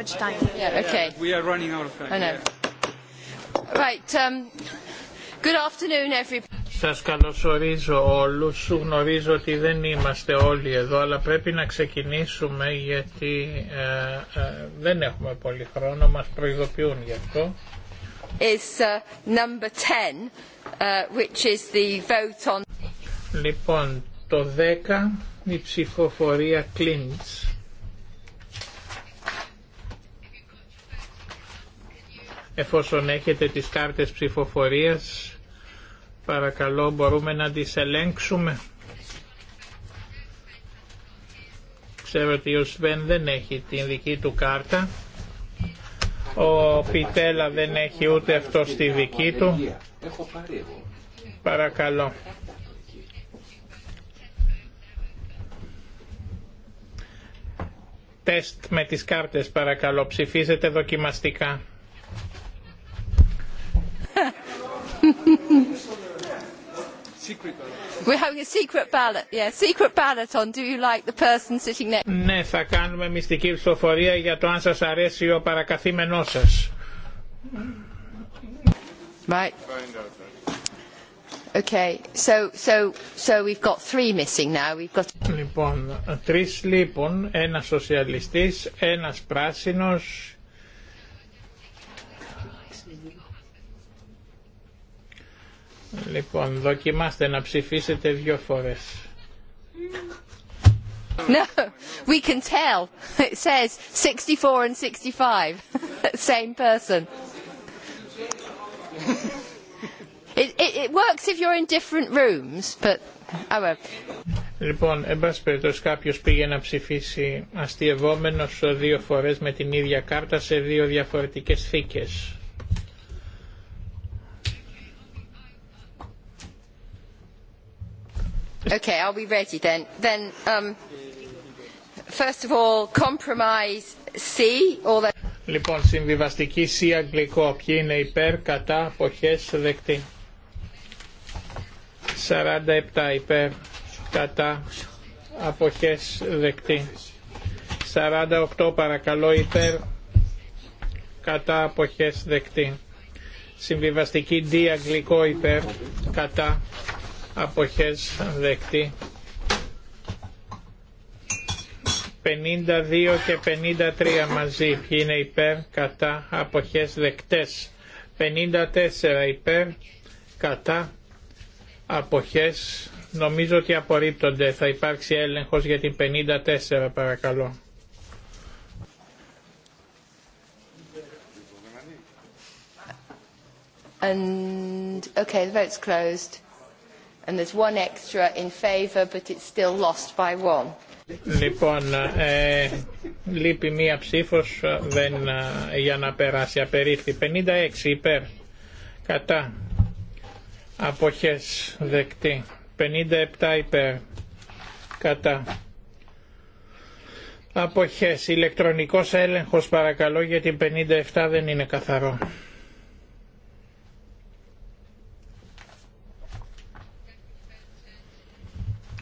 much time. Yeah, okay. We are running out of time. I know. Right. Um, good afternoon, everybody. Σας καλωσορίζω όλους. Γνωρίζω ότι δεν είμαστε όλοι εδώ, αλλά πρέπει να ξεκινήσουμε γιατί ε, ε, δεν έχουμε πολύ χρόνο. Μας προειδοποιούν γι' αυτό. Is, uh, number 10, uh, which is the vote on... Λοιπόν, το 10, η ψηφοφορία Κλίντς. Εφόσον έχετε τις κάρτες ψηφοφορίας, παρακαλώ μπορούμε να τις ελέγξουμε. Ξέρω ότι ο Σβέν δεν έχει την δική του κάρτα. Ο Πιτέλα δεν έχει ούτε αυτό στη δική του. Παρακαλώ. Τεστ με τις κάρτες παρακαλώ. Ψηφίζετε δοκιμαστικά. We're having a secret ballot. Yeah, secret ballot on do you like the person sitting next. Ναι, θα κάνουμε μυστική ψηφοφορία για το αν σας αρέσει ο παρακαθήμενός σας. Right. Okay. So, so, so we've got three missing now. We've got... Λοιπόν, τρεις λείπουν, ένας σοσιαλιστής, ένας πράσινος Λοιπόν, δοκιμάστε να ψηφίσετε δύο φορές. No, we can tell. It says 64 and 65. Same person. It, it, it works if you're in different rooms, but oh well. Λοιπόν, εν πάση περιπτώσει κάποιος πήγε να ψηφίσει αστειευόμενος ε, δύο φορές με την ίδια κάρτα σε δύο διαφορετικές θήκες. Okay, I'll be ready then. Then, um, first of all, compromise C. All Λοιπόν, συμβιβαστική C αγγλικό. Ποιοι είναι υπέρ, κατά, αποχές, δεκτή. 47 υπέρ, κατά, αποχές, δεκτή. 48 παρακαλώ υπέρ, κατά, αποχές, δεκτή. Συμβιβαστική D αγγλικό υπέρ, κατά, αποχές δεκτή 52 και 53 μαζί ποιοι είναι υπέρ κατά αποχές δεκτές 54 υπέρ κατά αποχές νομίζω ότι απορρίπτονται θα υπάρξει έλεγχος για την 54 παρακαλώ And okay, the vote's closed and there's one extra in but it's still lost by one. Λοιπόν, ε, λείπει μία ψήφος ε, δεν, ε, για να περάσει απερίφθη. 56 υπέρ, κατά, αποχές δεκτή. 57 υπέρ, κατά, αποχές. Ηλεκτρονικός έλεγχος παρακαλώ γιατί 57 δεν είναι καθαρό.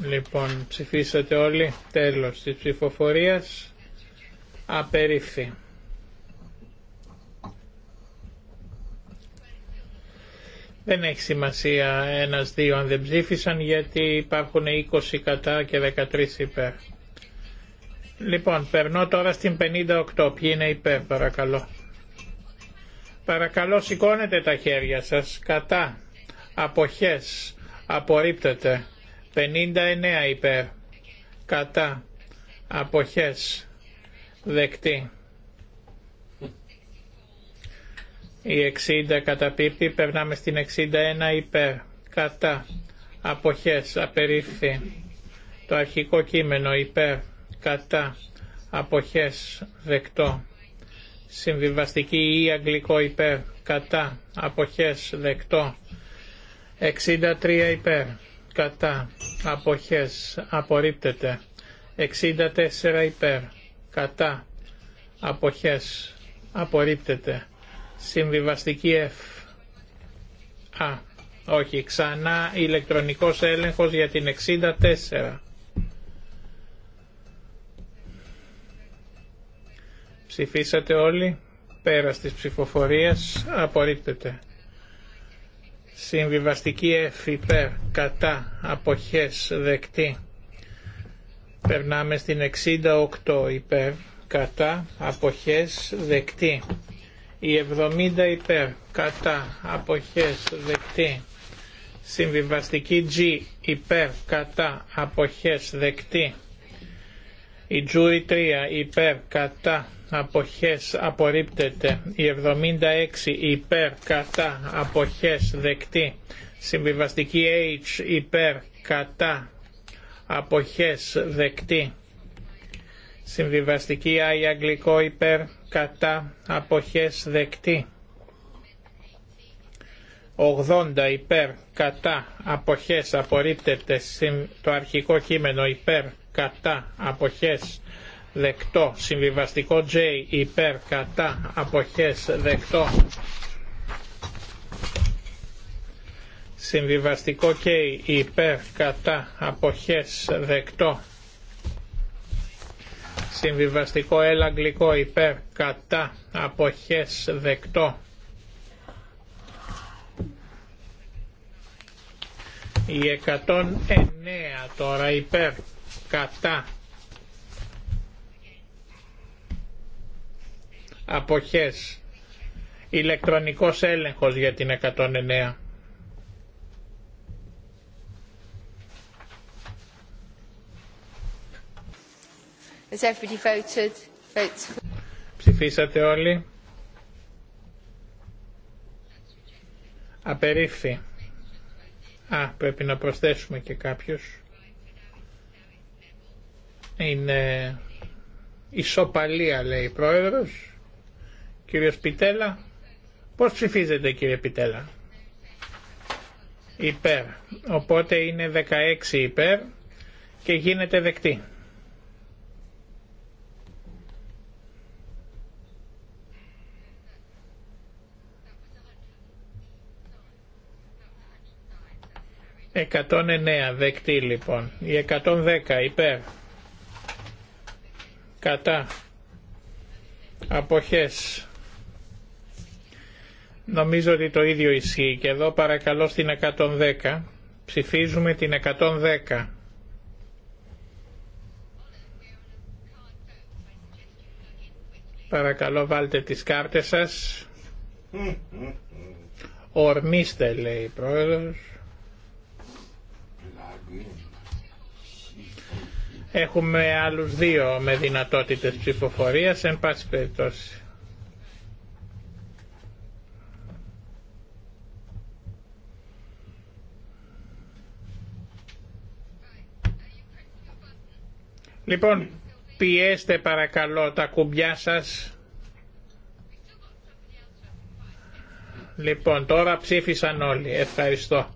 Λοιπόν, ψηφίσατε όλοι. Τέλος της ψηφοφορίας. Απερίφθη. Δεν έχει σημασία ένας-δύο αν δεν ψήφισαν γιατί υπάρχουν 20 κατά και 13 υπέρ. Λοιπόν, περνώ τώρα στην 58. Ποιοι είναι υπέρ, παρακαλώ. Παρακαλώ σηκώνετε τα χέρια σας. Κατά. Αποχές. Απορρίπτεται. 59 υπέρ κατά αποχές δεκτή. Η 60 καταπίπτει, περνάμε στην 61 υπέρ κατά αποχές απερίφθη. Το αρχικό κείμενο υπέρ κατά αποχές δεκτό. Συμβιβαστική ή αγγλικό υπέρ κατά αποχές δεκτό. 63 υπέρ κατά αποχές απορρίπτεται 64 υπέρ κατά αποχές απορρίπτεται συμβιβαστική F α όχι ξανά ηλεκτρονικός έλεγχος για την 64 ψηφίσατε όλοι πέρα της ψηφοφορίας απορρίπτεται Συμβιβαστική F κατά αποχές δεκτή. Περνάμε στην 68 υπέρ κατά αποχές δεκτή. Η 70 υπέρ κατά αποχές δεκτή. Συμβιβαστική G υπέρ κατά αποχές δεκτή. Η Τζούρι 3 υπέρ κατά αποχές απορρίπτεται. Η 76 υπέρ κατά αποχές δεκτή. Συμβιβαστική H υπέρ κατά αποχές δεκτή. Συμβιβαστική I αγγλικό υπέρ κατά αποχές δεκτή. 80 υπέρ κατά αποχές απορρίπτεται το αρχικό κείμενο υπέρ κατά αποχές δεκτό συμβιβαστικό J υπέρ κατά αποχές δεκτό συμβιβαστικό K υπέρ κατά αποχές δεκτό συμβιβαστικό L αγγλικό υπέρ κατά αποχές δεκτό η 109 τώρα υπέρ κατά αποχές ηλεκτρονικός έλεγχος για την 109 Has everybody voted? Votes. Ψηφίσατε όλοι. Απερίφθη. Α, πρέπει να προσθέσουμε και κάποιους. Είναι ισοπαλία λέει η πρόεδρος. Κύριος Πιτέλα. Πώς ψηφίζεται κύριε Πιτέλα. Υπέρ. Οπότε είναι 16 υπέρ και γίνεται δεκτή. Εκατόν εννέα δεκτή λοιπόν. Η εκατόν δέκα υπέρ κατά αποχές νομίζω ότι το ίδιο ισχύει και εδώ παρακαλώ στην 110 ψηφίζουμε την 110 Παρακαλώ βάλτε τις κάρτες σας. Hm, hm, hm. Ορμήστε λέει η πρόεδρος. Έχουμε άλλους δύο με δυνατότητες ψηφοφορίας, εν πάση περιπτώσει. Λοιπόν, πιέστε παρακαλώ τα κουμπιά σας. Λοιπόν, τώρα ψήφισαν όλοι. Ευχαριστώ.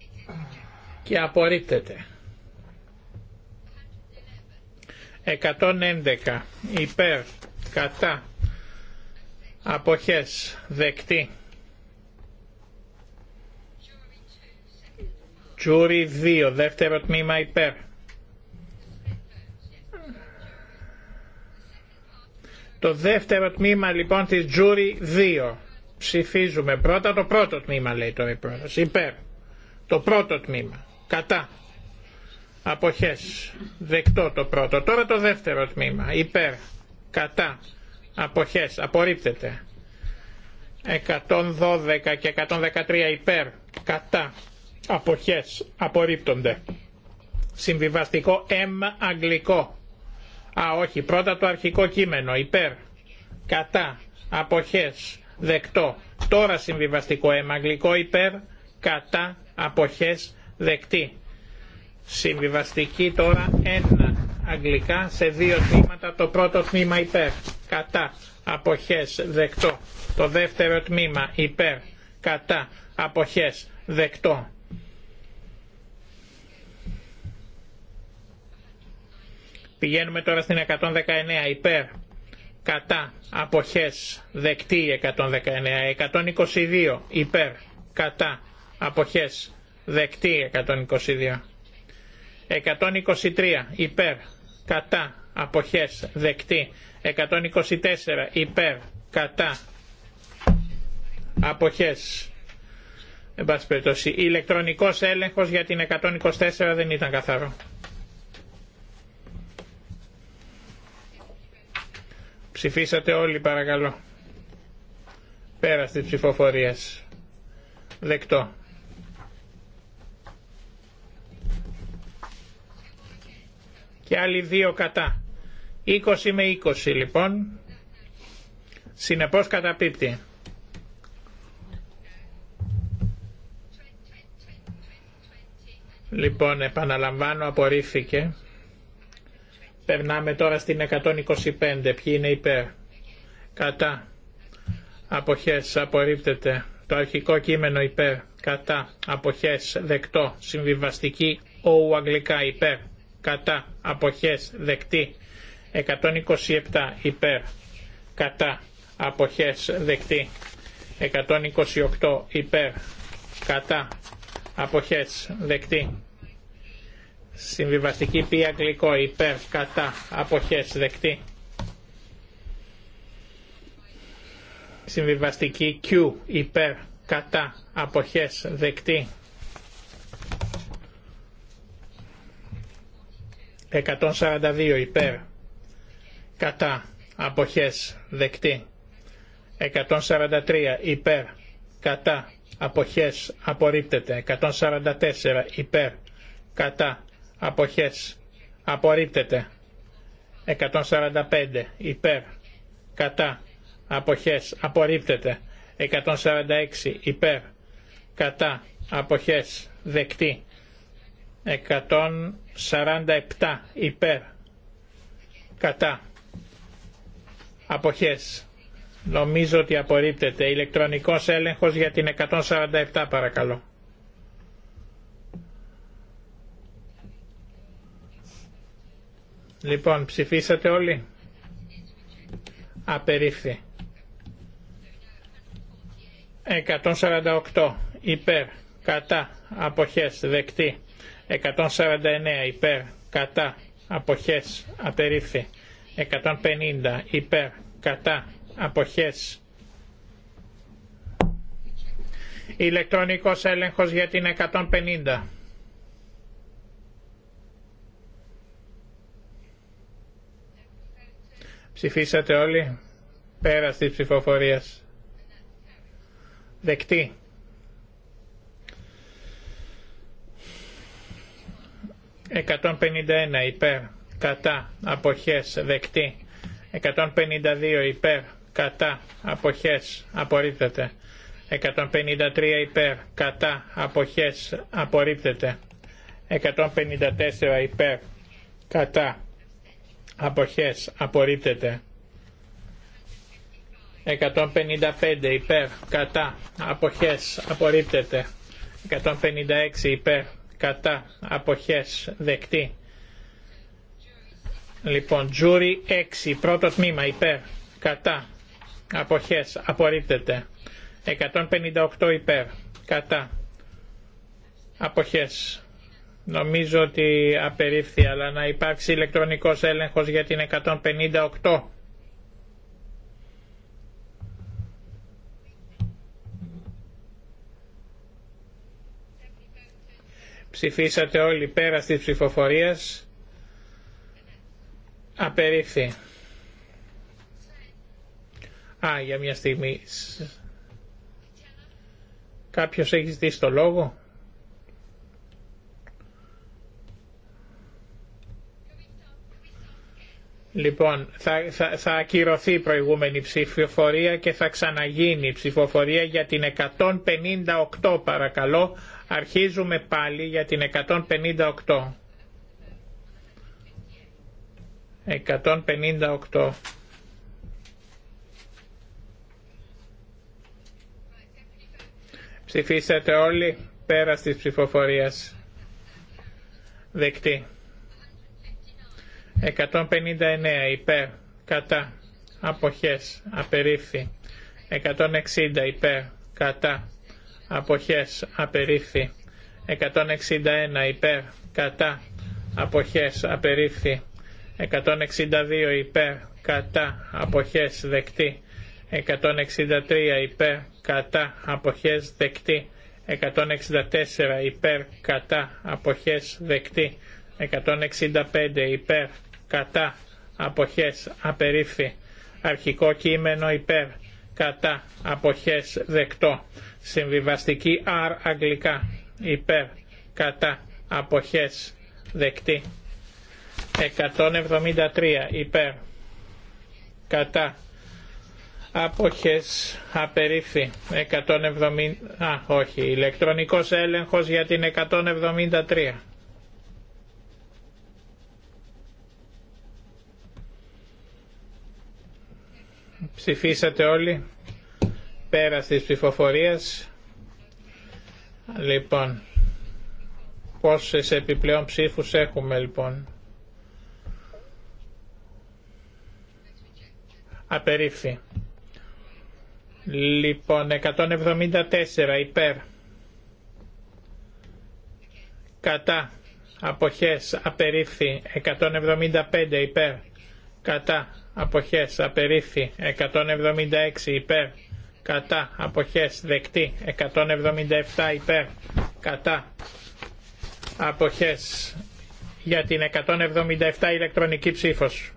Και απορρίπτεται. 111 υπέρ κατά αποχές δεκτή Τζούρι 2 δεύτερο τμήμα υπέρ Το δεύτερο τμήμα λοιπόν της Τζούρι 2 ψηφίζουμε πρώτα το πρώτο τμήμα λέει το η υπέρ το πρώτο τμήμα κατά Αποχές. Δεκτό το πρώτο. Τώρα το δεύτερο τμήμα. Υπέρ. Κατά. Αποχές. Απορρίπτεται. 112 και 113 υπέρ. Κατά. Αποχές. Απορρίπτονται. Συμβιβαστικό M αγγλικό. Α, όχι. Πρώτα το αρχικό κείμενο. Υπέρ. Κατά. Αποχές. Δεκτό. Τώρα συμβιβαστικό M αγγλικό. Υπέρ. Κατά. Αποχές. Δεκτή. Συμβιβαστική τώρα ένα Αγγλικά σε δύο τμήματα. Το πρώτο τμήμα υπέρ. Κατά. Αποχές. Δεκτό. Το δεύτερο τμήμα υπέρ. Κατά. Αποχές. Δεκτό. Πηγαίνουμε τώρα στην 119 υπέρ, κατά, αποχές, δεκτή 119, 122 υπέρ, κατά, αποχές, δεκτή 122. 123 υπέρ κατά αποχές δεκτή 124 υπέρ κατά αποχές εν πάση ηλεκτρονικός έλεγχος για την 124 δεν ήταν καθαρό ψηφίσατε όλοι παρακαλώ πέρα της ψηφοφορίας δεκτό και άλλοι δύο κατά. 20 με 20 λοιπόν. Συνεπώς καταπίπτει. Λοιπόν, επαναλαμβάνω, απορρίφθηκε. Περνάμε τώρα στην 125. Ποιοι είναι υπέρ. Κατά. Αποχές. Απορρίπτεται. Το αρχικό κείμενο υπέρ. Κατά. Αποχές. Δεκτό. Συμβιβαστική. ου αγγλικά υπέρ κατά αποχές δεκτή 127 υπέρ κατά αποχές δεκτή 128 υπέρ κατά αποχές δεκτή συμβιβαστική πία γλυκό υπέρ κατά αποχές δεκτή συμβιβαστική Q υπέρ κατά αποχές δεκτή 142 υπέρ κατά αποχές δεκτή 143 υπέρ κατά αποχές απορρίπτεται 144 υπέρ κατά αποχές απορρίπτεται 145 υπέρ κατά αποχές απορρίπτεται 146 υπέρ κατά αποχές δεκτή 147 υπέρ κατά αποχές νομίζω ότι απορρίπτεται ηλεκτρονικός έλεγχος για την 147 παρακαλώ λοιπόν ψηφίσατε όλοι απερίφθη 148 υπέρ κατά αποχές δεκτή 149 υπέρ κατά αποχές απερίφθη 150 υπέρ κατά αποχές ηλεκτρονικός έλεγχος για την 150 ψηφίσατε όλοι πέρα τη ψηφοφορίας δεκτή 151 υπέρ, κατά, αποχές, δεκτή. 152 υπέρ, κατά, αποχές, απορρίπτεται. 153 υπέρ, κατά, αποχές, απορρίπτεται. 154 υπέρ, κατά, αποχές, απορρίπτεται. 155 υπέρ, κατά, αποχές, απορρίπτεται. 156 υπέρ, κατά αποχές δεκτή. Λοιπόν, τζούρι 6, πρώτο τμήμα υπέρ, κατά, αποχές, απορρίπτεται. 158 υπέρ, κατά, αποχές. Νομίζω ότι απερίφθη, αλλά να υπάρξει ηλεκτρονικός έλεγχος για την 158. Ψηφίσατε όλοι πέρα της ψηφοφορίας. Απερίφθη. Α, για μια στιγμή. Κάποιος έχει δει το λόγο. Λοιπόν, θα, θα, θα ακυρωθεί η προηγούμενη ψηφοφορία και θα ξαναγίνει η ψηφοφορία για την 158 παρακαλώ Αρχίζουμε πάλι για την 158. 158. Ψηφίσατε όλοι πέρα της ψηφοφορίας. Δεκτή. 159 υπέρ, κατά, αποχές, απερίφθη. 160 υπέρ, κατά, αποχές απερίφθη 161 υπέρ κατά αποχές απερίφθη 162 υπέρ κατά αποχές δεκτή 163 υπέρ κατά αποχές δεκτή 164 υπέρ κατά αποχές δεκτή 165 υπέρ κατά αποχές απερίφθη αρχικό κείμενο υπέρ κατά αποχές δεκτό συμβιβαστική R αγγλικά υπέρ κατά αποχές δεκτή 173 υπέρ κατά αποχές απερίφθη 170 α όχι ηλεκτρονικός έλεγχος για την 173 Ψηφίσατε όλοι. Πέρα τη ψηφοφορία. Λοιπόν, πόσες επιπλέον ψήφους έχουμε λοιπόν. Απερίφθη. Λοιπόν, 174 υπέρ. Κατά. Αποχές. Απερίφθη. 175 υπέρ. Κατά. Αποχές. Απερίφθη. 176 υπέρ κατά αποχές δεκτή 177 υπέρ κατά αποχές για την 177 ηλεκτρονική ψήφος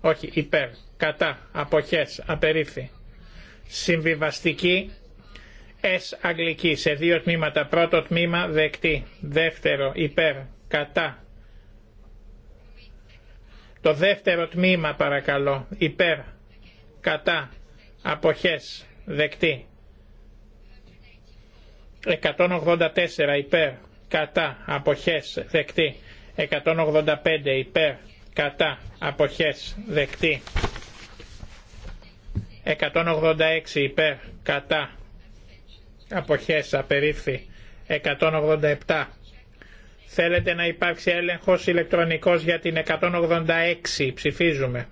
όχι υπέρ κατά αποχές απερίφθη συμβιβαστική S αγγλική σε δύο τμήματα πρώτο τμήμα δεκτή δεύτερο υπέρ κατά το δεύτερο τμήμα παρακαλώ υπέρ κατά αποχές Δεκτή. 184 υπέρ. Κατά. Αποχές. Δεκτή. 185 υπέρ. Κατά. Αποχές. Δεκτή. 186 υπέρ. Κατά. Αποχές. Απερίφθη. 187. Θέλετε να υπάρξει έλεγχος ηλεκτρονικός για την 186. Ψηφίζουμε.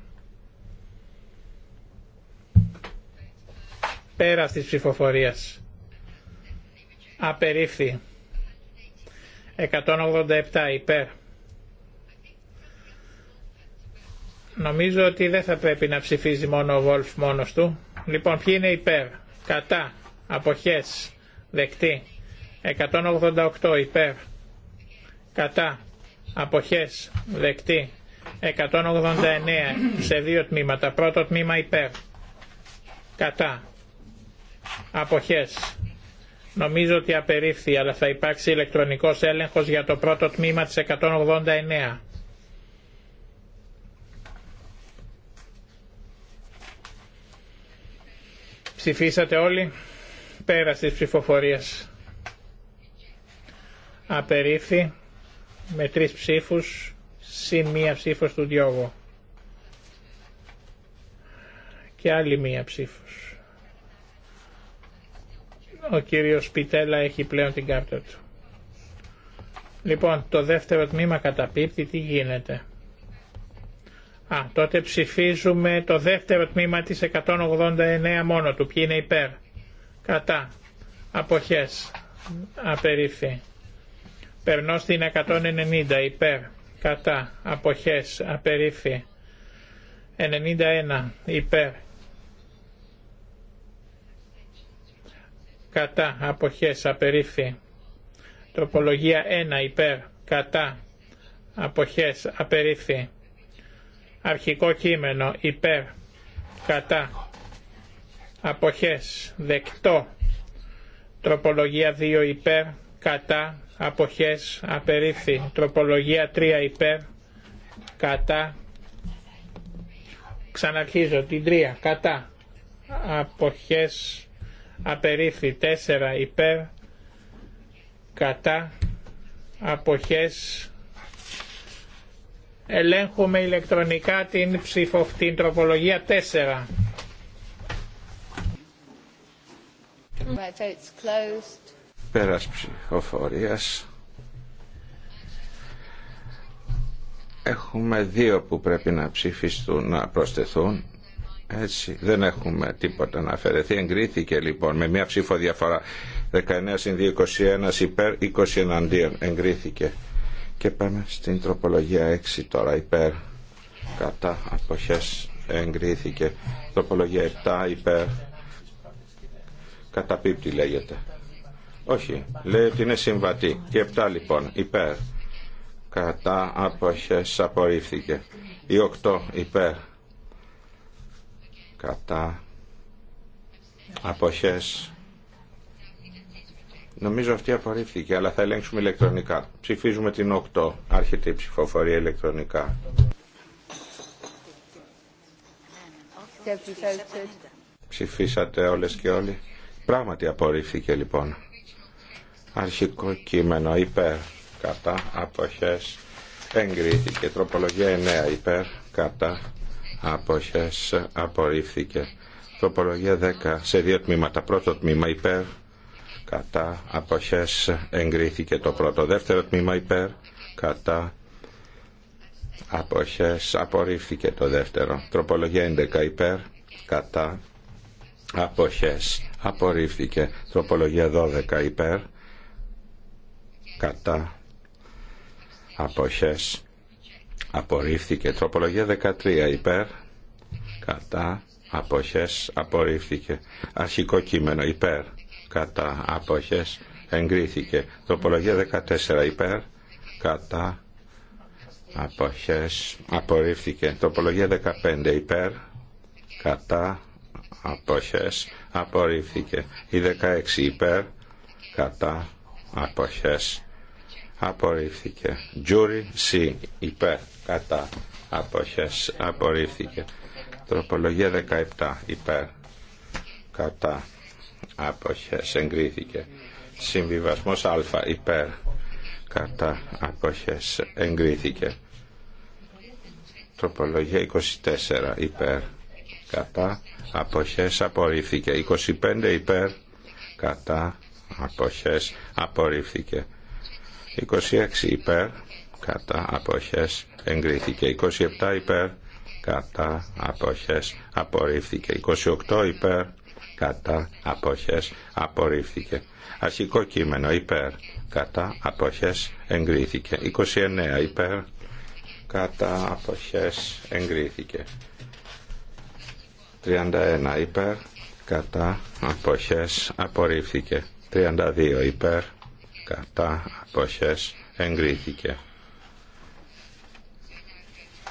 Πέρα της ψηφοφορίας. Απερίφθη. 187 υπέρ. Νομίζω ότι δεν θα πρέπει να ψηφίζει μόνο ο Βόλφ μόνος του. Λοιπόν, ποιοι είναι υπέρ, κατά, αποχές, δεκτή. 188 υπέρ, κατά, αποχές, δεκτή. 189 σε δύο τμήματα. Πρώτο τμήμα υπέρ, κατά, Αποχές. Νομίζω ότι απερίφθη, αλλά θα υπάρξει ηλεκτρονικός έλεγχος για το πρώτο τμήμα της 189. Ψηφίσατε όλοι πέρα της ψηφοφορίας. Απερίφθη με τρεις ψήφους συν μία ψήφος του Διώγου και άλλη μία ψήφος. Ο κύριος Πιτέλα έχει πλέον την κάρτα του. Λοιπόν, το δεύτερο τμήμα καταπίπτει, τι γίνεται. Α, τότε ψηφίζουμε το δεύτερο τμήμα της 189 μόνο του. Ποιοι είναι υπέρ. Κατά. Αποχές. Απερίφθη. Περνώ στην 190 υπέρ. Κατά. Αποχές. Απερίφθη. 91 υπέρ. κατά αποχές απερίφθη. Τροπολογία 1 υπέρ κατά αποχές απερίφθη. Αρχικό κείμενο υπέρ κατά αποχές δεκτό. Τροπολογία 2 υπέρ κατά αποχές απερίφθη. Τροπολογία 3 υπέρ κατά ξαναρχίζω την 3 κατά αποχές απερίφθη τέσσερα υπέρ κατά αποχές ελέγχουμε ηλεκτρονικά την τροπολογία 4 Πέρας ψηφοφορίας έχουμε δύο που πρέπει να ψηφιστούν, να προσθεθούν έτσι, δεν έχουμε τίποτα να αφαιρεθεί. Εγκρίθηκε λοιπόν με μια ψήφο διαφορά. 19 συν 21 υπέρ, 20 εναντίον. Εγκρίθηκε. Και πάμε στην τροπολογία 6 τώρα υπέρ. Κατά αποχές εγκρίθηκε. Τροπολογία 7 υπέρ. Καταπίπτει λέγεται. Όχι, λέει ότι είναι συμβατή. και 7 λοιπόν υπέρ. Κατά αποχές απορρίφθηκε. Η 8 υπέρ κατά αποχές νομίζω αυτή απορρίφθηκε αλλά θα ελέγξουμε ηλεκτρονικά ψηφίζουμε την 8 άρχεται η ψηφοφορία ηλεκτρονικά ψηφίσατε όλες και όλοι πράγματι απορρίφθηκε λοιπόν αρχικό κείμενο υπέρ κατά αποχές εγκρίθηκε τροπολογία 9 υπέρ κατά αποχές απορρίφθηκε τροπολογία 10 σε δύο τμήματα πρώτο τμήμα υπέρ κατά αποχές εγκρίθηκε το πρώτο δεύτερο τμήμα υπέρ κατά αποχές απορρίφθηκε το δεύτερο τροπολογία 11 υπέρ κατά αποχές απορρίφθηκε τροπολογία 12 υπέρ κατά αποχές απορρίφθηκε τροπολογία 13 υπέρ κατά αποχές απορρίφθηκε αρχικό κείμενο υπέρ κατά αποχές εγκρίθηκε τροπολογία 14 υπέρ κατά αποχές απορρίφθηκε τροπολογία 15 υπέρ κατά αποχές απορρίφθηκε η 16 υπέρ κατά αποχές απορρίφθηκε. Jury C υπέρ κατά αποχές απορρίφθηκε. Τροπολογία 17 υπέρ κατά αποχές εγκρίθηκε. Συμβιβασμός α υπέρ κατά αποχές εγκρίθηκε. Τροπολογία 24 υπέρ κατά αποχές απορρίφθηκε. 25 υπέρ κατά αποχές απορρίφθηκε. 26 υπέρ κατά αποχές εγκρίθηκε 27 υπέρ κατά αποχές απορρίφθηκε 28 υπέρ κατά αποχές απορρίφθηκε αρχικό κείμενο υπέρ κατά αποχές εγκρίθηκε 29 υπέρ κατά αποχές εγκρίθηκε 31 υπέρ κατά αποχές απορρίφθηκε 32 υπέρ κατά αποχές εγκρίθηκε.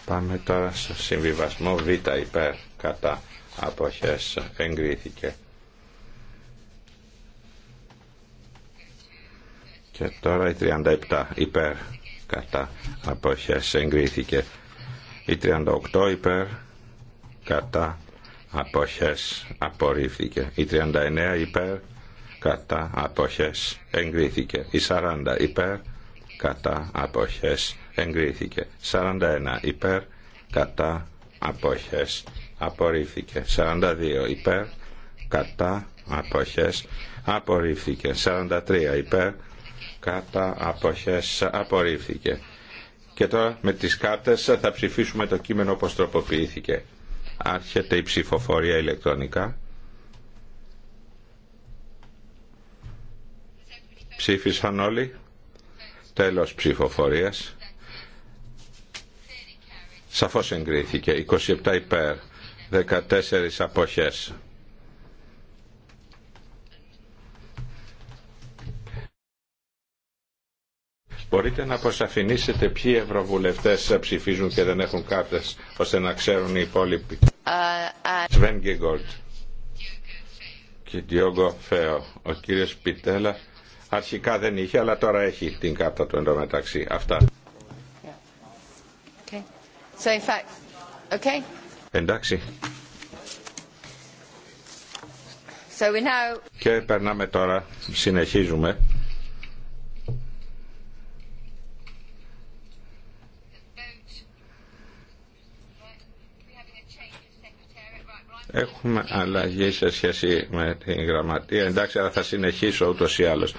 Πάμε τώρα στο συμβιβασμό Β υπέρ κατά αποχές εγκρίθηκε. Και τώρα η 37 υπέρ κατά αποχές εγκρίθηκε. Η 38 υπέρ κατά αποχές απορρίφθηκε. Η 39 υπέρ κατά αποχές εγκρίθηκε. Η 40 υπέρ κατά αποχές εγκρίθηκε. 41 υπέρ κατά αποχές απορρίφθηκε. 42 υπέρ κατά αποχές απορρίφθηκε. 43 υπέρ κατά αποχές απορρίφθηκε. Και τώρα με τις κάρτες θα ψηφίσουμε το κείμενο όπως τροποποιήθηκε. Άρχεται η ψηφοφορία ηλεκτρονικά. Ψήφισαν όλοι. Τέλος ψηφοφορίας. Σαφώς εγκρίθηκε. 27 υπέρ, 14 αποχές. Μπορείτε να αποσαφηνίσετε ποιοι ευρωβουλευτές ψηφίζουν και δεν έχουν κάρτες, ώστε να ξέρουν οι υπόλοιποι. Σβέν Γκίγκολτ και Διόγκο Φέο. Ο κύριος Πιτέλα Αρχικά δεν είχε, αλλά τώρα έχει την κάρτα του εντωμεταξύ. Αυτά. Okay. Εντάξει. Και περνάμε τώρα, συνεχίζουμε. Έχουμε αλλαγή σε σχέση με την γραμματεία. Εντάξει, αλλά θα συνεχίσω ούτως ή άλλως.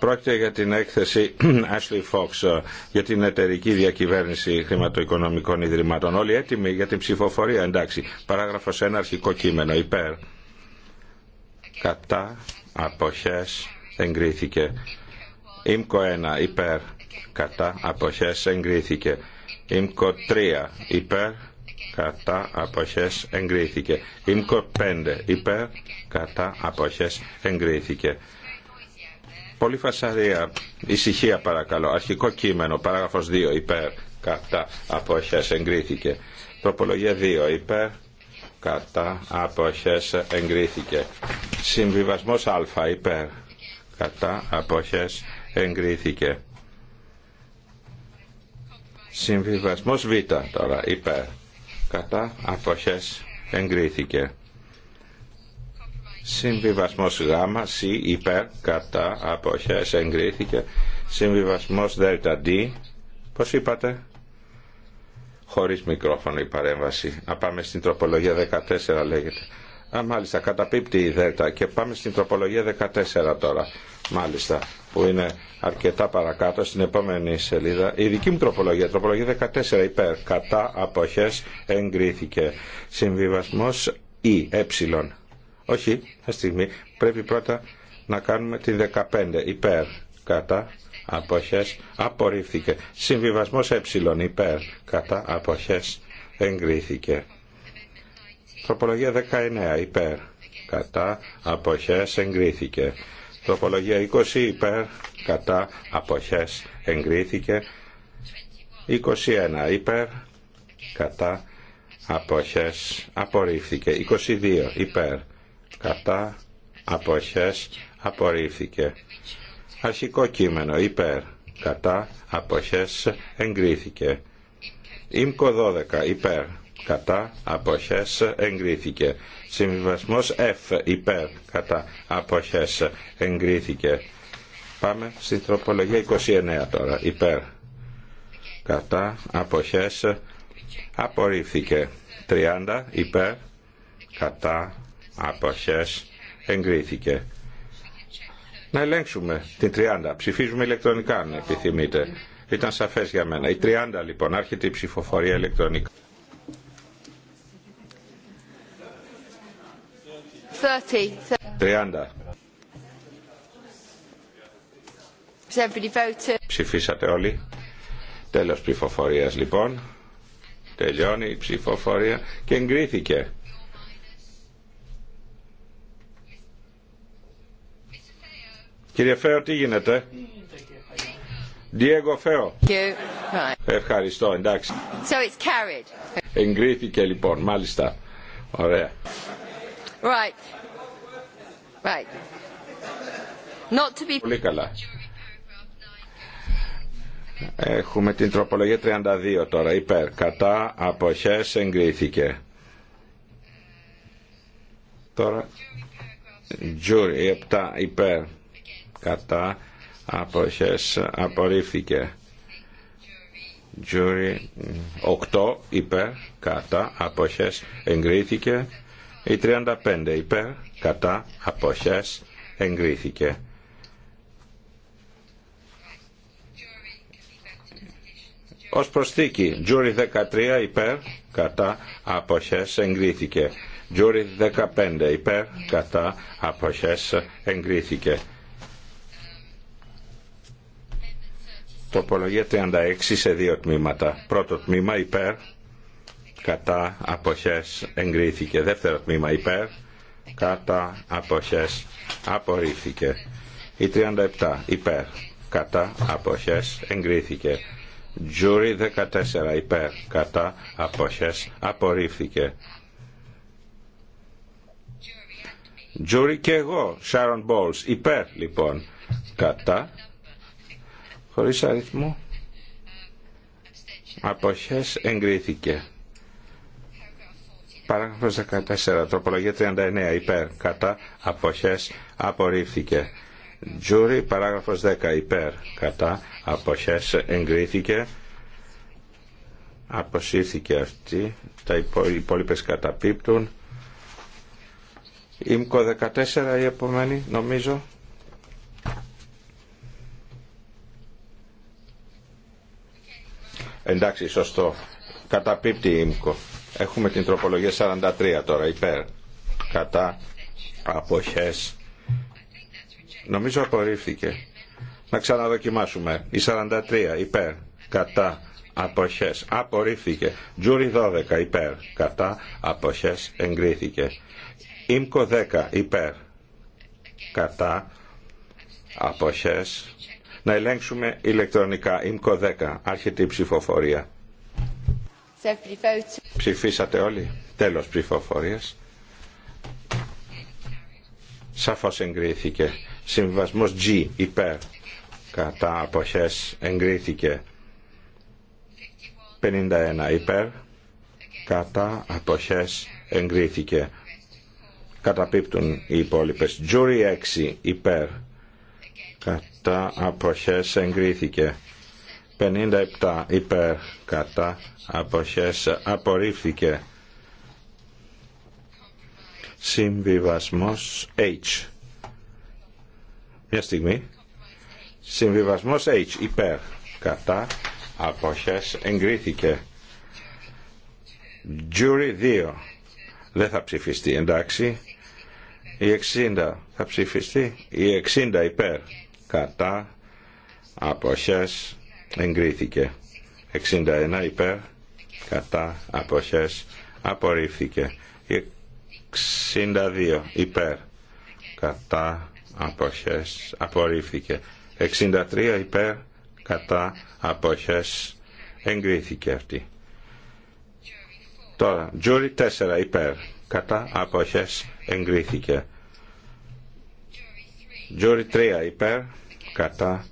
Πρόκειται για την έκθεση Ashley Fox ε, για την εταιρική διακυβέρνηση χρηματοοικονομικών ιδρυμάτων. Όλοι έτοιμοι για την ψηφοφορία, εντάξει. Παράγραφος 1, αρχικό κείμενο, υπέρ. Κατά, αποχές, εγκρίθηκε. Ήμκο 1, υπέρ. Κατά, αποχές, εγκρίθηκε. Ήμκο 3, υπέρ. Κατά, αποχές, εγκρίθηκε. Ήμκο 5, υπέρ. Κατά, αποχές, εγκρίθηκε. Πολύ φασαρία. Ησυχία παρακαλώ. Αρχικό κείμενο, παράγραφος 2, υπέρ, κατά, αποχές, εγκρίθηκε. Τροπολογία 2, υπέρ, κατά, αποχές, εγκρίθηκε. Συμβιβασμός α, υπέρ, κατά, αποχές, εγκρίθηκε. Συμβιβασμός β, τώρα, υπέρ, κατά, αποχές, εγκρίθηκε. Συμβιβασμό Γ, σι, υπέρ, κατά, αποχές, εγκρίθηκε. συμβιβασμό Δ, D, πώς είπατε, χωρί μικρόφωνο η παρέμβαση. Α πάμε στην τροπολογία 14 λέγεται. Α, μάλιστα, καταπίπτει η ΔΕΛΤΑ και πάμε στην τροπολογία 14 τώρα, μάλιστα, που είναι αρκετά παρακάτω στην επόμενη σελίδα. Η δική μου τροπολογία, τροπολογία 14 υπέρ, κατά αποχές εγκρίθηκε. Συμβιβασμός ή ε, όχι, αυτή στιγμή πρέπει πρώτα να κάνουμε την 15 υπέρ κατά αποχές απορρίφθηκε. Συμβιβασμός ε υπέρ κατά αποχές εγκρίθηκε. Τροπολογία 19 υπέρ κατά αποχές εγκρίθηκε. Τροπολογία 20 υπέρ κατά αποχές εγκρίθηκε. 21 υπέρ κατά αποχές απορρίφθηκε. 22 υπέρ κατά, αποχές, απορρίφθηκε. Αρχικό κείμενο υπέρ, κατά, αποχές, εγκρίθηκε. Ήμκο 12 υπέρ, κατά, αποχές, εγκρίθηκε. Συμβιβασμός F υπέρ, κατά, αποχές, εγκρίθηκε. Πάμε στην τροπολογία 29 τώρα, υπέρ, κατά, αποχές, απορρίφθηκε. 30 υπέρ, κατά, αποχές εγκρίθηκε. Να ελέγξουμε την 30. Ψηφίζουμε ηλεκτρονικά αν επιθυμείτε. Ήταν σαφές για μένα. Η 30 λοιπόν. Άρχεται η ψηφοφορία ηλεκτρονικά. 30. Ψηφίσατε όλοι. Τέλος ψηφοφορίας λοιπόν. Τελειώνει η ψηφοφορία και εγκρίθηκε. Κύριε Φέο, τι γίνεται. Διέγκο Φέο. Ευχαριστώ, εντάξει. So it's carried. Εγκρίθηκε λοιπόν, μάλιστα. Ωραία. Right. Right. Not to be... Πολύ καλά. Έχουμε την τροπολογία 32 τώρα, υπέρ. Κατά, αποχές, εγκρίθηκε. Τώρα, jury, 7, υπέρ κατά αποχές απορρίφθηκε Τζούρι 8 υπέρ κατά αποχές εγκρίθηκε η 35 υπέρ κατά αποχές εγκρίθηκε ως προσθήκη Τζούρι 13 υπέρ κατά αποχές εγκρίθηκε Τζούρι 15 υπέρ κατά αποχές εγκρίθηκε τοπολογία 36 σε δύο τμήματα. Πρώτο τμήμα υπέρ, κατά αποχές εγκρίθηκε. Δεύτερο τμήμα υπέρ, κατά αποχές απορρίφθηκε. Η 37 υπέρ, κατά αποχές εγκρίθηκε. Τζούρι 14 υπέρ, κατά αποχές απορρίφθηκε. Τζούρι και εγώ, Sharon Bowles, υπέρ λοιπόν, κατά χωρίς αριθμό. Αποχές εγκρίθηκε. Παράγραφος 14. Τροπολογία 39. Υπέρ. Κατά. Αποχές. Απορρίφθηκε. Τζούρι. Παράγραφος 10. Υπέρ. Κατά. Αποχές. Εγκρίθηκε. Αποσύρθηκε αυτή. Τα υπόλοιπε καταπίπτουν. Ήμκο 14 η επόμενη νομίζω. Εντάξει, σωστό. Καταπίπτει η ΙΜΚΟ. Έχουμε την τροπολογία 43 τώρα, υπέρ. Κατά αποχές. Νομίζω απορρίφθηκε. Να ξαναδοκιμάσουμε. Η 43 υπέρ. Κατά αποχές. Απορρίφθηκε. Τζούρι 12 υπέρ. Κατά αποχές εγκρίθηκε. ΙΜΚΟ 10 υπέρ. Κατά αποχές να ελέγξουμε ηλεκτρονικά. ΙΜΚΟ 10. Άρχεται η ψηφοφορία. Ψηφίσατε όλοι. Τέλος ψηφοφορίας. Σαφώς εγκρίθηκε. Συμβασμός G υπέρ. Κατά αποχές εγκρίθηκε. 51 υπέρ. Κατά αποχές εγκρίθηκε. Καταπίπτουν οι υπόλοιπες. Jury 6 υπέρ κατά αποχές εγκρίθηκε 57 υπέρ κατά αποχές απορρίφθηκε συμβιβασμός H μια στιγμή συμβιβασμός H υπέρ κατά αποχές εγκρίθηκε Jury 2 δεν θα ψηφιστεί εντάξει η 60 θα ψηφιστεί η 60 υπέρ κατά αποχές εγκρίθηκε 61 υπέρ κατά αποχές απορρίφθηκε 62 υπέρ κατά αποχές απορρίφθηκε 63 υπέρ κατά αποχές εγκρίθηκε αυτή τώρα jury 4 υπέρ κατά αποχές εγκρίθηκε Τζούρι 3 υπέρ, κατά,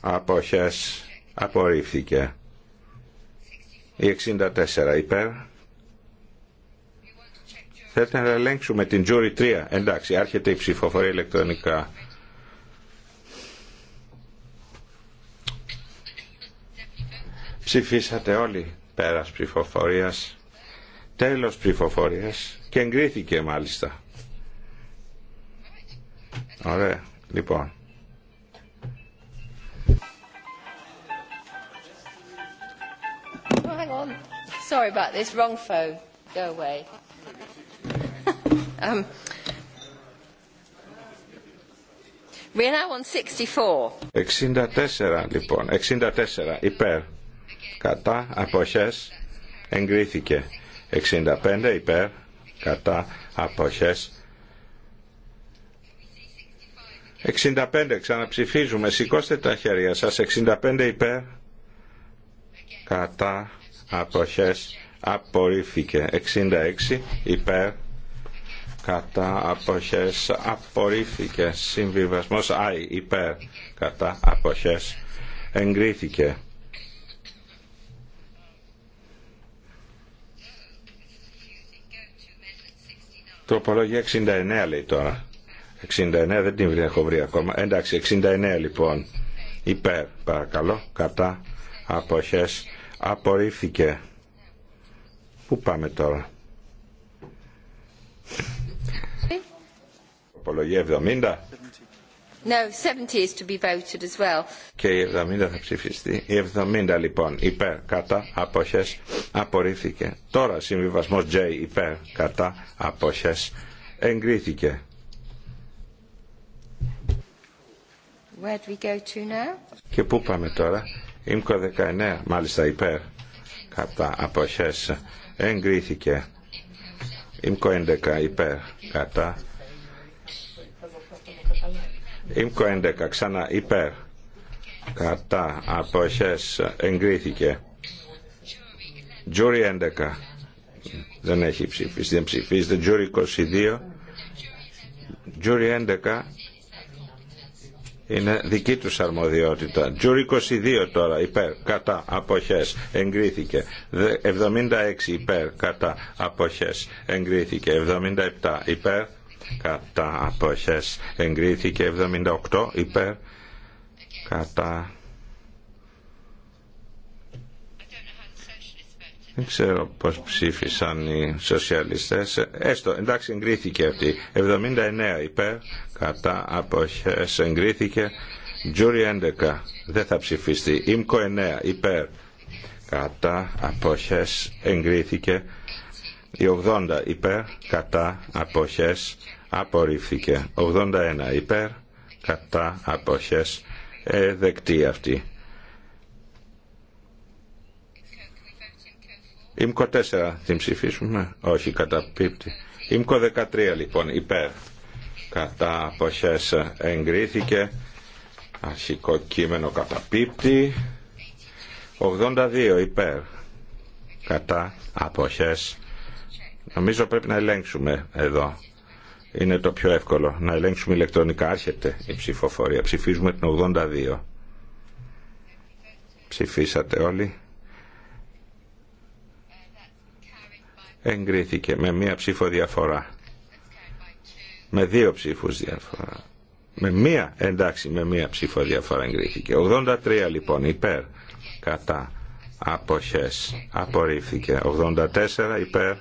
αποχές, απορρίφθηκε. Η 64 υπέρ. Θέλετε να ελέγξουμε την Τζούρι 3. Εντάξει, άρχεται η ψηφοφορία ηλεκτρονικά. Ψηφίσατε όλοι πέρας ψηφοφορίας, τέλος ψηφοφορίας και εγκρίθηκε μάλιστα. Ωραία. Λοιπόν. hang on. Sorry about this. Wrong phone. Go away. um, we're now on 64. 64 λοιπόν. 64 υπέρ. Κατά αποχές εγκρίθηκε. 65 υπέρ. Κατά αποχές 65 ξαναψηφίζουμε. Σηκώστε τα χέρια σας. 65 υπέρ. Κατά. Αποχές. Απορρίφθηκε. 66 υπέρ. Κατά. Αποχές. Απορρίφθηκε. Συμβιβασμός. Άι. Υπέρ. Κατά. Αποχές. Εγκρίθηκε. Τροπολογία 69 λέει τώρα. 69 δεν την έχω βρει ακόμα. Εντάξει, 69 λοιπόν. Υπέρ, παρακαλώ, κατά, αποχές, απορρίφθηκε. Πού πάμε τώρα. Απολογία 70. No, 70 is to be voted as well. Και η 70 θα ψηφιστεί. Η 70 λοιπόν υπέρ, κατά, αποχές, απορρίφθηκε. Τώρα συμβιβασμός J υπέρ, κατά, αποχές, εγκρίθηκε. Where do we go to now? Και πού πάμε τώρα. Ήμκο 19, μάλιστα υπέρ. Κατά αποχές εγκρίθηκε. Ήμκο 11 υπέρ. Κατά. Ήμκο 11 ξανά υπέρ. Κατά αποχές εγκρίθηκε. Τζούρι 11. Δεν έχει ψηφίσει, δεν ψηφίζεται. Τζούρι 22. Τζούρι 11 είναι δική τους αρμοδιότητα. Τζουρ 22 τώρα, υπέρ, κατά, αποχές, εγκρίθηκε. 76 υπέρ, κατά, αποχές, εγκρίθηκε. 77 υπέρ, κατά, αποχές, εγκρίθηκε. 78 υπέρ, κατά, Δεν ξέρω πώς ψήφισαν οι σοσιαλιστές. Έστω, εντάξει, εγκρίθηκε αυτή. 79 υπέρ, κατά αποχές εγκρίθηκε. Τζούρι 11, δεν θα ψηφιστεί. Ήμκο 9 υπέρ, κατά αποχές εγκρίθηκε. Η 80 υπέρ, κατά αποχές απορρίφθηκε. 81 υπέρ, κατά αποχές ε, δεκτεί αυτή. Ήμκο 4 την ψηφίσουμε. Όχι, καταπίπτει. Ήμκο 13 λοιπόν, υπέρ. Κατά αποχές εγκρίθηκε. Αρχικό κείμενο καταπίπτει. 82 υπέρ. Κατά αποχές. Νομίζω πρέπει να ελέγξουμε εδώ. Είναι το πιο εύκολο. Να ελέγξουμε ηλεκτρονικά. Άρχεται η ψηφοφορία. Ψηφίζουμε την 82. Ψηφίσατε όλοι. εγκρίθηκε με μία ψήφο διαφορά. Με δύο ψήφους διαφορά. Με μία, εντάξει, με μία ψήφο διαφορά εγκρίθηκε. 83 λοιπόν υπέρ, κατά, αποχές, απορρίφθηκε. 84 υπέρ,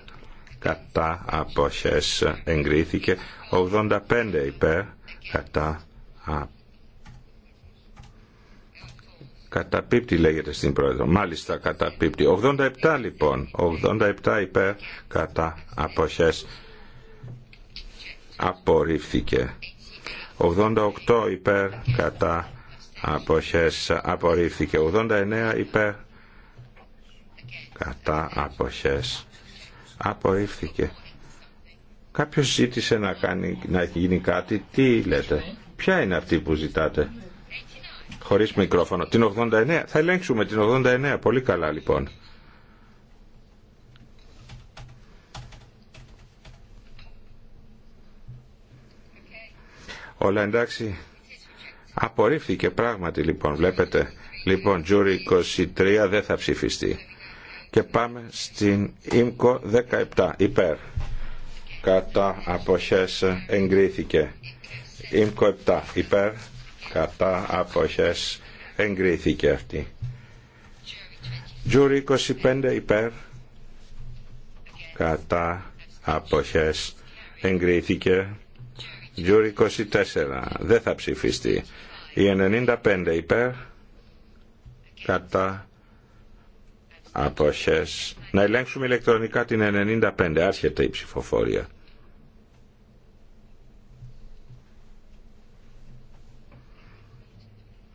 κατά, αποχές, εγκρίθηκε. 85 υπέρ, κατά, αποχές Καταπίπτει λέγεται στην πρόεδρο. Μάλιστα καταπίπτει. 87 λοιπόν. 87 υπέρ κατά αποχές. Απορρίφθηκε. 88 υπέρ κατά αποχές. Απορρίφθηκε. 89 υπέρ κατά αποχές. Απορρίφθηκε. Κάποιος ζήτησε να, κάνει, να γίνει κάτι. Τι λέτε. Ποια είναι αυτή που ζητάτε. Χωρίς μικρόφωνο. Την 89. Θα ελέγξουμε την 89. Πολύ καλά λοιπόν. Όλα εντάξει. Απορρίφθηκε πράγματι λοιπόν, βλέπετε. Λοιπόν, Τζούρι 23 δεν θα ψηφιστεί. Και πάμε στην ΙΜΚΟ 17, υπέρ. Κατά αποχές εγκρίθηκε. ΙΜΚΟ 7, υπέρ κατά αποχές εγκρίθηκε αυτή. Τζούρι 25 υπέρ κατά αποχές εγκρίθηκε. Τζούρι 24 δεν θα ψηφιστεί. Η 95 υπέρ κατά αποχές. Να ελέγξουμε ηλεκτρονικά την 95. Άρχεται η ψηφοφορία.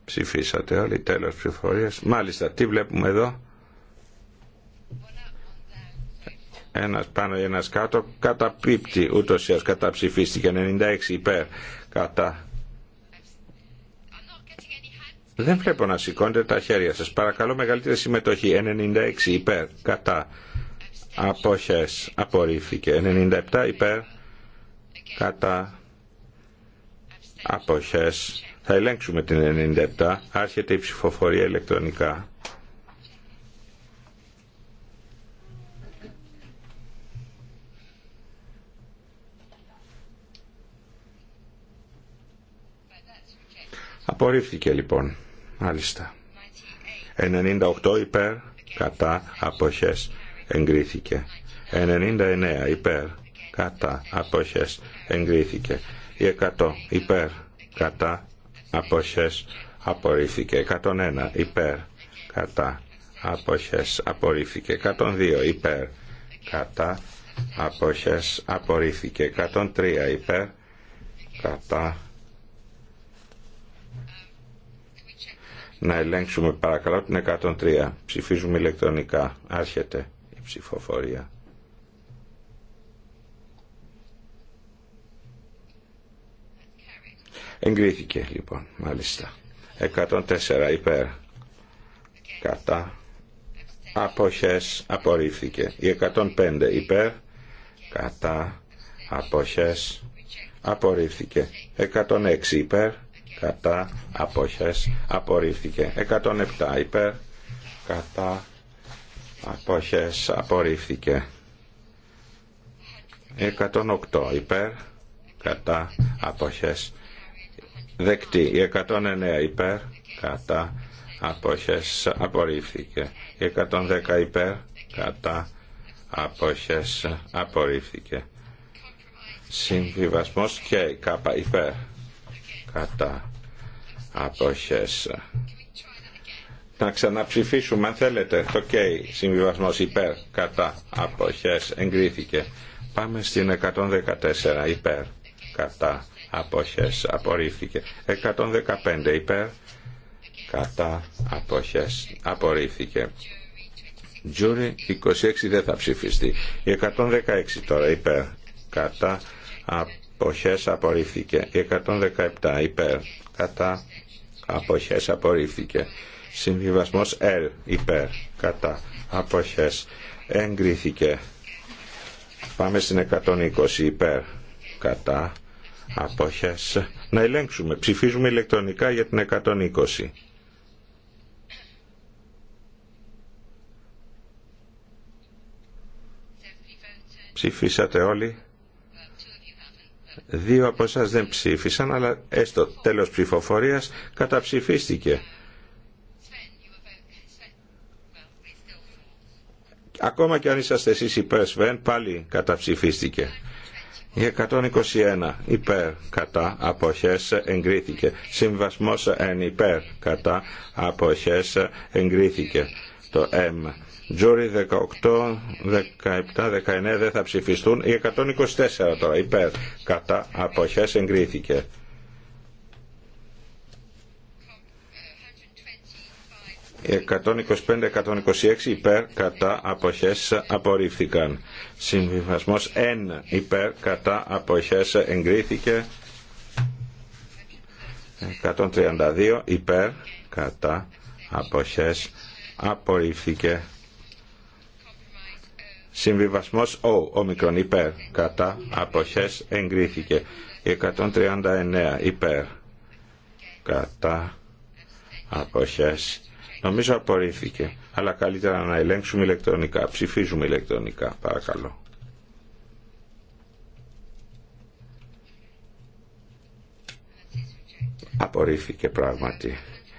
Ψηφίσατε όλοι, τέλος ψηφορίας. Μάλιστα, τι βλέπουμε εδώ. Ένας πάνω ή ένας κάτω, καταπίπτει ούτως ή ας καταψηφίστηκε. 96 υπέρ, κατά. Δεν βλέπω να σηκώνετε τα χέρια σας. Παρακαλώ μεγαλύτερη συμμετοχή. 96 υπέρ, κατά. Αποχές, απορρίφθηκε. 97 υπέρ, κατά. Αποχές, θα ελέγξουμε την 97. Άρχεται η ψηφοφορία ηλεκτρονικά. Απορρίφθηκε λοιπόν. Μάλιστα. 98 υπέρ, κατά, αποχές, εγκρίθηκε. 99 υπέρ, κατά, αποχές, εγκρίθηκε. Η 100 υπέρ, κατά, αποχές απορρίφθηκε 101 υπέρ κατά αποχές απορρίφθηκε 102 υπέρ κατά αποχές απορρίφθηκε 103 υπέρ κατά να ελέγξουμε παρακαλώ την 103 ψηφίζουμε ηλεκτρονικά άρχεται η ψηφοφορία Εγκρίθηκε λοιπόν, μάλιστα. 104 υπέρ. Κατά. Αποχές απορρίφθηκε. Η 105 υπέρ. Κατά. Αποχές απορρίφθηκε. 106 υπέρ. Κατά. Αποχές απορρίφθηκε. 107 υπέρ. Κατά. Αποχές απορρίφθηκε. 108 υπέρ. Κατά. Αποχές δεκτή. Η 109 υπέρ κατά αποχές απορρίφθηκε. Η 110 υπέρ κατά αποχές απορρίφθηκε. Συμβιβασμός και κάπα υπέρ κατά αποχές. Να ξαναψηφίσουμε αν θέλετε το K συμβιβασμός υπέρ κατά αποχές εγκρίθηκε. Πάμε στην 114 υπέρ κατά αποχές απορρίφθηκε 115 υπέρ κατά αποχές απορρίφθηκε Τζούρι 26 δεν θα ψηφιστεί 116 τώρα υπέρ κατά αποχές απορρίφθηκε 117 υπέρ κατά αποχές απορρίφθηκε συμβιβασμός L υπέρ κατά αποχές εγκρίθηκε πάμε στην 120 υπέρ κατά αποχές. Να ελέγξουμε. Ψηφίζουμε ηλεκτρονικά για την 120. Ψηφίσατε όλοι. Δύο από εσά δεν ψήφισαν, αλλά έστω τέλος ψηφοφορίας καταψηφίστηκε. Ακόμα και αν είσαστε εσείς υπέρ Σβέν, πάλι καταψηφίστηκε. Η 121 υπέρ κατά αποχές εγκρίθηκε. Συμβασμός εν υπέρ κατά αποχές εγκρίθηκε. Το M. Τζούρι 18, 17, 19 δεν θα ψηφιστούν. Η 124 τώρα υπέρ κατά αποχές εγκρίθηκε. 125-126 υπέρ κατά αποχές απορρίφθηκαν. Συμβιβασμός 1 υπέρ κατά αποχές εγκρίθηκε. 132 υπέρ κατά αποχές απορρίφθηκε. Συμβιβασμός ο, μικρόν, υπέρ κατά αποχές εγκρίθηκε. 139 υπέρ κατά αποχές Νομίζω απορρίφθηκε, αλλά καλύτερα να ελέγξουμε ηλεκτρονικά. Ψηφίζουμε ηλεκτρονικά, παρακαλώ. Απορρίφθηκε πράγματι.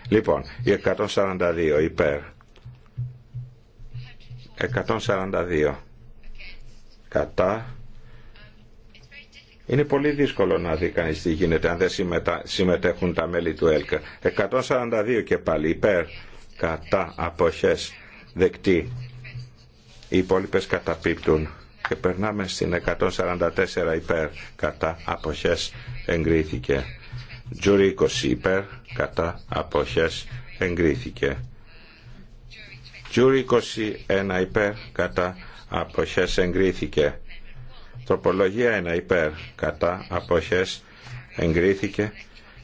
Λοιπόν, η 142 υπέρ. 142 κατά. Είναι πολύ δύσκολο να δει κανεί τι γίνεται αν δεν συμμετέχουν τα μέλη του ΕΛΚΑ. 142 και πάλι υπέρ κατά αποχές δεκτή οι υπόλοιπες καταπίπτουν και περνάμε στην 144 υπέρ κατά αποχές εγκρίθηκε τζουρί 20 υπέρ κατά αποχές εγκρίθηκε τζουρί 21 υπέρ κατά αποχές εγκρίθηκε τροπολογία 1 υπέρ κατά αποχές εγκρίθηκε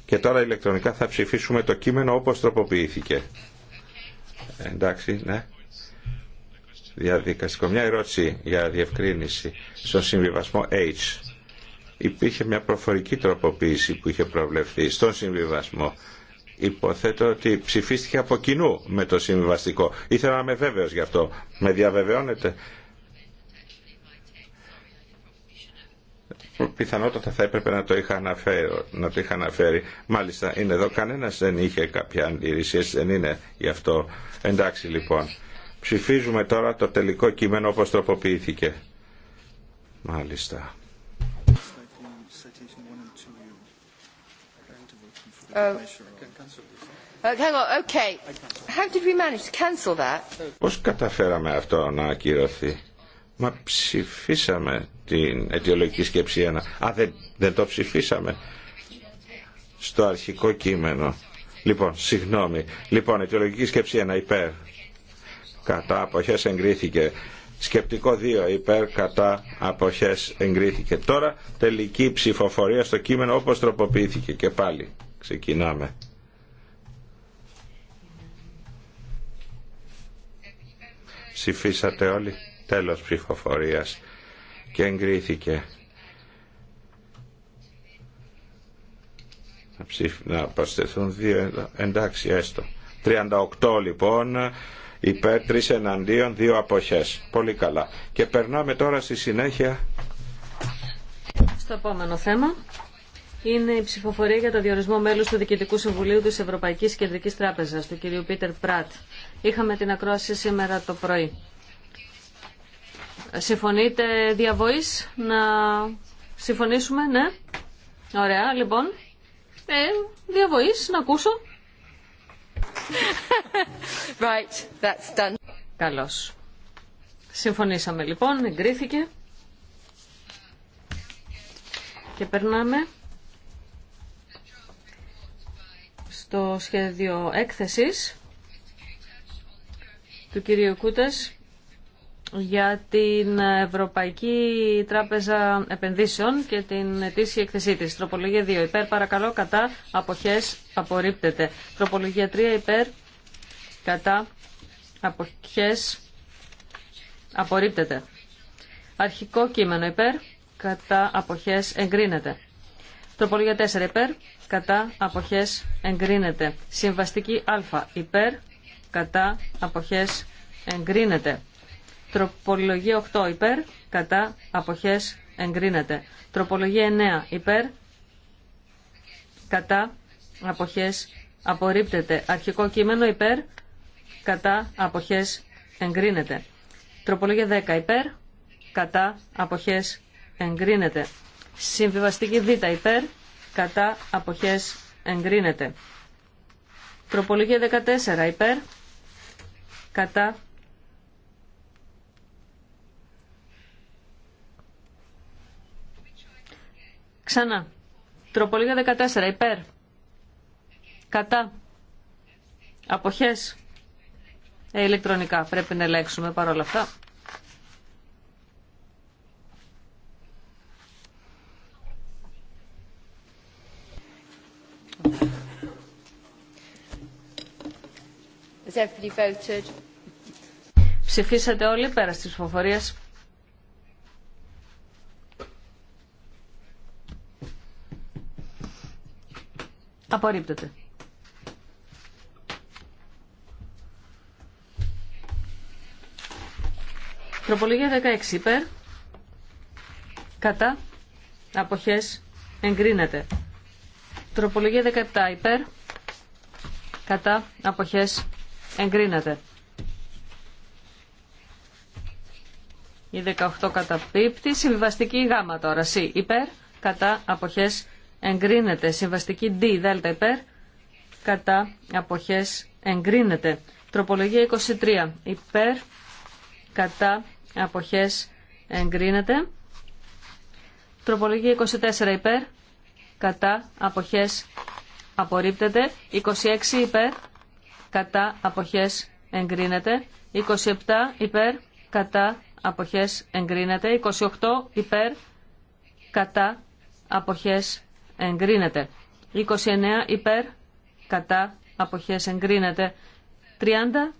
και τώρα ηλεκτρονικά θα ψηφίσουμε το κείμενο όπως τροποποιήθηκε ε, εντάξει, ναι. Διαδικαστικό. Μια ερώτηση για διευκρίνηση. Στον συμβιβασμό H υπήρχε μια προφορική τροποποίηση που είχε προβλεφθεί στον συμβιβασμό. Υποθέτω ότι ψηφίστηκε από κοινού με το συμβιβαστικό. Ήθελα να είμαι βέβαιος γι' αυτό. Με διαβεβαιώνετε. Πιθανότατα θα έπρεπε να το, είχα αναφέρει, να το είχα αναφέρει. Μάλιστα είναι εδώ. Κανένας δεν είχε κάποια αντίρρηση. Δεν είναι γι' αυτό. Εντάξει λοιπόν. Ψηφίζουμε τώρα το τελικό κείμενο όπως τροποποιήθηκε. Μάλιστα. Oh. Πώς καταφέραμε αυτό να ακυρωθεί. Μα ψηφίσαμε την αιτιολογική σκέψη 1. Α, δεν, το ψηφίσαμε στο αρχικό κείμενο. Λοιπόν, συγγνώμη. Λοιπόν, αιτιολογική σκέψη 1 υπέρ. Κατά αποχές εγκρίθηκε. Σκεπτικό 2 υπέρ κατά αποχές εγκρίθηκε. Τώρα τελική ψηφοφορία στο κείμενο όπως τροποποιήθηκε και πάλι. Ξεκινάμε. Ψηφίσατε όλοι. Τέλος ψηφοφορίας και εγκρίθηκε. Να, ψηφ... να προσθεθούν δύο εντάξει έστω. 38 λοιπόν υπέρ τρεις εναντίον δύο αποχές. Πολύ καλά. Και περνάμε τώρα στη συνέχεια. Στο επόμενο θέμα είναι η ψηφοφορία για το διορισμό μέλους του Διοικητικού Συμβουλίου της Ευρωπαϊκής Κεντρικής Τράπεζας, του κ. Πίτερ Πράτ. Είχαμε την ακρόαση σήμερα το πρωί. Συμφωνείτε διαβοής να συμφωνήσουμε, ναι. Ωραία, λοιπόν. Ε, διαβοής, να ακούσω. right, that's done. Καλώς. Συμφωνήσαμε λοιπόν, εγκρίθηκε. Και περνάμε στο σχέδιο έκθεσης του κυρίου Κούτας για την Ευρωπαϊκή Τράπεζα Επενδύσεων και την ετήσια εκθεσή τη. Τροπολογία 2 υπέρ, παρακαλώ, κατά, αποχές, απορρίπτεται. Τροπολογία 3 υπέρ, κατά, αποχές, απορρίπτεται. Αρχικό κείμενο υπέρ, κατά, αποχές, εγκρίνεται. Τροπολογία 4 υπέρ, κατά, αποχές, εγκρίνεται. Συμβαστική α υπέρ, κατά, αποχές, εγκρίνεται. Τροπολογία 8 υπέρ, κατά, αποχές, εγκρίνεται. Τροπολογία 9 υπέρ, κατά, αποχές, απορρίπτεται. Αρχικό κείμενο υπέρ, κατά, αποχές, εγκρίνεται. Τροπολογία 10 υπέρ, κατά, αποχές, εγκρίνεται. Συμβιβαστική Β υπέρ, κατά, αποχές, εγκρίνεται. Τροπολογία 14 υπέρ, κατά, Ξανά. Τροπολογία 14. Υπέρ. Κατά. Αποχές. Ε, ηλεκτρονικά. Πρέπει να ελέγξουμε παρόλα αυτά. Ψηφίσατε όλοι πέρα στις ψηφοφορίες. Απορρίπτεται. Τροπολογία 16 υπέρ. Κατά. Αποχές. Εγκρίνεται. Τροπολογία 17 υπέρ. Κατά. Αποχές. Εγκρίνεται. Η 18 καταπίπτει. Συμβιβαστική γάμα τώρα. Σι. Υπέρ. Κατά. Αποχές εγκρίνεται. Συμβαστική D, δέλτα υπέρ, κατά αποχές εγκρίνεται. Τροπολογία 23, υπέρ, κατά αποχές εγκρίνεται. Τροπολογία 24 υπέρ, κατά αποχές απορρίπτεται. 26 υπέρ, κατά αποχές εγκρίνεται. 27 υπέρ, κατά αποχές εγκρίνεται. 28 υπέρ, κατά αποχές εγκρίνεται. 29 υπέρ, κατά, αποχές εγκρίνεται. 30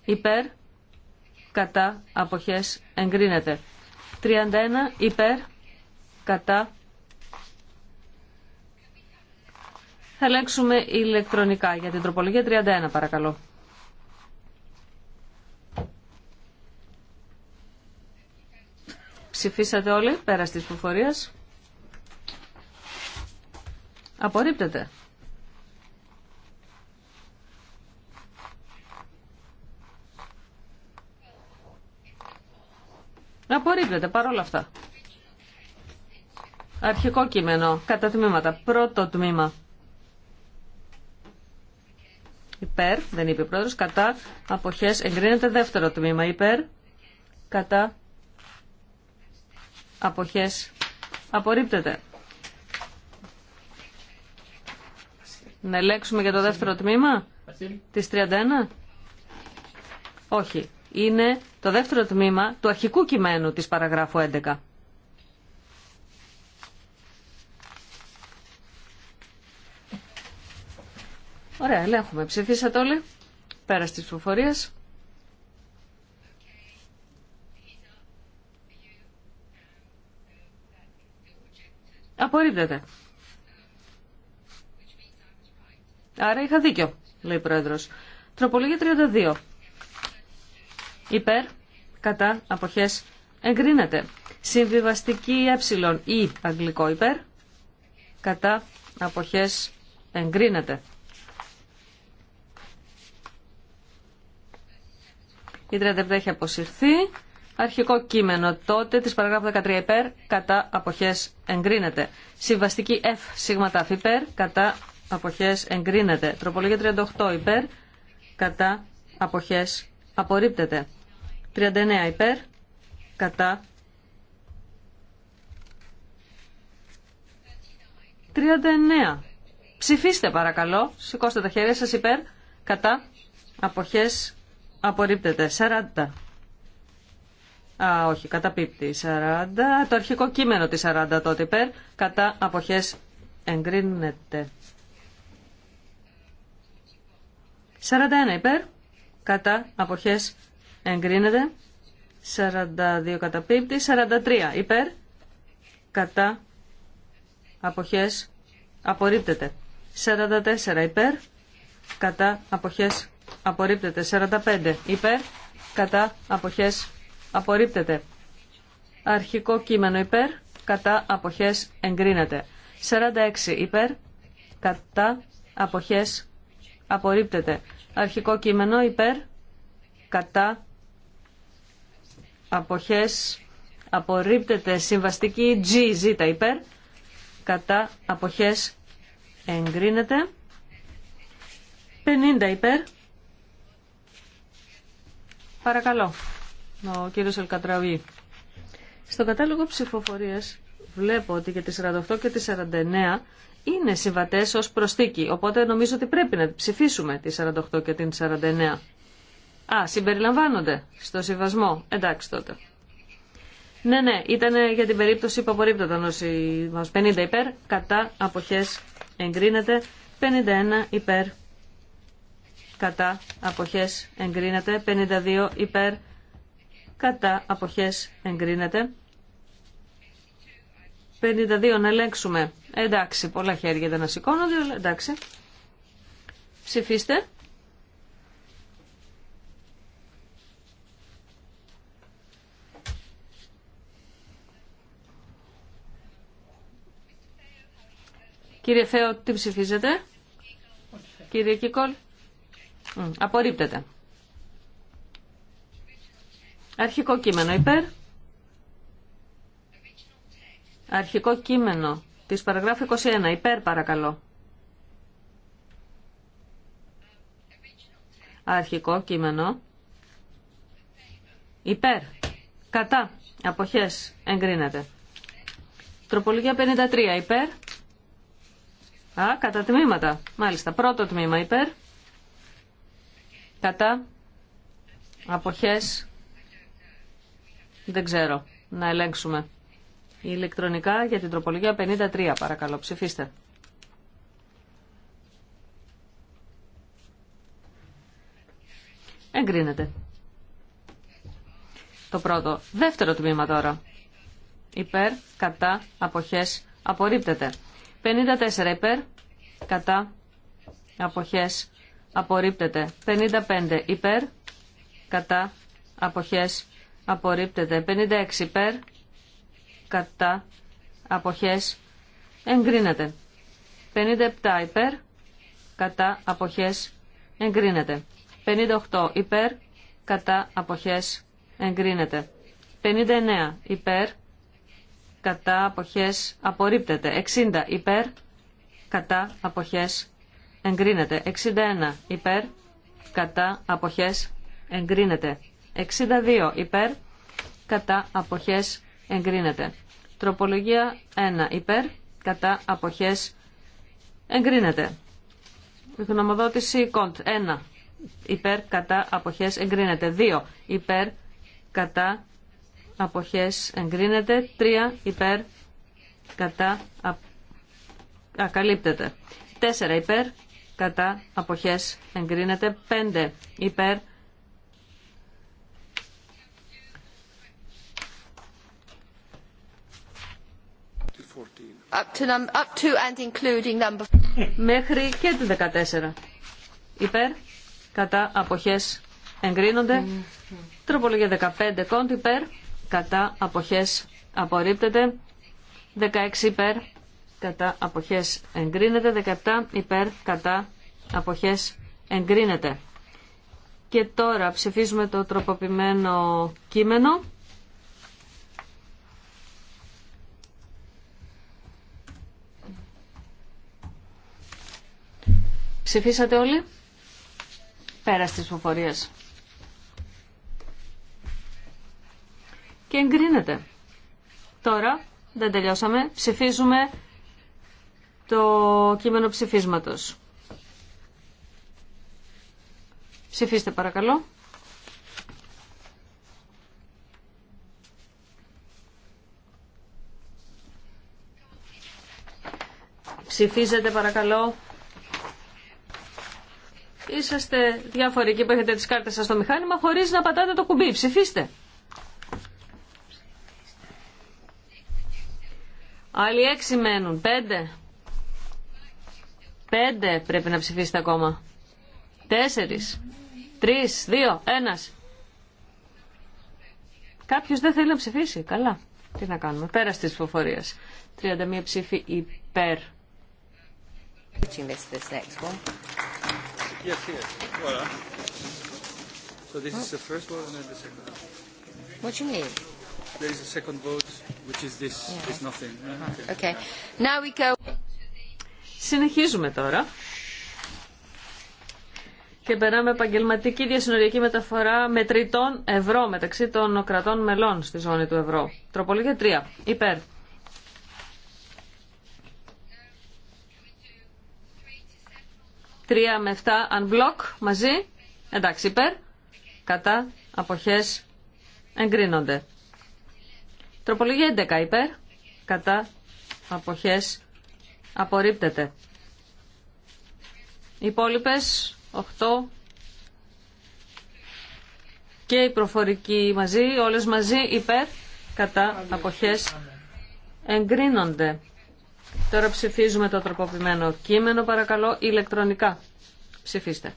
υπέρ, κατά, αποχές εγκρίνεται. 31 υπέρ, κατά, θα ελέγξουμε ηλεκτρονικά για την τροπολογία 31 παρακαλώ. Ψηφίσατε όλοι πέρα της Απορρίπτεται. Απορρίπτεται παρόλα αυτά. Αρχικό κείμενο, κατά τμήματα. Πρώτο τμήμα. Υπέρ, δεν είπε ο πρόεδρος, κατά αποχές εγκρίνεται δεύτερο τμήμα. Υπέρ, κατά αποχές απορρίπτεται. Να ελέγξουμε για το δεύτερο τμήμα της 31. Όχι. Είναι το δεύτερο τμήμα του αρχικού κειμένου της παραγράφου 11. Ωραία, ελέγχουμε. Ψηφίσατε όλοι. Πέρα στις ψηφοφορίες. Απορρίπτεται. Άρα είχα δίκιο, λέει ο Πρόεδρος. Τροπολογία 32. Υπέρ, κατά, αποχές, εγκρίνεται. Συμβιβαστική ε ή αγγλικό υπέρ, κατά, αποχές, εγκρίνεται. Η 37 έχει αποσυρθεί. Αρχικό κείμενο τότε της παραγράφου 13 υπέρ, κατά αποχές εγκρίνεται. Συμβαστική F σίγματα υπέρ, κατά αποχές εγκρίνεται. Τροπολογία 38 υπέρ, κατά, αποχές απορρίπτεται. 39 υπέρ, κατά, 39. Ψηφίστε παρακαλώ, σηκώστε τα χέρια σας υπέρ, κατά, αποχές απορρίπτεται. 40. Α, όχι, καταπίπτει 40. Το αρχικό κείμενο της 40 τότε υπέρ, κατά αποχές εγκρίνεται. 41 υπέρ, κατά αποχές εγκρίνεται. 42 πίπτη, 43 υπέρ, κατά αποχές απορρίπτεται. 44 υπέρ, κατά αποχές απορρίπτεται. 45 υπέρ, κατά αποχές απορρίπτεται. Αρχικό κείμενο υπέρ, κατά αποχές εγκρίνεται. 46 υπέρ, κατά αποχές απορρίπτεται. Αρχικό κείμενο υπέρ, κατά, αποχές, απορρίπτεται συμβαστική GZ υπέρ, κατά, αποχές, εγκρίνεται. 50 υπέρ. Παρακαλώ, ο κύριος Ελκατραβή Στο κατάλογο ψηφοφορίας βλέπω ότι για τις 48 και τις 49 είναι συμβατέ ω προστίκη, οπότε νομίζω ότι πρέπει να ψηφίσουμε τη 48 και την 49. Α, συμπεριλαμβάνονται στο συμβασμό. Εντάξει τότε. Ναι, ναι, ήταν για την περίπτωση που απορρίπτωταν ο 50 υπέρ, κατά αποχές εγκρίνεται, 51 υπέρ, κατά απόχέ, εγκρίνεται, 52 υπέρ, κατά απόχέ εγκρίνεται, 52 να ελέγξουμε. Εντάξει, πολλά χέρια δεν σηκώνονται, αλλά εντάξει. Ψηφίστε. Κύριε Θεό, τι ψηφίζετε. Κύριε Κίκολ. Απορρίπτεται. Αρχικό κείμενο υπέρ. Αρχικό κείμενο της παραγράφου 21. Υπέρ παρακαλώ. Αρχικό κείμενο. Υπέρ. Κατά. Αποχές. Εγκρίνεται. Τροπολογία 53. Υπέρ. Α, κατά τμήματα. Μάλιστα. Πρώτο τμήμα. Υπέρ. Κατά. Αποχές. Δεν ξέρω. Να ελέγξουμε. Ηλεκτρονικά για την τροπολογία 53 παρακαλώ ψηφίστε. Εγκρίνεται. Το πρώτο. Δεύτερο τμήμα τώρα. Υπέρ, κατά, αποχές, απορρίπτεται. 54 υπέρ, κατά, αποχές, απορρίπτεται. 55 υπέρ, κατά, αποχές, απορρίπτεται. 56 υπέρ, κατά αποχές εγκρίνεται. 57 υπέρ κατά αποχές εγκρίνεται. 58 υπέρ κατά αποχές εγκρίνεται. 59 υπέρ κατά αποχές απορρίπτεται. 60 υπέρ κατά αποχές εγκρίνεται. 61 υπέρ κατά αποχές εγκρίνεται. 62 υπέρ κατά αποχές εγκρίνεται. Τροπολογία 1. Υπέρ, κατά, αποχές, εγκρίνεται. Γνωμοδότηση κοντ. 1. Υπέρ, κατά, αποχές, εγκρίνεται. 2. Υπέρ, κατά, αποχές, εγκρίνεται. 3. Υπέρ, κατά, α... ακαλύπτεται. 4. Υπέρ, κατά, αποχές, εγκρίνεται. 5. Υπέρ, Μέχρι και τη 14. Υπέρ, κατά, αποχές, εγκρίνονται. Τροπολογία 15, κόντ υπέρ, κατά, αποχές, απορρίπτεται. 16 υπέρ, κατά, αποχές, εγκρίνεται. 17 υπέρ, κατά, αποχές, εγκρίνεται. Και τώρα ψηφίζουμε το τροποποιημένο κείμενο. Ψηφίσατε όλοι. Πέρα στις ψηφοφορίες. Και εγκρίνεται. Τώρα δεν τελειώσαμε. Ψηφίζουμε το κείμενο ψηφίσματος. Ψηφίστε παρακαλώ. Ψηφίζετε παρακαλώ είσαστε διάφοροι εκεί που έχετε τις κάρτες σας στο μηχάνημα χωρίς να πατάτε το κουμπί. Ψηφίστε. Άλλοι έξι μένουν. Πέντε. Πέντε πρέπει να ψηφίσετε ακόμα. Τέσσερις. Τρεις. Δύο. Ένας. Κάποιος δεν θέλει να ψηφίσει. Καλά. Τι να κάνουμε. Πέρα τη ψηφοφορίες. 31 ψήφοι υπέρ. Yes, yes. Voilà. So this is the first vote and then the second. What do you mean? There is a second vote, which is this. Yeah. It's nothing. Okay. okay. Now we go. Συνεχίζουμε τώρα. Και περάμε επαγγελματική διασυνοριακή μεταφορά μετρητών ευρώ μεταξύ των κρατών μελών στη ζώνη του ευρώ. Τροπολογία 3. Υπέρ. 3 με 7 unblock μαζί. Εντάξει, υπέρ. Κατά. Αποχές. Εγκρίνονται. Τροπολογία 11 υπέρ. Κατά. Αποχές. Απορρίπτεται. Υπόλοιπες 8 και η προφορική μαζί, όλες μαζί υπέρ. Κατά. Αποχές. Εγκρίνονται. Τώρα ψηφίζουμε το τροποποιημένο κείμενο, παρακαλώ, ηλεκτρονικά. Ψηφίστε.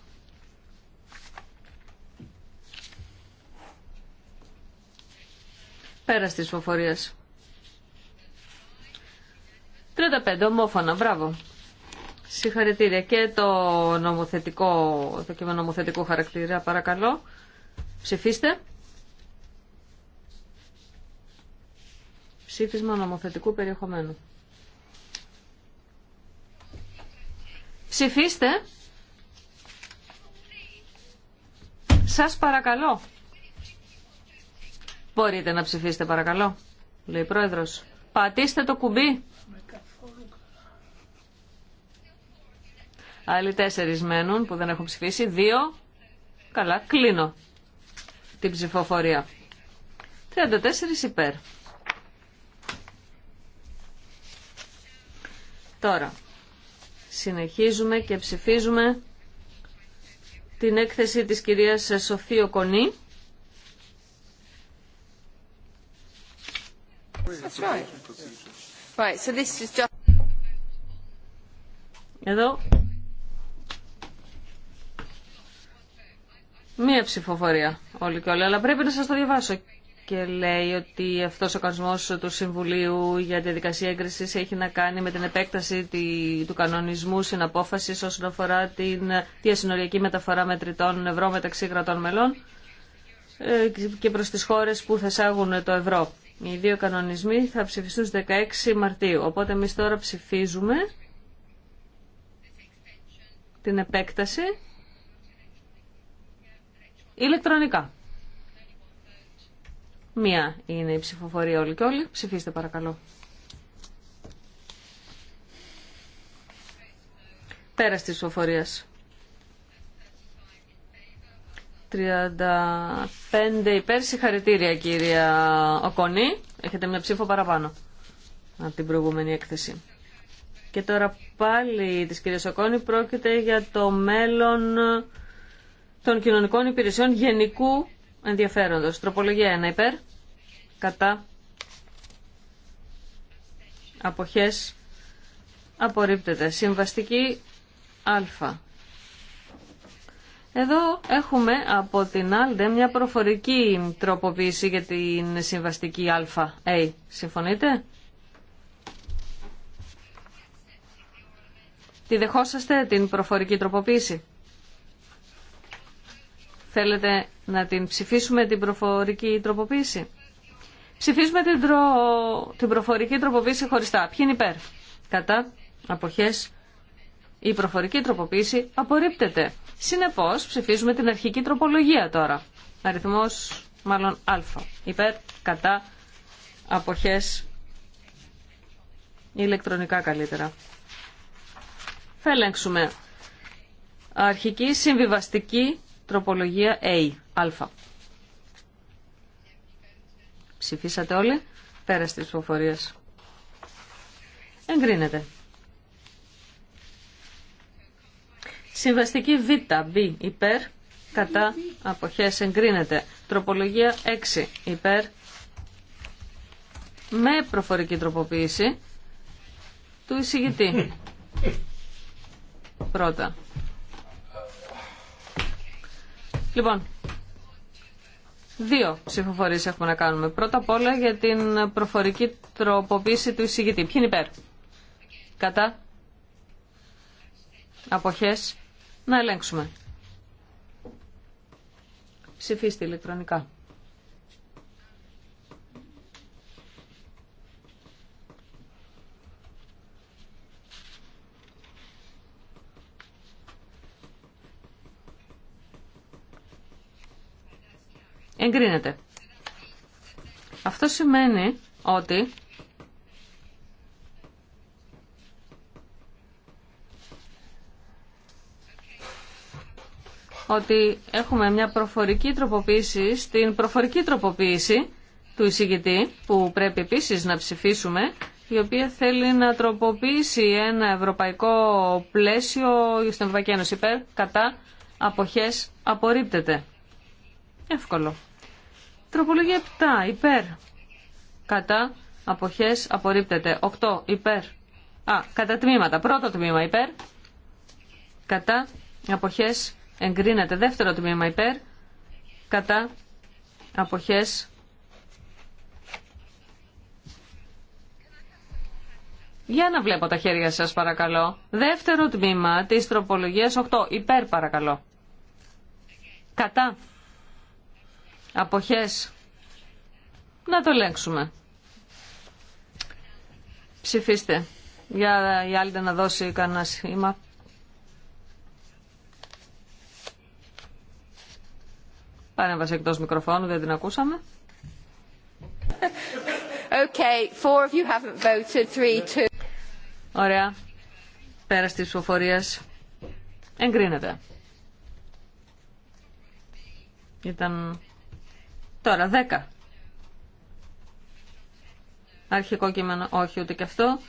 Πέρα στις φοφορίες. 35, ομόφωνα, μπράβο. Συγχαρητήρια και το, νομοθετικό, το κείμενο νομοθετικού χαρακτήρα, παρακαλώ. Ψηφίστε. Ψήφισμα νομοθετικού περιεχομένου. Ψηφίστε. Σας παρακαλώ. Μπορείτε να ψηφίσετε παρακαλώ, λέει η πρόεδρος. Πατήστε το κουμπί. Άλλοι τέσσερις μένουν που δεν έχουν ψηφίσει. Δύο. Καλά, κλείνω την ψηφοφορία. 34 υπέρ. Τώρα, Συνεχίζουμε και ψηφίζουμε την έκθεση της κυρίας Σοφία Κονή. Εδώ μία ψηφοφορία όλοι και όλοι, αλλά πρέπει να σας το διαβάσω και λέει ότι αυτός ο κανονισμός του Συμβουλίου για τη δικασία έγκρισης έχει να κάνει με την επέκταση του κανονισμού συναπόφασης όσον αφορά την διασυνοριακή μεταφορά μετρητών ευρώ μεταξύ κρατών μελών ε, και προς τις χώρες που θα το ευρώ. Οι δύο κανονισμοί θα ψηφιστούν στις 16 Μαρτίου. Οπότε εμεί τώρα ψηφίζουμε την επέκταση ηλεκτρονικά. Μία είναι η ψηφοφορία όλοι και όλοι. Ψηφίστε παρακαλώ. Πέρας της ψηφοφορίας. 35 υπέρ. Συγχαρητήρια κυρία Οκονή. Έχετε μια ψήφο παραπάνω από την προηγούμενη έκθεση. Και τώρα πάλι της κυρίας Οκόνη πρόκειται για το μέλλον των κοινωνικών υπηρεσιών γενικού ενδιαφέροντος. Τροπολογία 1 υπέρ, κατά, αποχές, απορρίπτεται. Συμβαστική α. Εδώ έχουμε από την Άλντε μια προφορική τροποποίηση για την συμβαστική α. Hey, ε, συμφωνείτε? Τη δεχόσαστε την προφορική τροποποίηση. Θέλετε να την ψηφίσουμε την προφορική τροποποίηση. Ψηφίζουμε την, τρο... την προφορική τροποποίηση χωριστά. Ποιοι είναι υπέρ. Κατά. Αποχές. Η προφορική τροποποίηση απορρίπτεται. Συνεπώς ψηφίζουμε την αρχική τροπολογία τώρα. Αριθμός μάλλον α. Υπέρ. Κατά. Αποχές. Ηλεκτρονικά καλύτερα. Θα ελέγξουμε. Αρχική συμβιβαστική τροπολογία A, α. Ψηφίσατε όλοι, πέρα στις ψηφοφορίες. Εγκρίνεται. Συμβαστική Β, β, υπέρ, κατά, αποχές, εγκρίνεται. Τροπολογία 6, υπέρ, με προφορική τροποποίηση του εισηγητή. Πρώτα. Λοιπόν, δύο ψηφοφορίε έχουμε να κάνουμε. Πρώτα απ' όλα για την προφορική τροποποίηση του εισηγητή. Ποιοι είναι υπέρ. Κατά. Αποχές. Να ελέγξουμε. Ψηφίστε ηλεκτρονικά. Εγκρίνεται. Αυτό σημαίνει ότι ότι έχουμε μια προφορική τροποποίηση στην προφορική τροποποίηση του εισηγητή που πρέπει επίσης να ψηφίσουμε η οποία θέλει να τροποποιήσει ένα ευρωπαϊκό πλαίσιο στην Ευρωπαϊκή Ένωση κατά αποχές απορρίπτεται. Εύκολο. Τροπολογία 7 υπέρ. Κατά αποχές απορρίπτεται. 8 υπέρ. Α, κατά τμήματα. Πρώτο τμήμα υπέρ. Κατά αποχές εγκρίνεται. Δεύτερο τμήμα υπέρ. Κατά αποχές Για να βλέπω τα χέρια σας παρακαλώ. Δεύτερο τμήμα της τροπολογίας 8. Υπέρ παρακαλώ. Κατά. Αποχές. Να το ελέγξουμε. Ψηφίστε. Για η άλλη να δώσει κανένα σχήμα. Παρέμβαση εκτό μικροφώνου, δεν την ακούσαμε. Okay, four of you haven't voted, three, two. Ωραία. Πέρα τη ψηφοφορία. Εγκρίνεται. Ήταν Τώρα, 10. Αρχικό κείμενο, όχι ούτε και αυτό.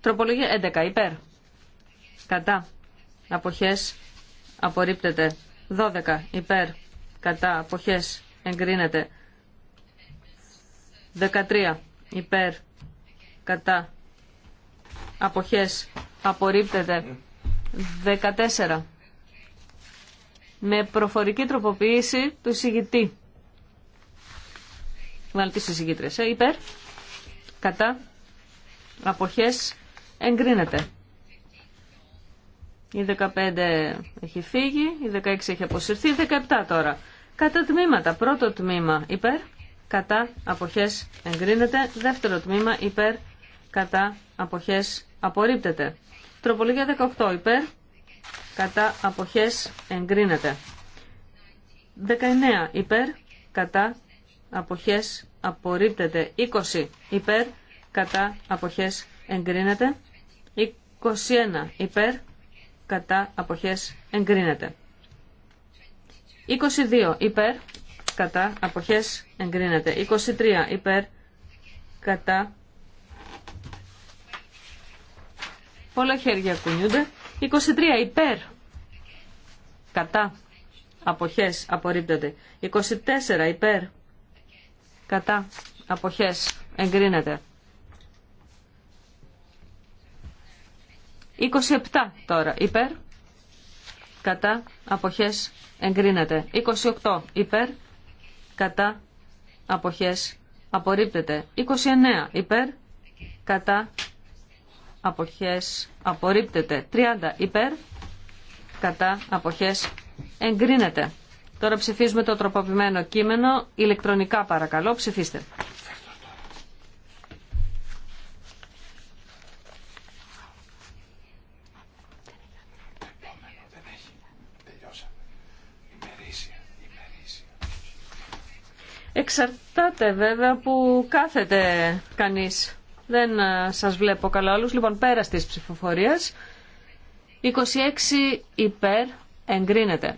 Τροπολογία 11, υπέρ. Κατά. Αποχές. Απορρίπτεται. 12, υπέρ. Κατά. Αποχές. Εγκρίνεται. 13, υπέρ. Κατά. Αποχές. Απορρίπτεται. 14, με προφορική τροποποίηση του εισηγητή. Μάλλον τις εισηγήτρια. Ε, υπέρ. Κατά. Αποχές. Εγκρίνεται. Η 15 έχει φύγει, η 16 έχει αποσυρθεί, η 17 τώρα. Κατά τμήματα. Πρώτο τμήμα υπέρ, κατά, αποχές εγκρίνεται. Δεύτερο τμήμα υπέρ, κατά, αποχές απορρίπτεται. Τροπολογία 18 υπέρ, κατά αποχές εγκρίνεται. 19 υπέρ κατά αποχές απορρίπτεται. 20 υπέρ κατά αποχές εγκρίνεται. 21 υπέρ κατά αποχές εγκρίνεται. 22 υπέρ κατά αποχές εγκρίνεται. 23 υπέρ κατά Πολλά χέρια κουνιούνται. 23 υπέρ. Κατά. Αποχές. Απορρίπτεται. 24 υπέρ. Κατά. Αποχές. Εγκρίνεται. 27 τώρα υπέρ. Κατά. Αποχές. Εγκρίνεται. 28 υπέρ. Κατά. Αποχές. Απορρίπτεται. 29 υπέρ. Κατά αποχές απορρίπτεται. 30 υπέρ, κατά αποχές εγκρίνεται. Τώρα ψηφίζουμε το τροποποιημένο κείμενο. Ηλεκτρονικά παρακαλώ, ψηφίστε. Εξαρτάται βέβαια που κάθεται κανείς. Δεν ε, σας βλέπω καλά όλους. Λοιπόν, πέρα της ψηφοφορίες, 26 υπέρ εγκρίνεται.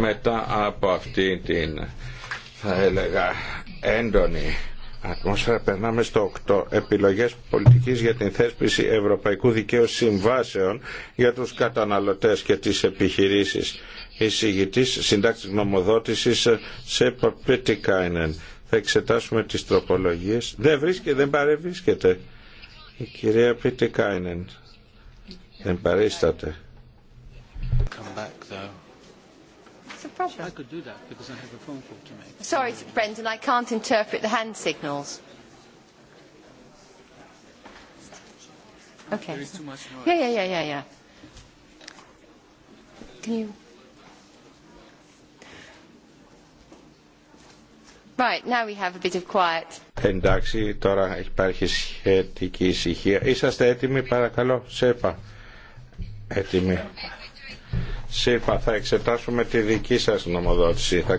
Μετά από αυτή την θα έλεγα έντονη ατμόσφαιρα περνάμε στο 8. Επιλογές πολιτικής για την θέσπιση Ευρωπαϊκού Δικαίου Συμβάσεων για τους καταναλωτές και τις επιχειρήσεις. Εισηγητής συντάξη νομοδότησης σε Παπίτικάινεν. Θα εξετάσουμε τις τροπολογίες. Δεν βρίσκεται, δεν παρευρίσκεται. Η κυρία Πιτικάινεν δεν παρίσταται. Come back though. It's a problem. I could do that because I have a phone call to make. Sorry, Brendan, I can't interpret the hand signals. Okay. There is too much noise. Yeah, yeah, yeah, yeah, yeah. Can you? Right, now we have a bit of quiet. Εντάξει, τώρα υπάρχει σχετική ησυχία. Είσαστε έτοιμοι, παρακαλώ, ΣΕΠΑ. Έτοιμοι. ΣΥΠΑ θα εξετάσουμε τη δική σας νομοδότηση. Θα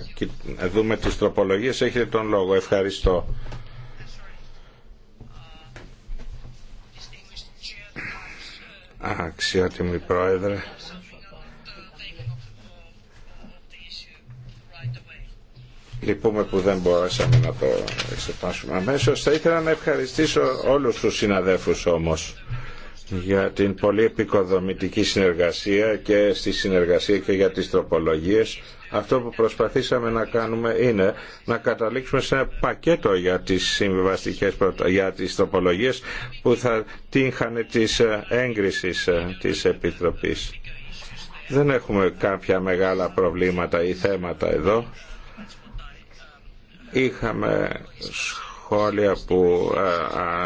δούμε τις τροπολογίες. Έχετε τον λόγο. Ευχαριστώ. Αξιότιμη Πρόεδρε. Λυπούμε που δεν μπορέσαμε να το εξετάσουμε αμέσως. Θα ήθελα να ευχαριστήσω όλους τους συναδέλφους όμως για την πολύ επικοδομητική συνεργασία και στη συνεργασία και για τις τροπολογίες. Αυτό που προσπαθήσαμε να κάνουμε είναι να καταλήξουμε σε ένα πακέτο για τις συμβιβαστικές για τις τροπολογίες που θα τύχανε της ε, έγκρισης ε, της Επιτροπής. Δεν έχουμε κάποια μεγάλα προβλήματα ή θέματα εδώ. Είχαμε σχόλια που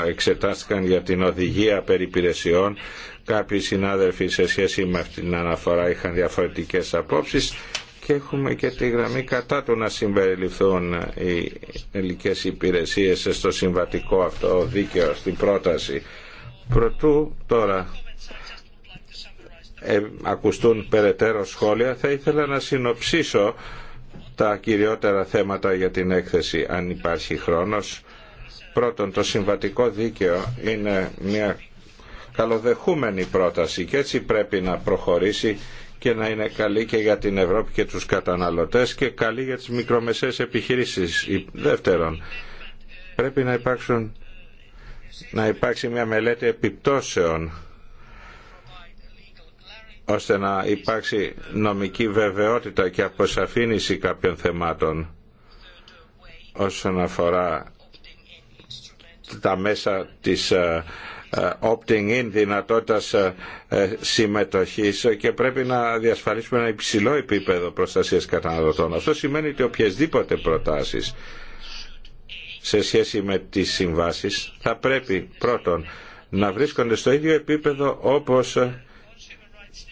εξετάστηκαν για την οδηγία περιπηρεσιών. Κάποιοι συνάδελφοι σε σχέση με αυτήν την αναφορά είχαν διαφορετικές απόψεις και έχουμε και τη γραμμή κατά του να συμπεριληφθούν οι ελληνικές υπηρεσίες στο συμβατικό αυτό δίκαιο, στην πρόταση. Προτού τώρα ε, ακουστούν περαιτέρω σχόλια, θα ήθελα να συνοψίσω τα κυριότερα θέματα για την έκθεση, αν υπάρχει χρόνος. Πρώτον, το συμβατικό δίκαιο είναι μια καλοδεχούμενη πρόταση και έτσι πρέπει να προχωρήσει και να είναι καλή και για την Ευρώπη και τους καταναλωτές και καλή για τις μικρομεσαίες επιχειρήσεις. Δεύτερον, πρέπει να, υπάρξουν, να υπάρξει μια μελέτη επιπτώσεων ώστε να υπάρξει νομική βεβαιότητα και αποσαφήνιση κάποιων θεμάτων όσον αφορά τα μέσα της ε, ε, opting in δυνατότητας ε, συμμετοχής και πρέπει να διασφαλίσουμε ένα υψηλό επίπεδο προστασίας καταναλωτών. Αυτό σημαίνει ότι οποιασδήποτε προτάσεις σε σχέση με τις συμβάσεις θα πρέπει πρώτον να βρίσκονται στο ίδιο επίπεδο όπως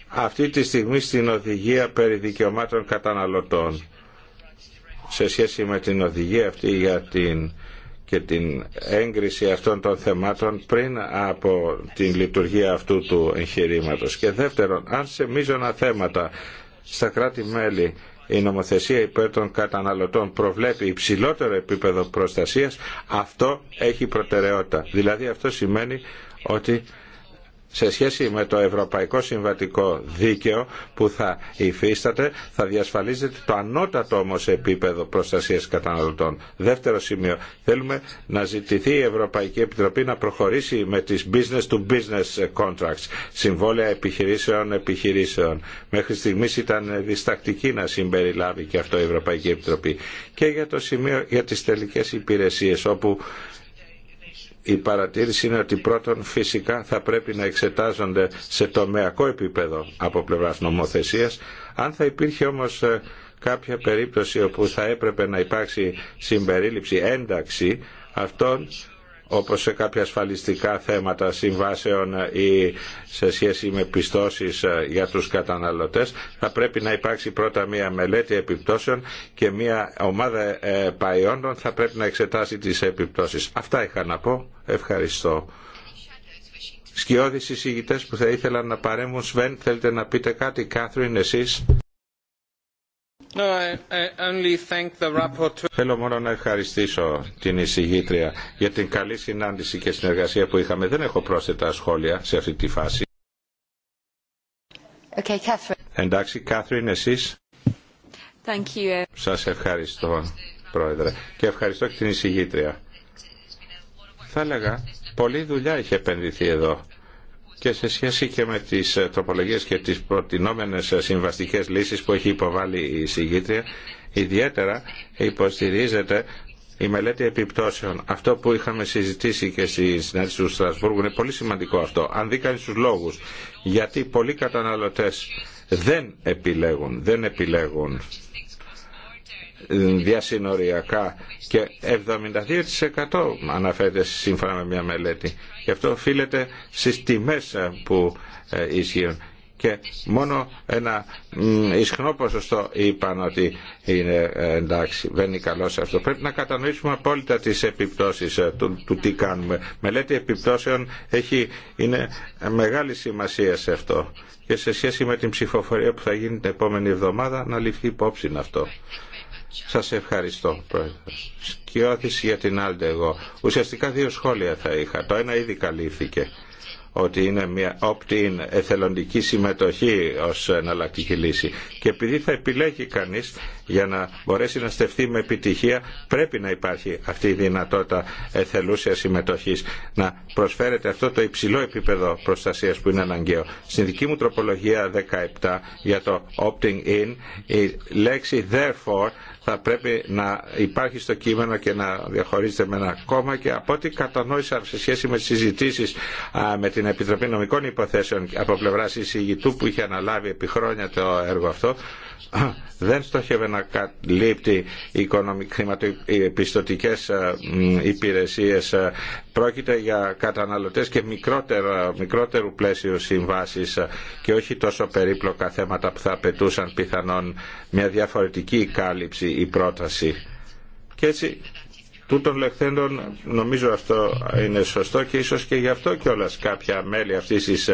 αυτή τη στιγμή στην οδηγία περί δικαιωμάτων καταναλωτών σε σχέση με την οδηγία αυτή για την και την έγκριση αυτών των θεμάτων πριν από την λειτουργία αυτού του εγχειρήματο. Και δεύτερον, αν σε μείζωνα θέματα στα κράτη-μέλη η νομοθεσία υπέρ των καταναλωτών προβλέπει υψηλότερο επίπεδο προστασίας, αυτό έχει προτεραιότητα. Δηλαδή αυτό σημαίνει ότι σε σχέση με το Ευρωπαϊκό Συμβατικό Δίκαιο που θα υφίσταται, θα διασφαλίζεται το ανώτατο όμω επίπεδο προστασία καταναλωτών. Δεύτερο σημείο, θέλουμε να ζητηθεί η Ευρωπαϊκή Επιτροπή να προχωρήσει με τι business to business contracts, συμβόλαια επιχειρήσεων επιχειρήσεων. Μέχρι στιγμή ήταν διστακτική να συμπεριλάβει και αυτό η Ευρωπαϊκή Επιτροπή. Και για το σημείο για τι τελικέ υπηρεσίε, όπου η παρατήρηση είναι ότι πρώτον φυσικά θα πρέπει να εξετάζονται σε τομεακό επίπεδο από πλευράς νομοθεσίας. Αν θα υπήρχε όμως ε, κάποια περίπτωση όπου θα έπρεπε να υπάρξει συμπερίληψη, ένταξη αυτών όπως σε κάποια ασφαλιστικά θέματα συμβάσεων ή σε σχέση με πιστώσεις ε, για τους καταναλωτές θα πρέπει να υπάρξει πρώτα μία μελέτη επιπτώσεων και μία ομάδα ε, παϊόντων θα πρέπει να εξετάσει τις επιπτώσεις. Αυτά είχα να πω. Ευχαριστώ. Σκιώδεις εισηγητές που θα ήθελαν να παρέμουν. Σβέν, θέλετε να πείτε κάτι. Κάθριν, εσείς. Θέλω μόνο να ευχαριστήσω την εισηγήτρια για την καλή συνάντηση και συνεργασία που είχαμε. Δεν έχω πρόσθετα σχόλια σε αυτή τη φάση. Okay, Catherine. Εντάξει, Κάθριν, εσείς. Thank Σας ευχαριστώ, Πρόεδρε. Και ευχαριστώ και την εισηγήτρια. Θα έλεγα, πολλή δουλειά έχει επενδυθεί εδώ και σε σχέση και με τις ε, τροπολογίες και τις προτινόμενες ε, συμβαστικές λύσεις που έχει υποβάλει η συγγήτρια, ιδιαίτερα υποστηρίζεται η μελέτη επιπτώσεων. Αυτό που είχαμε συζητήσει και στη συνέντευξη του Στρασβούργου είναι πολύ σημαντικό αυτό. Αν δει κανείς του λόγου, γιατί πολλοί καταναλωτές δεν επιλέγουν, δεν επιλέγουν διασυνοριακά και 72% αναφέρεται σύμφωνα με μια μελέτη. Και αυτό οφείλεται στις τιμές που ε, ισχύουν. Και μόνο ένα ισχυρό ποσοστό είπαν ότι είναι ε, εντάξει, δεν είναι καλό σε αυτό. Πρέπει να κατανοήσουμε απόλυτα τις επιπτώσεις ε, του, τι κάνουμε. Μελέτη επιπτώσεων έχει, είναι μεγάλη σημασία σε αυτό. Και σε σχέση με την ψηφοφορία που θα γίνει την επόμενη εβδομάδα να ληφθεί υπόψη αυτό. Σας ευχαριστώ, Πρόεδρε. Σκιώθηση για την άλλη εγώ. Ουσιαστικά δύο σχόλια θα είχα. Το ένα ήδη καλύφθηκε ότι είναι μια opt-in εθελοντική συμμετοχή ως εναλλακτική λύση. Και επειδή θα επιλέγει κανείς για να μπορέσει να στεφθεί με επιτυχία, πρέπει να υπάρχει αυτή η δυνατότητα εθελούσια συμμετοχής, να προσφέρεται αυτό το υψηλό επίπεδο προστασίας που είναι αναγκαίο. Στην δική μου τροπολογία 17 για το opting in, η λέξη therefore θα πρέπει να υπάρχει στο κείμενο και να διαχωρίζεται με ένα κόμμα και από ό,τι κατανόησα σε σχέση με τις συζητήσεις με την Επιτροπή Νομικών Υποθέσεων από πλευρά εισηγητού που είχε αναλάβει επί χρόνια το έργο αυτό δεν στόχευε να καλύπτει χρηματοπιστωτικές ε, ε, υπηρεσίες. Ε, πρόκειται για καταναλωτές και μικρότερα, μικρότερου πλαίσιου συμβάσεις και όχι τόσο περίπλοκα θέματα που θα απαιτούσαν πιθανόν μια διαφορετική κάλυψη ή πρόταση. Και έτσι Τούτων λεχθέντων νομίζω αυτό είναι σωστό και ίσως και γι' αυτό κιόλας κάποια μέλη αυτής της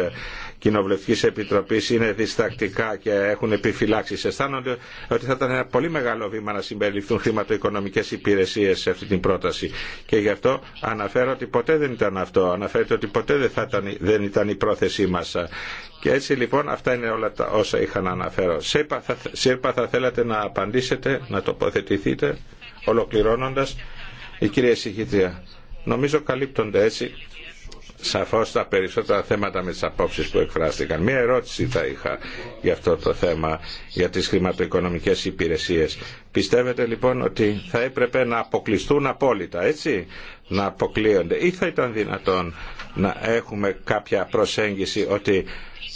Κοινοβουλευτική Επιτροπή είναι διστακτικά και έχουν επιφυλάξει. Αισθάνονται ότι θα ήταν ένα πολύ μεγάλο βήμα να συμπεριληφθούν χρηματοοικονομικέ υπηρεσίε σε αυτή την πρόταση. Και γι' αυτό αναφέρω ότι ποτέ δεν ήταν αυτό. Αναφέρεται ότι ποτέ δεν, ήταν, δεν ήταν η πρόθεσή μα. Και έτσι λοιπόν αυτά είναι όλα τα όσα είχα να αναφέρω. Σύρπα θα, θα θέλατε να απαντήσετε, να τοποθετηθείτε, ολοκληρώνοντας. Η κυρία Συγχύτρια, νομίζω καλύπτονται έτσι σαφώς τα περισσότερα θέματα με τις απόψεις που εκφράστηκαν. Μία ερώτηση θα είχα για αυτό το θέμα, για τις χρηματοοικονομικές υπηρεσίες. Πιστεύετε λοιπόν ότι θα έπρεπε να αποκλειστούν απόλυτα, έτσι, να αποκλείονται ή θα ήταν δυνατόν να έχουμε κάποια προσέγγιση ότι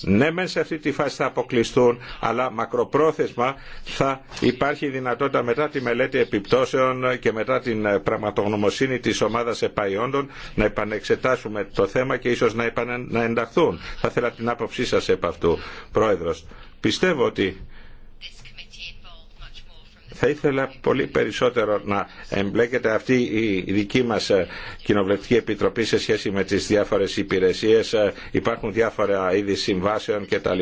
ναι, μεν σε αυτή τη φάση θα αποκλειστούν, αλλά μακροπρόθεσμα θα υπάρχει δυνατότητα μετά τη μελέτη επιπτώσεων και μετά την ε, πραγματογνωμοσύνη της ομάδας επαϊόντων να επανεξετάσουμε το θέμα και ίσως να, ενταχθούν. Θα ήθελα την άποψή σας επ' αυτού, Πρόεδρος. Πιστεύω ότι θα ήθελα πολύ περισσότερο να εμπλέκεται αυτή η δική μας ε, Κοινοβουλευτική Επιτροπή σε σχέση με τις διάφορες υπηρεσίες. Ε, υπάρχουν διάφορα είδη συμβάσεων κτλ.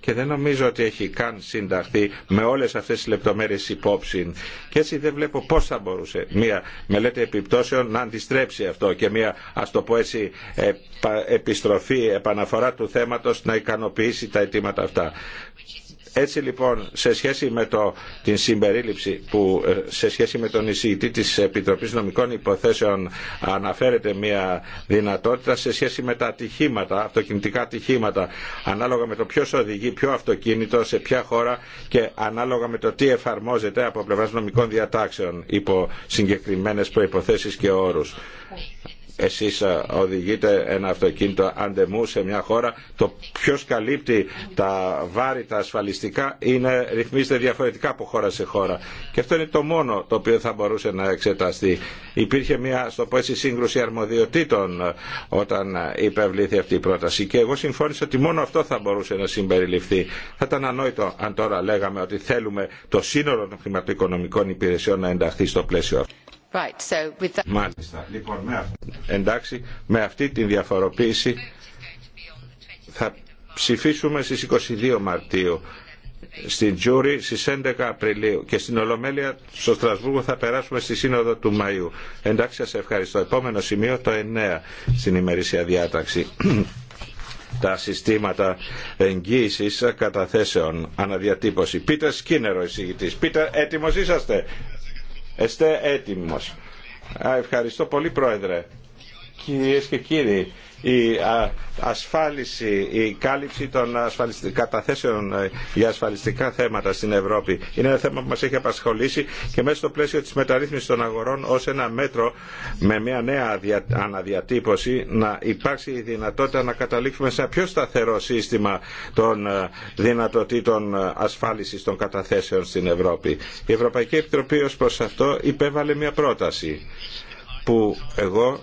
Και δεν νομίζω ότι έχει καν συνταχθεί με όλες αυτές τις λεπτομέρειες υπόψη. Και έτσι δεν βλέπω πώς θα μπορούσε μια μελέτη επιπτώσεων να αντιστρέψει αυτό και μια ας το πω έτσι επιστροφή, επαναφορά του θέματος να ικανοποιήσει τα αιτήματα αυτά. Έτσι λοιπόν σε σχέση με το, την συμπερίληψη που ε, σε σχέση με τον εισηγητή της Επιτροπής Νομικών Υποθέσεων αναφέρεται μια δυνατότητα σε σχέση με τα ατυχήματα, αυτοκινητικά ατυχήματα ανάλογα με το ποιος οδηγεί, ποιο αυτοκίνητο, σε ποια χώρα και ανάλογα με το τι εφαρμόζεται από πλευράς νομικών διατάξεων υπό συγκεκριμένες προϋποθέσεις και όρους εσείς ε, οδηγείτε ένα αυτοκίνητο αντεμού σε μια χώρα, το ποιος καλύπτει τα βάρη, τα ασφαλιστικά, είναι, ρυθμίζεται διαφορετικά από χώρα σε χώρα. Και αυτό είναι το μόνο το οποίο θα μπορούσε να εξεταστεί. Υπήρχε μια, στο πω έτσι, σύγκρουση αρμοδιοτήτων ε, όταν υπευλήθη αυτή η πρόταση. Και εγώ συμφώνησα ότι μόνο αυτό θα μπορούσε να συμπεριληφθεί. Θα ήταν ανόητο αν τώρα λέγαμε ότι θέλουμε το σύνολο των χρηματοοικονομικών υπηρεσιών να ενταχθεί στο πλαίσιο αυτό. Λοιπόν, εντάξει, με αυτή τη διαφοροποίηση θα ψηφίσουμε στις 22 Μαρτίου στην Τζούρι στις 11 Απριλίου και στην Ολομέλεια στο Στρασβούργο θα περάσουμε στη Σύνοδο του Μαΐου. Εντάξει, σας ευχαριστώ. Επόμενο σημείο το 9 στην ημερήσια διάταξη. Τα συστήματα εγγύησης καταθέσεων αναδιατύπωση. Πίτερ Σκίνερο εισηγητής. Πίτερ, έτοιμος είσαστε. Εστέ έτοιμος. Ευχαριστώ πολύ Πρόεδρε. Κυρίε και κύριοι, η ασφάλιση, η κάλυψη των καταθέσεων ε, για ασφαλιστικά θέματα στην Ευρώπη είναι ένα θέμα που μας έχει απασχολήσει και μέσα στο πλαίσιο της μεταρρύθμισης των αγορών ως ένα μέτρο με μια νέα αναδιατύπωση να υπάρξει η δυνατότητα να καταλήξουμε σε ένα πιο σταθερό σύστημα των ε, δυνατοτήτων ε, ασφάλισης των καταθέσεων στην Ευρώπη. Η Ευρωπαϊκή Επιτροπή ως προς αυτό υπέβαλε μια πρόταση που εγώ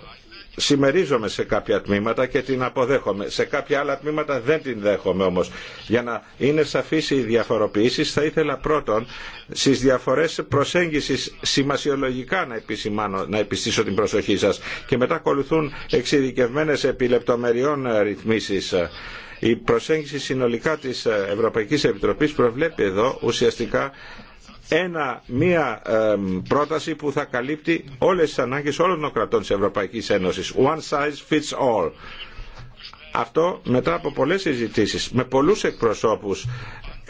συμμερίζομαι σε κάποια τμήματα και την αποδέχομαι. Σε κάποια άλλα τμήματα δεν την δέχομαι όμως. Για να είναι σαφής οι διαφοροποιήσεις θα ήθελα πρώτον στις διαφορές προσέγγισης σημασιολογικά να, επισημάνω, να επιστήσω την προσοχή σας και μετά ακολουθούν εξειδικευμένες επιλεπτομεριών ρυθμίσεις. Η προσέγγιση συνολικά της Ευρωπαϊκής Επιτροπής προβλέπει εδώ ουσιαστικά ένα, μία πρόταση που θα καλύπτει όλες τις ανάγκες όλων των κρατών της Ευρωπαϊκής Ένωσης. One size fits all. Αυτό μετά από πολλές συζητήσεις με πολλούς εκπροσώπους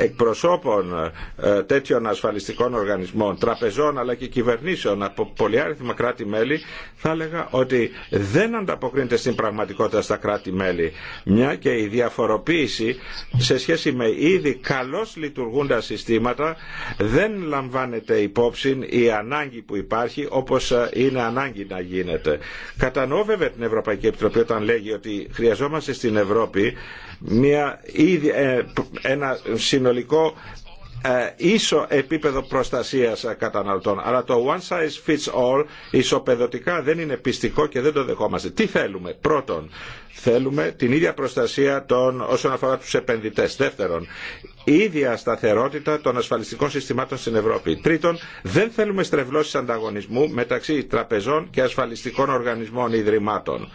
εκπροσώπων ε, τέτοιων ασφαλιστικών οργανισμών, τραπεζών αλλά και κυβερνήσεων από πολυάριθμα κράτη-μέλη, θα έλεγα ότι δεν ανταποκρίνεται στην πραγματικότητα στα κράτη-μέλη. Μια και η διαφοροποίηση σε σχέση με ήδη καλώς λειτουργούντα συστήματα δεν λαμβάνεται υπόψη η ανάγκη που υπάρχει όπως ε, είναι ανάγκη να γίνεται. Κατανοώ βέβαια την Ευρωπαϊκή Επιτροπή όταν λέγει ότι χρειαζόμαστε στην Ευρώπη μια, ε, ένα συνολικό ε, ίσο επίπεδο προστασίας ε, καταναλωτών. Αλλά το one size fits all ισοπεδωτικά δεν είναι πιστικό και δεν το δεχόμαστε. Τι θέλουμε. Πρώτον, θέλουμε την ίδια προστασία των, όσον αφορά τους επενδυτές. Δεύτερον, η ίδια σταθερότητα των ασφαλιστικών συστημάτων στην Ευρώπη. Τρίτον, δεν θέλουμε στρεβλώσεις ανταγωνισμού μεταξύ τραπεζών και ασφαλιστικών οργανισμών ιδρυμάτων.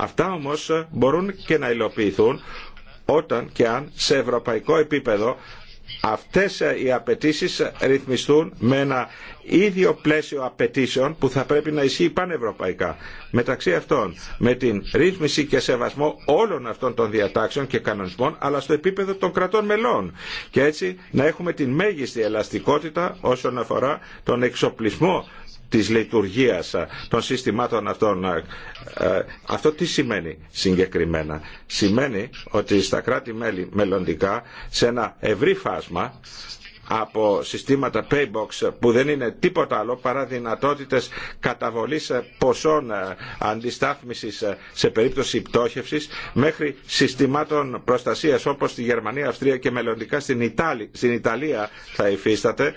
Αυτά όμως μπορούν και να υλοποιηθούν όταν και αν σε ευρωπαϊκό επίπεδο αυτές οι απαιτήσεις ρυθμιστούν με ένα ίδιο πλαίσιο απαιτήσεων που θα πρέπει να ισχύει πανευρωπαϊκά. Μεταξύ αυτών με την ρύθμιση και σεβασμό όλων αυτών των διατάξεων και κανονισμών αλλά στο επίπεδο των κρατών μελών και έτσι να έχουμε την μέγιστη ελαστικότητα όσον αφορά τον εξοπλισμό της λειτουργίας των συστημάτων αυτών. Ε, αυτό τι σημαίνει συγκεκριμένα. Σημαίνει ότι στα κράτη-μέλη μελλοντικά σε ένα ευρύ φάσμα από συστήματα paybox που δεν είναι τίποτα άλλο παρά δυνατότητες καταβολής ποσών ε, αντιστάθμισης ε, σε περίπτωση πτώχευσης μέχρι συστημάτων προστασίας όπως στη Γερμανία, Αυστρία και μελλοντικά στην Ιταλία θα υφίσταται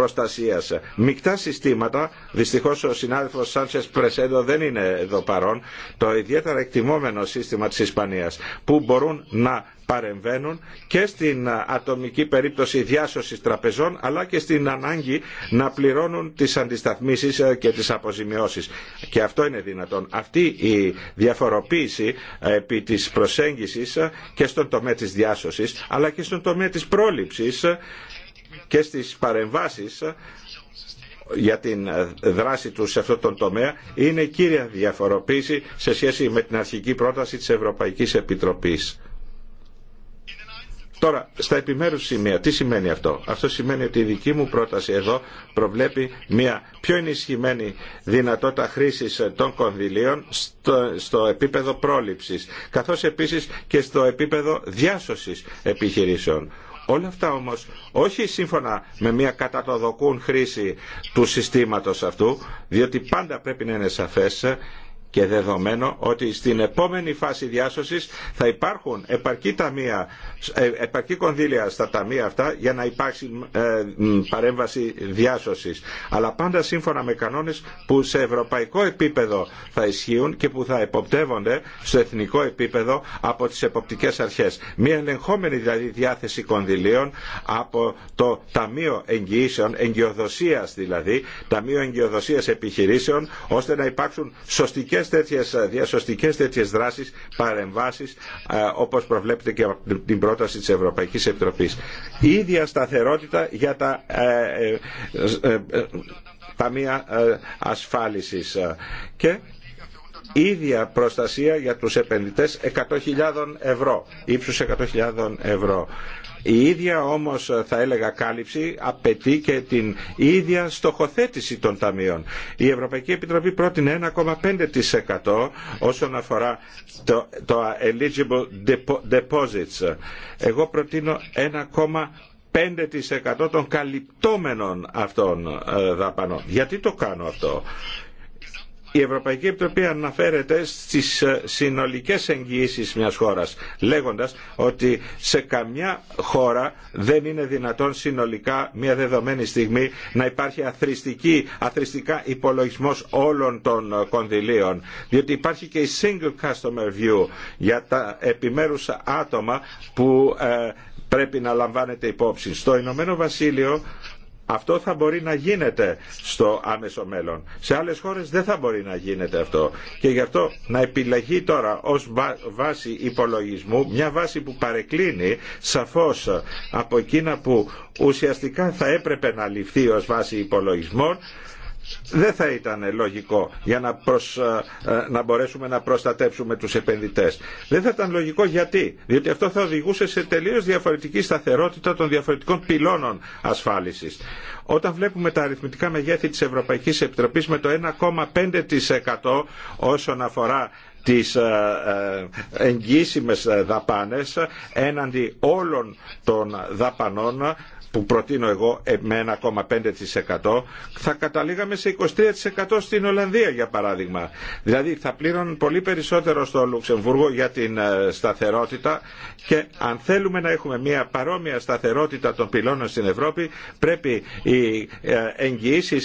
προστασίας. Μικτά συστήματα, Δυστυχώ ο συνάδελφο Σάντσες Πρεσέντο δεν είναι εδώ παρόν, το ιδιαίτερα εκτιμόμενο σύστημα της Ισπανίας που μπορούν να παρεμβαίνουν και στην ατομική περίπτωση διάσωσης τραπεζών αλλά και στην ανάγκη να πληρώνουν τις αντισταθμίσεις ε, και τις αποζημιώσεις. Και αυτό είναι δυνατόν. Αυτή η διαφοροποίηση ε, επί της προσέγγισης ε, και στον τομέα της διάσωσης αλλά και στον τομέα της πρόληψης και στις παρεμβάσεις για την δράση του σε αυτόν τον τομέα είναι κύρια διαφοροποίηση σε σχέση με την αρχική πρόταση της Ευρωπαϊκής Επιτροπής. Τώρα, στα επιμέρους σημεία, τι σημαίνει αυτό. Αυτό σημαίνει ότι η δική μου πρόταση εδώ προβλέπει μια πιο ενισχυμένη δυνατότητα χρήσης των κονδυλίων στο, στο επίπεδο πρόληψης, καθώς επίσης και στο επίπεδο διάσωσης επιχειρήσεων. Όλα αυτά όμως όχι σύμφωνα με μια κατατοδοκούν χρήση του συστήματος αυτού, διότι πάντα πρέπει να είναι σαφές και δεδομένο ότι στην επόμενη φάση διάσωσης θα υπάρχουν επαρκή, ταμεία, ε, επαρκή κονδύλια στα ταμεία αυτά για να υπάρξει ε, παρέμβαση διάσωσης. Αλλά πάντα σύμφωνα με κανόνες που σε ευρωπαϊκό επίπεδο θα ισχύουν και που θα εποπτεύονται στο εθνικό επίπεδο από τις εποπτικές αρχές. Μία ελεγχόμενη δηλαδή διάθεση κονδυλίων από το Ταμείο Εγγυήσεων, εγκυοδοσίας δηλαδή, Ταμείο Εγγυοδοσίας Επιχειρήσεων, ώστε να υπάρξουν πολλές τέτοιες διασωστικές τέτοιες δράσεις, παρεμβάσεις όπως προβλέπεται και από την πρόταση της Ευρωπαϊκής Επιτροπής. ίδια σταθερότητα για τα ε, ε, ε, ταμεία ασφάλισης και ίδια προστασία για τους επενδυτές 100.000 ευρώ, ύψους 100.000 ευρώ. Η ίδια όμως ε, θα έλεγα κάλυψη απαιτεί και την ίδια στοχοθέτηση των ταμείων. Η Ευρωπαϊκή Επιτροπή πρότεινε 1,5% όσον αφορά το, το eligible deposits. Εγώ προτείνω 1,5% των καλυπτόμενων αυτών ε, δαπανών. Γιατί το κάνω αυτό. Η Ευρωπαϊκή Επιτροπή αναφέρεται στις ε, συνολικές εγγυήσεις μιας χώρας, λέγοντας ότι σε καμιά χώρα δεν είναι δυνατόν συνολικά μια δεδομένη στιγμή να υπάρχει αθρηστική, αθρηστικά υπολογισμός όλων των ε, κονδυλίων. Διότι υπάρχει και η single customer view για τα επιμέρους άτομα που ε, πρέπει να λαμβάνεται υπόψη. Στο Ηνωμένο Βασίλειο αυτό θα μπορεί να γίνεται στο άμεσο μέλλον. Σε άλλες χώρες δεν θα μπορεί να γίνεται αυτό. Και γι' αυτό να επιλεγεί τώρα ως βάση υπολογισμού μια βάση που παρεκκλίνει σαφώς από εκείνα που ουσιαστικά θα έπρεπε να ληφθεί ως βάση υπολογισμών δεν θα ήταν λογικό για να, ε, ε, να μπορέσουμε να προστατέψουμε τους επενδυτές. Δεν θα ήταν λογικό γιατί. Διότι αυτό θα οδηγούσε σε τελείως διαφορετική σταθερότητα των διαφορετικών πυλώνων ασφάλισης. Όταν βλέπουμε τα αριθμητικά μεγέθη της Ευρωπαϊκής Επιτροπής με το 1,5% όσον αφορά τις ε, ε, εγγύσιμες ε, δαπάνες έναντι όλων των δαπανών που προτείνω εγώ με 1,5% θα καταλήγαμε σε 23% στην Ολλανδία για παράδειγμα. Δηλαδή θα πληρώνουν πολύ περισσότερο στο Λουξεμβούργο για την σταθερότητα και αν θέλουμε να έχουμε μια παρόμοια σταθερότητα των πυλώνων στην Ευρώπη πρέπει οι εγγυήσει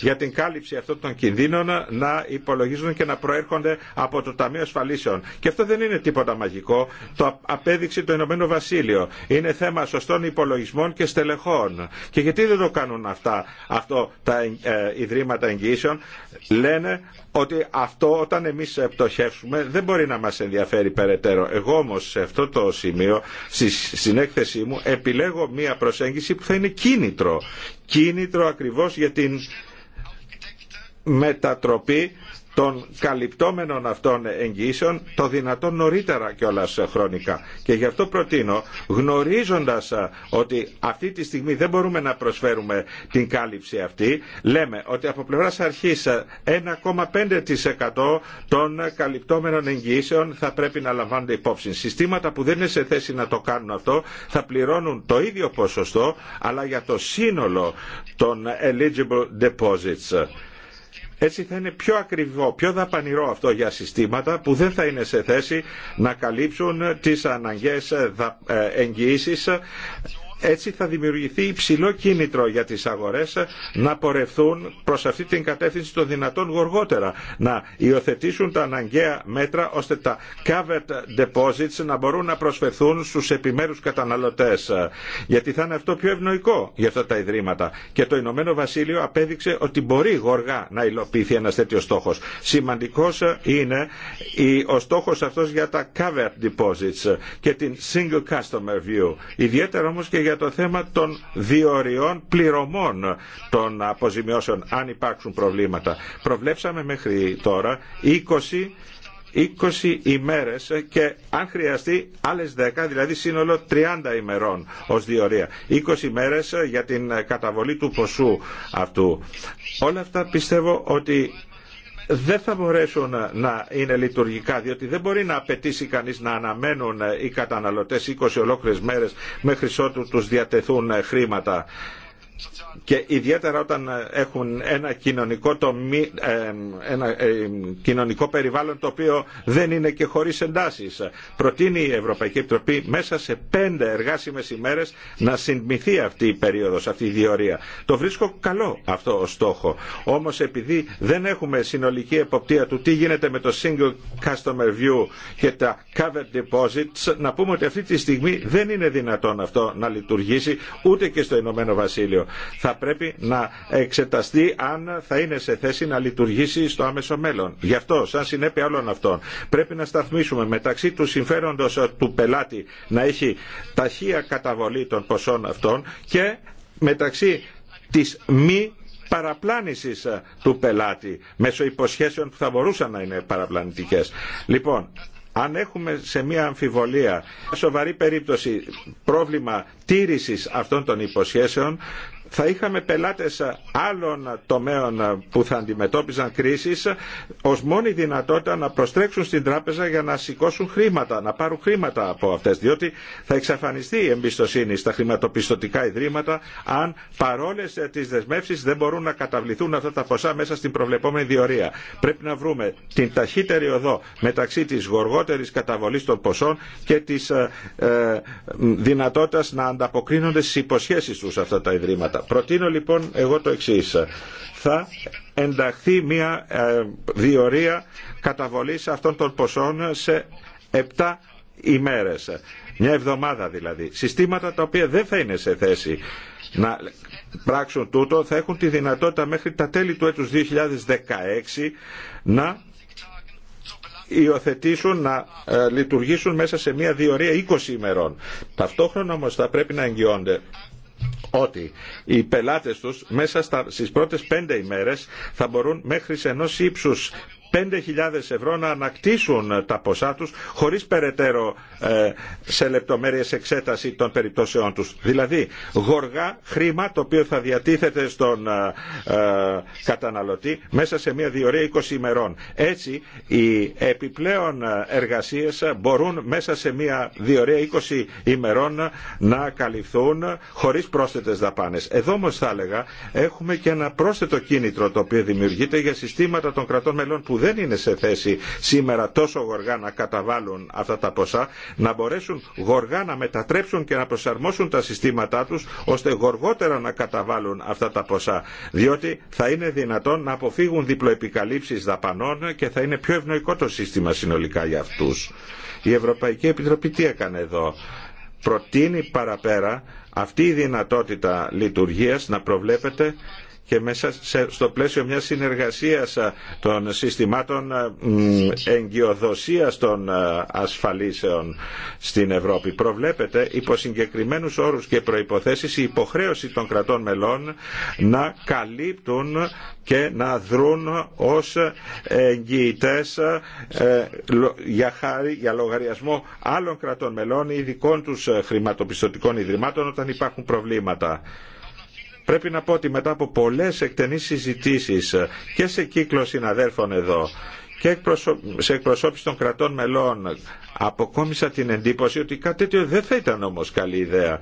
για την κάλυψη αυτών των κινδύνων να υπολογίζουν και να προέρχονται από το Ταμείο Ασφαλίσεων. Και αυτό δεν είναι τίποτα μαγικό. Το απέδειξε το Ηνωμένο Βασίλειο. Είναι θέμα σωστών υπολογισμών και στελεχών. Και γιατί δεν το κάνουν αυτά, αυτό τα ε, ιδρύματα Εγγύσεων Λένε ότι αυτό όταν εμείς πτωχεύσουμε δεν μπορεί να μας ενδιαφέρει περαιτέρω. Εγώ όμω σε αυτό το σημείο, στην έκθεσή μου, επιλέγω μία προσέγγιση που θα είναι κίνητρο. Κίνητρο ακριβώς για την μετατροπή των καλυπτόμενων αυτών εγγύσεων το δυνατόν νωρίτερα κιόλα χρονικά. Και γι' αυτό προτείνω, γνωρίζοντα ότι αυτή τη στιγμή δεν μπορούμε να προσφέρουμε την κάλυψη αυτή, λέμε ότι από πλευρά αρχή 1,5% των καλυπτόμενων εγγύσεων θα πρέπει να λαμβάνονται υπόψη. Συστήματα που δεν είναι σε θέση να το κάνουν αυτό θα πληρώνουν το ίδιο ποσοστό, αλλά για το σύνολο των eligible deposits έτσι θα είναι πιο ακριβό, πιο δαπανηρό αυτό για συστήματα που δεν θα είναι σε θέση να καλύψουν τις αναγκαίες ε, εγγυήσεις έτσι θα δημιουργηθεί υψηλό κίνητρο για τις αγορές να πορευθούν προς αυτή την κατεύθυνση των δυνατών γοργότερα, να υιοθετήσουν τα αναγκαία μέτρα ώστε τα covered deposits να μπορούν να προσφερθούν στους επιμέρους καταναλωτές. Γιατί θα είναι αυτό πιο ευνοϊκό για αυτά τα ιδρύματα. Και το Ηνωμένο Βασίλειο απέδειξε ότι μπορεί γοργά να υλοποιηθεί ένας τέτοιος στόχος. Σημαντικός είναι ο στόχος αυτός για τα covered deposits και την single customer view. Ιδιαίτερα όμως και για για το θέμα των διοριών πληρωμών των αποζημιώσεων αν υπάρξουν προβλήματα. Προβλέψαμε μέχρι τώρα 20 20 ημέρες και αν χρειαστεί άλλες 10, δηλαδή σύνολο 30 ημερών ως διορία. 20 ημέρες για την καταβολή του ποσού αυτού. Όλα αυτά πιστεύω ότι δεν θα μπορέσουν να είναι λειτουργικά διότι δεν μπορεί να απαιτήσει κανείς να αναμένουν οι καταναλωτές 20 ολόκληρες μέρες μέχρι ότου τους διατεθούν ε, χρήματα και ιδιαίτερα όταν ε, έχουν ένα κοινωνικό, τομή, ε, ένα ε, κοινωνικό περιβάλλον το οποίο δεν είναι και χωρίς εντάσεις. Προτείνει η Ευρωπαϊκή Επιτροπή μέσα σε πέντε εργάσιμες ημέρες να συντμηθεί αυτή η περίοδος, αυτή η διορία. Το βρίσκω καλό αυτό ο στόχο. Όμως επειδή δεν έχουμε συνολική εποπτεία του τι γίνεται με το Single Customer View και τα Covered Deposits, να πούμε ότι αυτή τη στιγμή δεν είναι δυνατόν αυτό να λειτουργήσει ούτε και στο Ηνωμένο Βασίλειο θα πρέπει να εξεταστεί αν θα είναι σε θέση να λειτουργήσει στο άμεσο μέλλον. Γι' αυτό, σαν συνέπεια όλων αυτών, πρέπει να σταθμίσουμε μεταξύ του συμφέροντο του πελάτη να έχει ταχεία καταβολή των ποσών αυτών και μεταξύ της μη παραπλάνησης του πελάτη μέσω υποσχέσεων που θα μπορούσαν να είναι παραπλανητικές. Λοιπόν, αν έχουμε σε μια αμφιβολία, σοβαρή περίπτωση, πρόβλημα τήρησης αυτών των υποσχέσεων, θα είχαμε πελάτες άλλων τομέων που θα αντιμετώπιζαν κρίσεις ως μόνη δυνατότητα να προστρέξουν στην τράπεζα για να σηκώσουν χρήματα, να πάρουν χρήματα από αυτές, διότι θα εξαφανιστεί η εμπιστοσύνη στα χρηματοπιστωτικά ιδρύματα αν παρόλες τις δεσμεύσεις δεν μπορούν να καταβληθούν αυτά τα ποσά μέσα στην προβλεπόμενη διορία. Πρέπει να βρούμε την ταχύτερη οδό μεταξύ της γοργότερης καταβολής των ποσών και της ε, ε δυνατότητας να ανταποκρίνονται στις υποσχέσεις τους αυτά τα ιδρύματα. Προτείνω λοιπόν εγώ το εξή. Θα ενταχθεί μια ε, διορία καταβολής αυτών των ποσών σε 7 ημέρες. Μια εβδομάδα δηλαδή. Συστήματα τα οποία δεν θα είναι σε θέση να πράξουν τούτο θα έχουν τη δυνατότητα μέχρι τα τέλη του έτους 2016 να υιοθετήσουν να ε, λειτουργήσουν μέσα σε μια διορία 20 ημερών. Ταυτόχρονα όμως θα πρέπει να εγγυώνται ότι οι πελάτες τους μέσα στα, στις πρώτες πέντε ημέρες θα μπορούν μέχρι ενός ύψους 5.000 ευρώ να ανακτήσουν τα ποσά τους χωρίς περαιτέρω ε, σε λεπτομέρειες εξέταση των περιπτώσεών τους. Δηλαδή γοργά χρήμα το οποίο θα διατίθεται στον ε, ε, καταναλωτή μέσα σε μια διορία 20 ημερών. Έτσι οι επιπλέον εργασίες μπορούν μέσα σε μια διορία 20 ημερών να καλυφθούν χωρίς πρόσθετες δαπάνες. Εδώ όμως θα έλεγα έχουμε και ένα πρόσθετο κίνητρο το οποίο δημιουργείται για συστήματα των κρατών μελών που δεν είναι σε θέση σήμερα τόσο γοργά να καταβάλουν αυτά τα ποσά να μπορέσουν γοργά να μετατρέψουν και να προσαρμόσουν τα συστήματά τους ώστε γοργότερα να καταβάλουν αυτά τα ποσά διότι θα είναι δυνατόν να αποφύγουν διπλοεπικαλύψεις δαπανών και θα είναι πιο ευνοϊκό το σύστημα συνολικά για αυτούς. Η Ευρωπαϊκή Επιτροπή τι έκανε εδώ. Προτείνει παραπέρα αυτή η δυνατότητα λειτουργίας να προβλέπεται και μέσα στο πλαίσιο μιας συνεργασίας των συστημάτων εγκυοδοσίας των ασφαλίσεων στην Ευρώπη. Προβλέπεται υπό συγκεκριμένους όρους και προϋποθέσεις η υποχρέωση των κρατών μελών να καλύπτουν και να δρούν ως εγγυητές ε, για, για λογαριασμό άλλων κρατών μελών ή δικών τους χρηματοπιστωτικών ιδρυμάτων όταν υπάρχουν προβλήματα. Πρέπει να πω ότι μετά από πολλές εκτενείς συζητήσεις και σε κύκλο συναδέλφων εδώ και σε εκπροσώπηση των κρατών μελών αποκόμισα την εντύπωση ότι κάτι τέτοιο δεν θα ήταν όμως καλή ιδέα.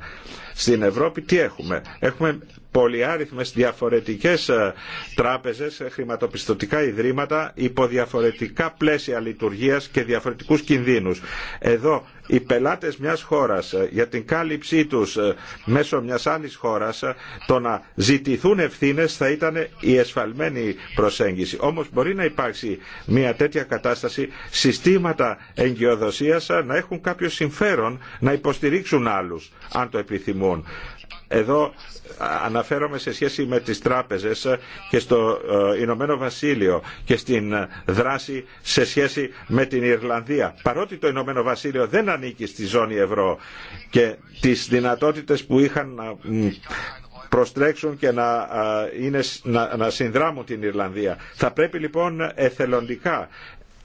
Στην Ευρώπη τι έχουμε. Έχουμε πολυάριθμες διαφορετικές ε, τράπεζες, ε, χρηματοπιστωτικά ιδρύματα υποδιαφορετικά πλαίσια λειτουργίας και διαφορετικούς κινδύνους. Εδώ οι πελάτες μιας χώρας ε, για την κάλυψή τους ε, μέσω μιας άλλης χώρας ε, το να ζητηθούν ευθύνες θα ήταν η εσφαλμένη προσέγγιση. Όμως μπορεί να υπάρξει μια τέτοια κατάσταση συστήματα εγκυοδοσίας να έχουν κάποιο συμφέρον να υποστηρίξουν άλλους αν το επιθυμούν. Εδώ αναφέρομαι σε σχέση με τις τράπεζες και στο Ηνωμένο Βασίλειο και στην δράση σε σχέση με την Ιρλανδία. Παρότι το Ηνωμένο Βασίλειο δεν ανήκει στη ζώνη ευρώ και τις δυνατότητες που είχαν να προστρέξουν και να, είναι, να, να συνδράμουν την Ιρλανδία. Θα πρέπει λοιπόν εθελοντικά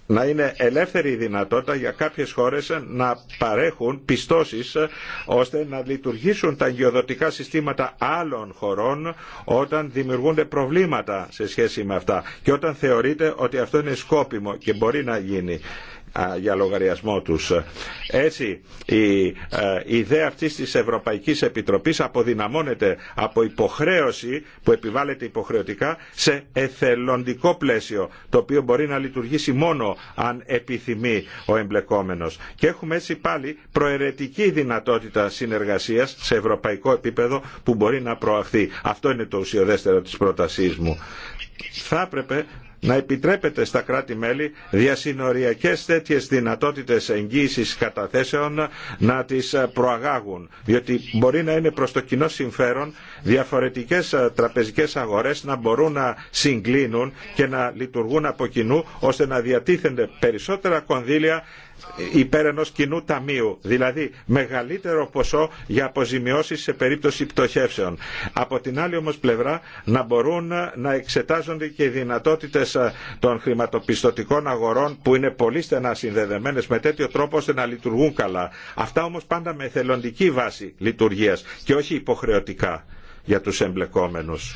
να είναι ελεύθερη η δυνατότητα για κάποιες χώρες να παρέχουν πιστώσεις ε, ώστε να λειτουργήσουν τα γεωδοτικά συστήματα άλλων χωρών όταν δημιουργούνται προβλήματα σε σχέση με αυτά και όταν θεωρείται ότι αυτό είναι σκόπιμο και μπορεί να γίνει για λογαριασμό τους. Έτσι η ιδέα αυτής της Ευρωπαϊκής Επιτροπής αποδυναμώνεται από υποχρέωση που επιβάλλεται υποχρεωτικά σε εθελοντικό πλαίσιο το οποίο μπορεί να λειτουργήσει μόνο αν επιθυμεί ο εμπλεκόμενος. Και έχουμε έτσι πάλι προαιρετική δυνατότητα συνεργασίας σε ευρωπαϊκό επίπεδο που μπορεί να προαχθεί. Αυτό είναι το ουσιοδέστερο της πρότασής μου. Θα έπρεπε να επιτρέπεται στα κράτη-μέλη διασυνοριακές τέτοιες δυνατότητες εγγύησης καταθέσεων να τις προαγάγουν, διότι μπορεί να είναι προς το κοινό συμφέρον διαφορετικές ε, τραπεζικές αγορές να μπορούν να συγκλίνουν και να λειτουργούν από κοινού ώστε να διατίθενται περισσότερα κονδύλια υπέρ ενός κοινού ταμείου, δηλαδή μεγαλύτερο ποσό για αποζημιώσεις σε περίπτωση πτωχεύσεων. Από την άλλη όμως πλευρά να μπορούν να εξετάζονται και οι δυνατότητες ε, των χρηματοπιστωτικών αγορών που είναι πολύ στενά συνδεδεμένες με τέτοιο τρόπο ώστε να λειτουργούν καλά. Αυτά όμως πάντα με εθελοντική βάση λειτουργίας και όχι υποχρεωτικά για τους εμπλεκόμενους.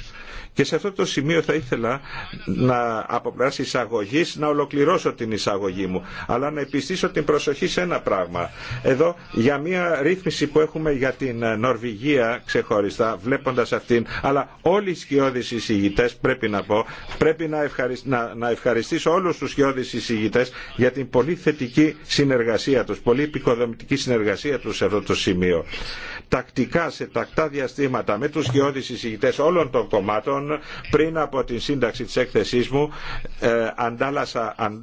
Και σε αυτό το σημείο θα ήθελα να από εισαγωγή να ολοκληρώσω την εισαγωγή μου, αλλά να επιστήσω την προσοχή σε ένα πράγμα. Εδώ για μια ρύθμιση που έχουμε για την ε, Νορβηγία ξεχωριστά, βλέποντα αυτήν, αλλά όλοι οι σκιώδει εισηγητέ πρέπει να πω, πρέπει να, ευχαρισ... να... να ευχαριστήσω όλου του σκιώδει εισηγητέ για την πολύ θετική συνεργασία του, πολύ επικοδομητική συνεργασία του σε αυτό το σημείο. Τακτικά, σε τακτά διαστήματα με του σκιώδει εισηγητέ όλων των κομμάτων, πριν από την σύνταξη της έκθεσής μου ε,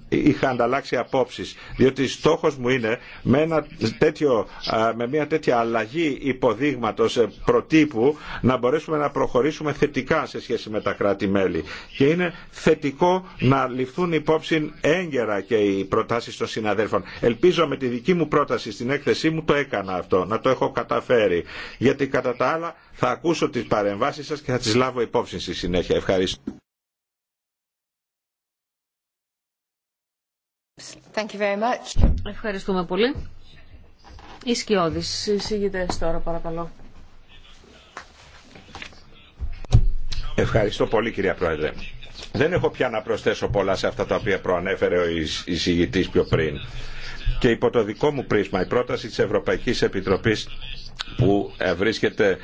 είχα ανταλλάξει απόψεις διότι στόχος μου είναι με, ένα τέτοιο, με μια τέτοια αλλαγή υποδείγματος ε, προτύπου να μπορέσουμε να προχωρήσουμε θετικά σε σχέση με τα κράτη-μέλη και είναι θετικό να ληφθούν υπόψη έγκαιρα και οι προτάσεις των συναδέλφων. Ελπίζω με τη δική μου πρόταση στην έκθεσή μου το έκανα αυτό, να το έχω καταφέρει γιατί κατά τα άλλα θα ακούσω τις παρεμβάσεις σας και θα τις λάβω υπόψη συνέχεια. Ευχαριστώ. Thank you very much. Ευχαριστούμε πολύ. Οι σκιώδεις, τώρα παρακαλώ. Ευχαριστώ πολύ κυρία Πρόεδρε. Δεν έχω πια να προσθέσω πολλά σε αυτά τα οποία προανέφερε ο εισηγητής πιο πριν. Και υπό το δικό μου πρίσμα η πρόταση της Ευρωπαϊκής Επιτροπής που ε, βρίσκεται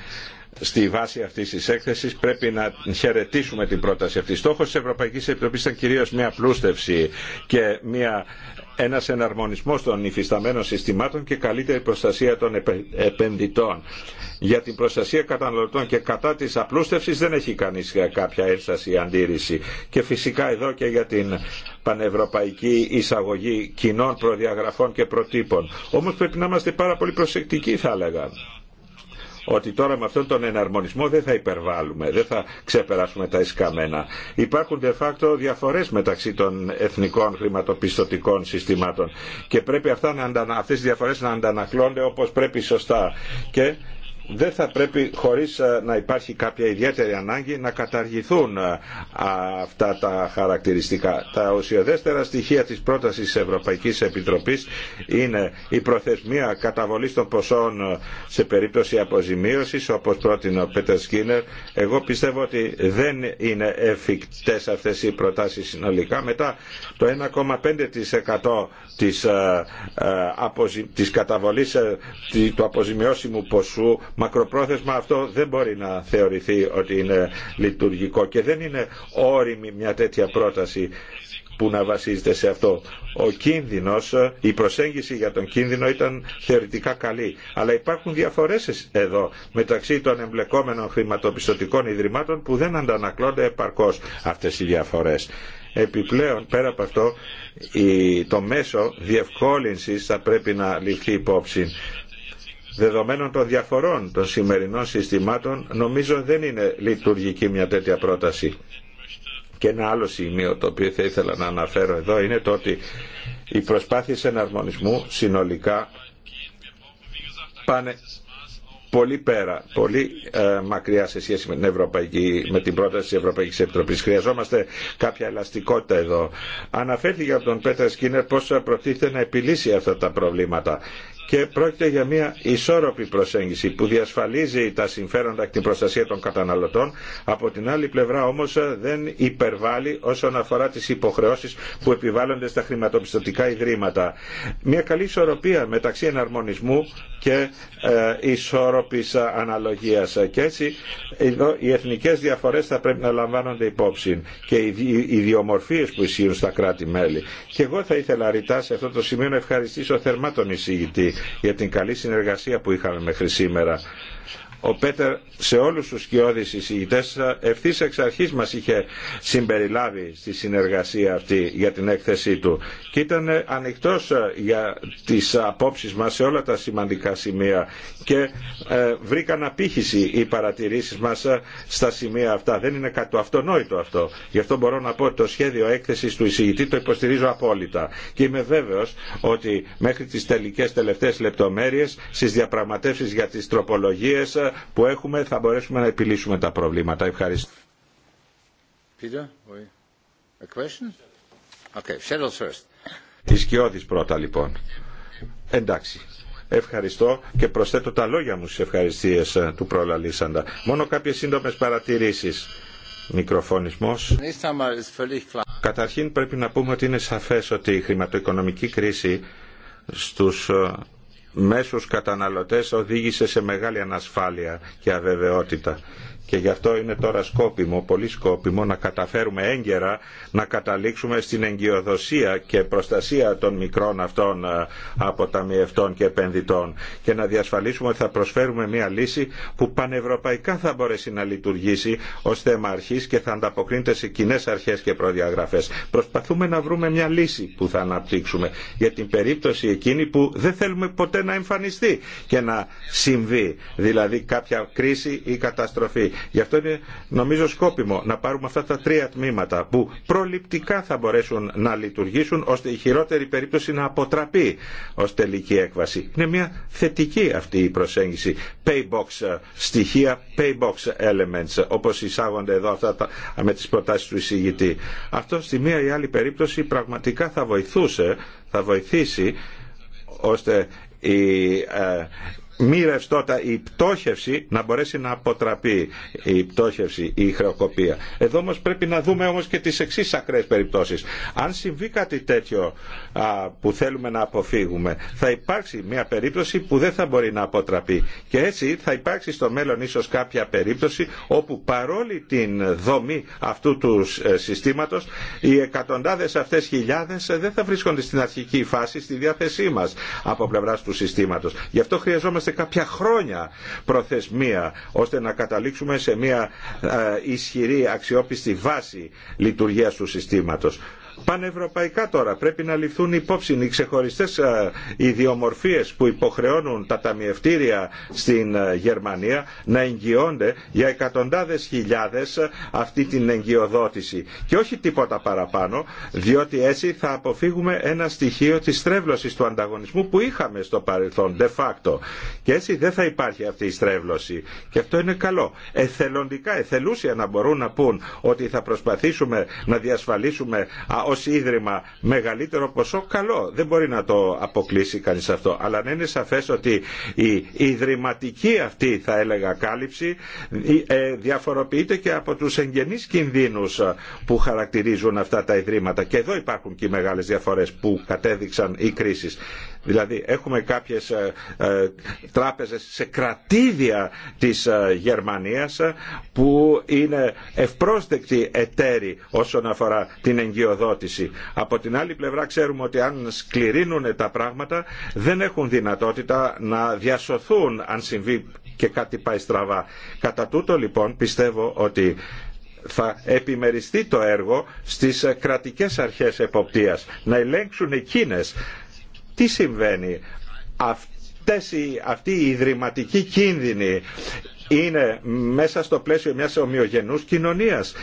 στη βάση αυτή τη έκθεση πρέπει να χαιρετήσουμε την πρόταση αυτή. Στόχο τη Ευρωπαϊκή Επιτροπή ήταν κυρίω μια πλούστευση και μια ένας εναρμονισμός των υφισταμένων συστημάτων και καλύτερη προστασία των επενδυτών. Για την προστασία καταναλωτών και κατά της απλούστευσης δεν έχει κανείς κάποια ένσταση ή αντίρρηση. Και φυσικά εδώ και για την πανευρωπαϊκή εισαγωγή κοινών προδιαγραφών και προτύπων. Όμως πρέπει να είμαστε πάρα πολύ προσεκτικοί θα έλεγα ότι τώρα με αυτόν τον εναρμονισμό δεν θα υπερβάλλουμε, δεν θα ξεπεράσουμε τα ισκαμένα. Υπάρχουν de facto διαφορές μεταξύ των εθνικών χρηματοπιστωτικών συστημάτων και πρέπει αυτά να, αυτές οι διαφορές να αντανακλώνται όπως πρέπει σωστά. Και δεν θα πρέπει χωρίς ε, να υπάρχει κάποια ιδιαίτερη ανάγκη να καταργηθούν ε, αυτά τα χαρακτηριστικά. Τα ουσιοδέστερα στοιχεία της πρότασης της Ευρωπαϊκής Επιτροπής είναι η προθεσμία καταβολής των ποσών ε, σε περίπτωση αποζημίωσης όπως πρότεινε ο Πέτερ Σκίνερ. Εγώ πιστεύω ότι δεν είναι εφικτές αυτές οι προτάσεις συνολικά. Μετά το 1,5% της, της καταβολής του αποζημιώσιμου ποσού Μακροπρόθεσμα αυτό δεν μπορεί να θεωρηθεί ότι είναι λειτουργικό και δεν είναι όριμη μια τέτοια πρόταση που να βασίζεται σε αυτό. Ο κίνδυνος, η προσέγγιση για τον κίνδυνο ήταν θεωρητικά καλή. Αλλά υπάρχουν διαφορές εδώ μεταξύ των εμπλεκόμενων χρηματοπιστωτικών ιδρυμάτων που δεν αντανακλώνται επαρκώς αυτές οι διαφορές. Επιπλέον, πέρα από αυτό, το μέσο διευκόλυνσης θα πρέπει να ληφθεί υπόψη Δεδομένων των διαφορών των σημερινών συστημάτων νομίζω δεν είναι λειτουργική μια τέτοια πρόταση. Και ένα άλλο σημείο το οποίο θα ήθελα να αναφέρω εδώ είναι το ότι οι προσπάθειες εναρμονισμού συνολικά πάνε πολύ πέρα, πολύ ε, μακριά σε σχέση με την, Ευρωπαϊκή, με την πρόταση της Ευρωπαϊκής Επιτροπής. Χρειαζόμαστε κάποια ελαστικότητα εδώ. Αναφέρθηκε από τον Πέτρα Σκίνερ πώς προτίθεται να επιλύσει αυτά τα προβλήματα και πρόκειται για μια ισόρροπη προσέγγιση που διασφαλίζει τα συμφέροντα και την προστασία των καταναλωτών. Από την άλλη πλευρά όμω δεν υπερβάλλει όσον αφορά τι υποχρεώσει που επιβάλλονται στα χρηματοπιστωτικά ιδρύματα. Μια καλή ισορροπία μεταξύ εναρμονισμού και ε, ισόρροπη αναλογία. Και έτσι εδώ οι εθνικέ διαφορέ θα πρέπει να λαμβάνονται υπόψη και οι ιδιομορφίες που ισχύουν στα κράτη-μέλη. Και εγώ θα ήθελα ρητά σε αυτό το σημείο να ευχαριστήσω θερμά τον εισηγητή για την καλή συνεργασία που είχαμε μέχρι σήμερα ο Πέτερ σε όλους τους σκιώδεις εισηγητές ευθύς εξ αρχής μας είχε συμπεριλάβει στη συνεργασία αυτή για την έκθεσή του και ήταν ανοιχτός ε, για τις απόψεις μας σε όλα τα σημαντικά σημεία και ε, βρήκαν απήχηση οι παρατηρήσεις μας ε, στα σημεία αυτά. Δεν είναι κάτι το αυτονόητο αυτό. Γι' αυτό μπορώ να πω ότι το σχέδιο έκθεσης του εισηγητή το υποστηρίζω απόλυτα και είμαι βέβαιος ότι μέχρι τις τελικές τελευταίες λεπτομέρειες στις διαπραγματεύσεις για τις τροπολογίες που έχουμε θα μπορέσουμε να επιλύσουμε τα προβλήματα. Ευχαριστώ. Peter, a question? Okay, first. πρώτα λοιπόν. Εντάξει. Ευχαριστώ και προσθέτω τα λόγια μου στις ευχαριστίες ε, του προλαλήσαντα. Μόνο κάποιες σύντομες παρατηρήσεις. Μικροφωνισμός. Καταρχήν πρέπει να πούμε ότι είναι σαφές ότι η χρηματοοικονομική κρίση στους ε, μέσους καταναλωτές οδήγησε σε μεγάλη ανασφάλεια και αβεβαιότητα και γι' αυτό είναι τώρα σκόπιμο, πολύ σκόπιμο να καταφέρουμε έγκαιρα να καταλήξουμε στην εγκυοδοσία και προστασία των μικρών αυτών από ε, αποταμιευτών και επενδυτών και να διασφαλίσουμε ότι θα προσφέρουμε μια λύση που πανευρωπαϊκά θα μπορέσει να λειτουργήσει ω θέμα αρχή και θα ανταποκρίνεται σε κοινέ αρχέ και προδιαγραφέ. Προσπαθούμε να βρούμε μια λύση που θα αναπτύξουμε για την περίπτωση εκείνη που δεν θέλουμε ποτέ να εμφανιστεί και να συμβεί, δηλαδή κάποια κρίση ή καταστροφή Γι' αυτό είναι νομίζω σκόπιμο να πάρουμε αυτά τα τρία τμήματα που προληπτικά θα μπορέσουν να λειτουργήσουν ώστε η χειρότερη περίπτωση να αποτραπεί ω τελική έκβαση. Είναι μια θετική αυτή η προσέγγιση. Paybox ε, στοιχεία, paybox elements όπως εισάγονται εδώ αυτά με τι προτάσει του εισηγητή. Αυτό στη μία ή άλλη περίπτωση πραγματικά θα βοηθούσε, θα βοηθήσει ώστε η ε, μη ρευστότα η πτώχευση να μπορέσει να αποτραπεί η πτώχευση, η χρεοκοπία. Εδώ όμως πρέπει να δούμε όμως και τις εξής ακραίες περιπτώσεις. Αν συμβεί κάτι τέτοιο που θέλουμε να αποφύγουμε, θα υπάρξει μια περίπτωση που δεν θα μπορεί να αποτραπεί. Και έτσι θα υπάρξει στο μέλλον ίσως κάποια περίπτωση όπου παρόλη την δομή αυτού του ε, συστήματος, οι εκατοντάδες αυτές χιλιάδες ε, δεν θα βρίσκονται στην αρχική φάση στη διάθεσή μας από πλευρά του συστήματος. Γι' αυτό χρειαζόμαστε κάποια χρόνια προθεσμία ώστε να καταλήξουμε σε μια ε, ισχυρή αξιόπιστη βάση λειτουργίας του συστήματος πανευρωπαϊκά τώρα. Πρέπει να ληφθούν υπόψη οι ξεχωριστέ ιδιομορφίε που υποχρεώνουν τα ταμιευτήρια στην Γερμανία να εγγυώνται για εκατοντάδε χιλιάδε αυτή την εγγυοδότηση. Και όχι τίποτα παραπάνω, διότι έτσι θα αποφύγουμε ένα στοιχείο τη στρέβλωση του ανταγωνισμού που είχαμε στο παρελθόν, de facto. Και έτσι δεν θα υπάρχει αυτή η στρέβλωση. Και αυτό είναι καλό. Εθελοντικά, εθελούσια να μπορούν να πούν ότι θα προσπαθήσουμε να διασφαλίσουμε ως ίδρυμα μεγαλύτερο ποσό, καλό. Δεν μπορεί να το αποκλείσει κανείς αυτό. Αλλά να είναι σαφές ότι η ιδρυματική αυτή, θα έλεγα, κάλυψη ε, διαφοροποιείται και από τους εγγενείς κινδύνους ε, που χαρακτηρίζουν αυτά τα ιδρύματα. Και εδώ υπάρχουν και οι μεγάλες διαφορές που κατέδειξαν οι κρίσεις. Δηλαδή έχουμε κάποιες ε, ε, τράπεζες σε κρατήδια της ε, Γερμανίας που είναι ευπρόσδεκτοι εταίροι όσον αφορά την εγγυοδότηση. Από την άλλη πλευρά ξέρουμε ότι αν σκληρύνουν τα πράγματα δεν έχουν δυνατότητα να διασωθούν αν συμβεί και κάτι πάει στραβά. Κατά τούτο λοιπόν πιστεύω ότι θα επιμεριστεί το έργο στις κρατικές αρχές εποπτείας, να ελέγξουν εκείνες τι συμβαίνει. Αυτή η ιδρυματική κίνδυνη είναι μέσα στο πλαίσιο μιας ομοιογενούς κοινωνίας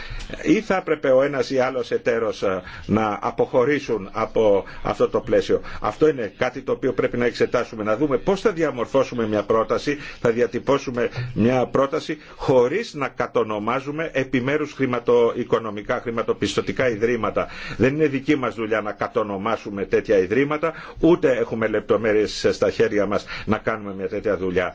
ή θα έπρεπε ο ένας ή άλλος εταίρος ε, να αποχωρήσουν από αυτό το πλαίσιο. Αυτό είναι κάτι το οποίο πρέπει να εξετάσουμε, να δούμε πώς θα διαμορφώσουμε μια πρόταση, θα διατυπώσουμε μια πρόταση χωρίς να κατονομάζουμε επιμέρους χρηματοοικονομικά, χρηματοπιστωτικά ιδρύματα. Δεν είναι δική μας δουλειά να κατονομάσουμε τέτοια ιδρύματα, ούτε έχουμε λεπτομέρειες στα χέρια μας να κάνουμε μια τέτοια δουλειά.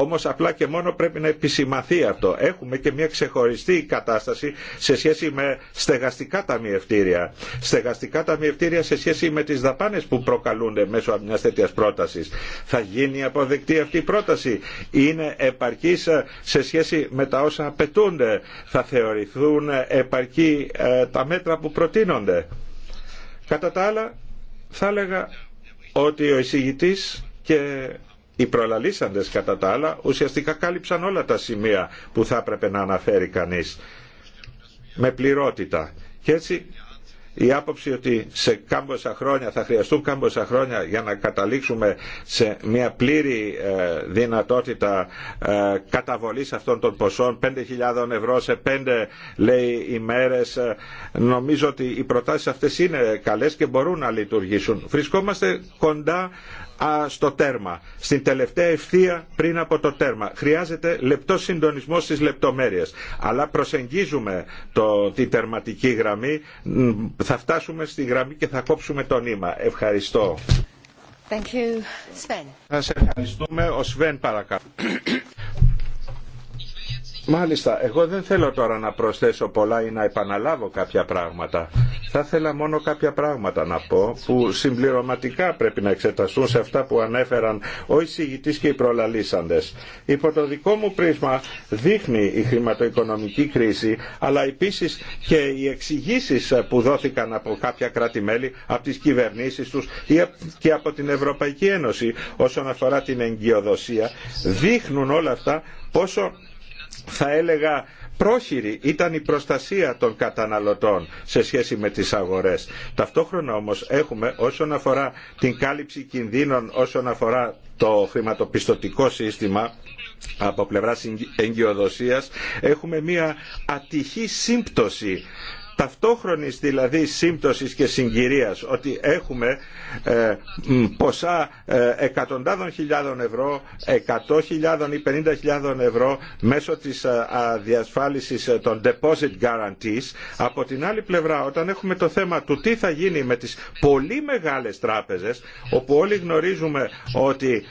Όμως απλά και μόνο πρέπει να επισημαθεί αυτό. Έχουμε και μια ξεχωριστή κατάσταση σε σχέση με στεγαστικά ταμιευτήρια. Στεγαστικά ταμιευτήρια σε σχέση με τις δαπάνες που προκαλούνται μέσω μια τέτοια πρότασης. Θα γίνει αποδεκτή αυτή η πρόταση. Είναι επαρκής ε, σε σχέση με τα όσα απαιτούνται. Θα θεωρηθούν ε, επαρκή ε, τα μέτρα που προτείνονται. Κατά τα άλλα θα έλεγα ότι ο εισηγητής και οι προλαλήσαντες κατά τα άλλα ουσιαστικά κάλυψαν όλα τα σημεία που θα έπρεπε να αναφέρει κανείς με πληρότητα. Και έτσι η άποψη ότι σε κάμποσα χρόνια θα χρειαστούν κάμποσα χρόνια για να καταλήξουμε σε μια πλήρη ε, δυνατότητα ε, καταβολής αυτών των ποσών 5.000 ευρώ σε 5 λέει ημέρες ε, νομίζω ότι οι προτάσεις αυτές είναι καλές και μπορούν να λειτουργήσουν. Βρισκόμαστε κοντά στο τέρμα, στην τελευταία ευθεία πριν από το τέρμα. Χρειάζεται λεπτό συντονισμό στι λεπτομέρειε. Αλλά προσεγγίζουμε το, την τερματική γραμμή, θα φτάσουμε στη γραμμή και θα κόψουμε το νήμα. Ευχαριστώ. Thank you. ευχαριστούμε. Ο Σβέν παρακαλώ. Μάλιστα, εγώ δεν θέλω τώρα να προσθέσω πολλά ή να επαναλάβω κάποια πράγματα. Θα ήθελα μόνο κάποια πράγματα να πω που συμπληρωματικά πρέπει να εξεταστούν σε αυτά που ανέφεραν ο εισηγητή και οι προλαλήσαντε. Υπό το δικό μου πρίσμα δείχνει η χρηματοοικονομική κρίση, αλλά επίσης και οι εξηγήσει που δόθηκαν από κάποια κράτη-μέλη, από τις κυβερνήσεις τους και από την Ευρωπαϊκή Ένωση όσον αφορά την εγκυοδοσία, δείχνουν όλα αυτά πόσο θα έλεγα πρόχειρη ήταν η προστασία των καταναλωτών σε σχέση με τις αγορές. Ταυτόχρονα όμως έχουμε όσον αφορά την κάλυψη κινδύνων όσον αφορά το χρηματοπιστωτικό σύστημα από πλευράς εγκυοδοσίας έχουμε μια ατυχή σύμπτωση ταυτόχρονης δηλαδή σύμπτωσης και συγκυρίας ότι έχουμε ε, ποσά ε, εκατοντάδων χιλιάδων ευρώ, εκατό χιλιάδων ή πενήντα χιλιάδων ευρώ μέσω της ε, διασφάλισης των deposit guarantees. Από την άλλη πλευρά όταν έχουμε το θέμα του τι θα γίνει με τις πολύ μεγάλες τράπεζες όπου όλοι γνωρίζουμε ότι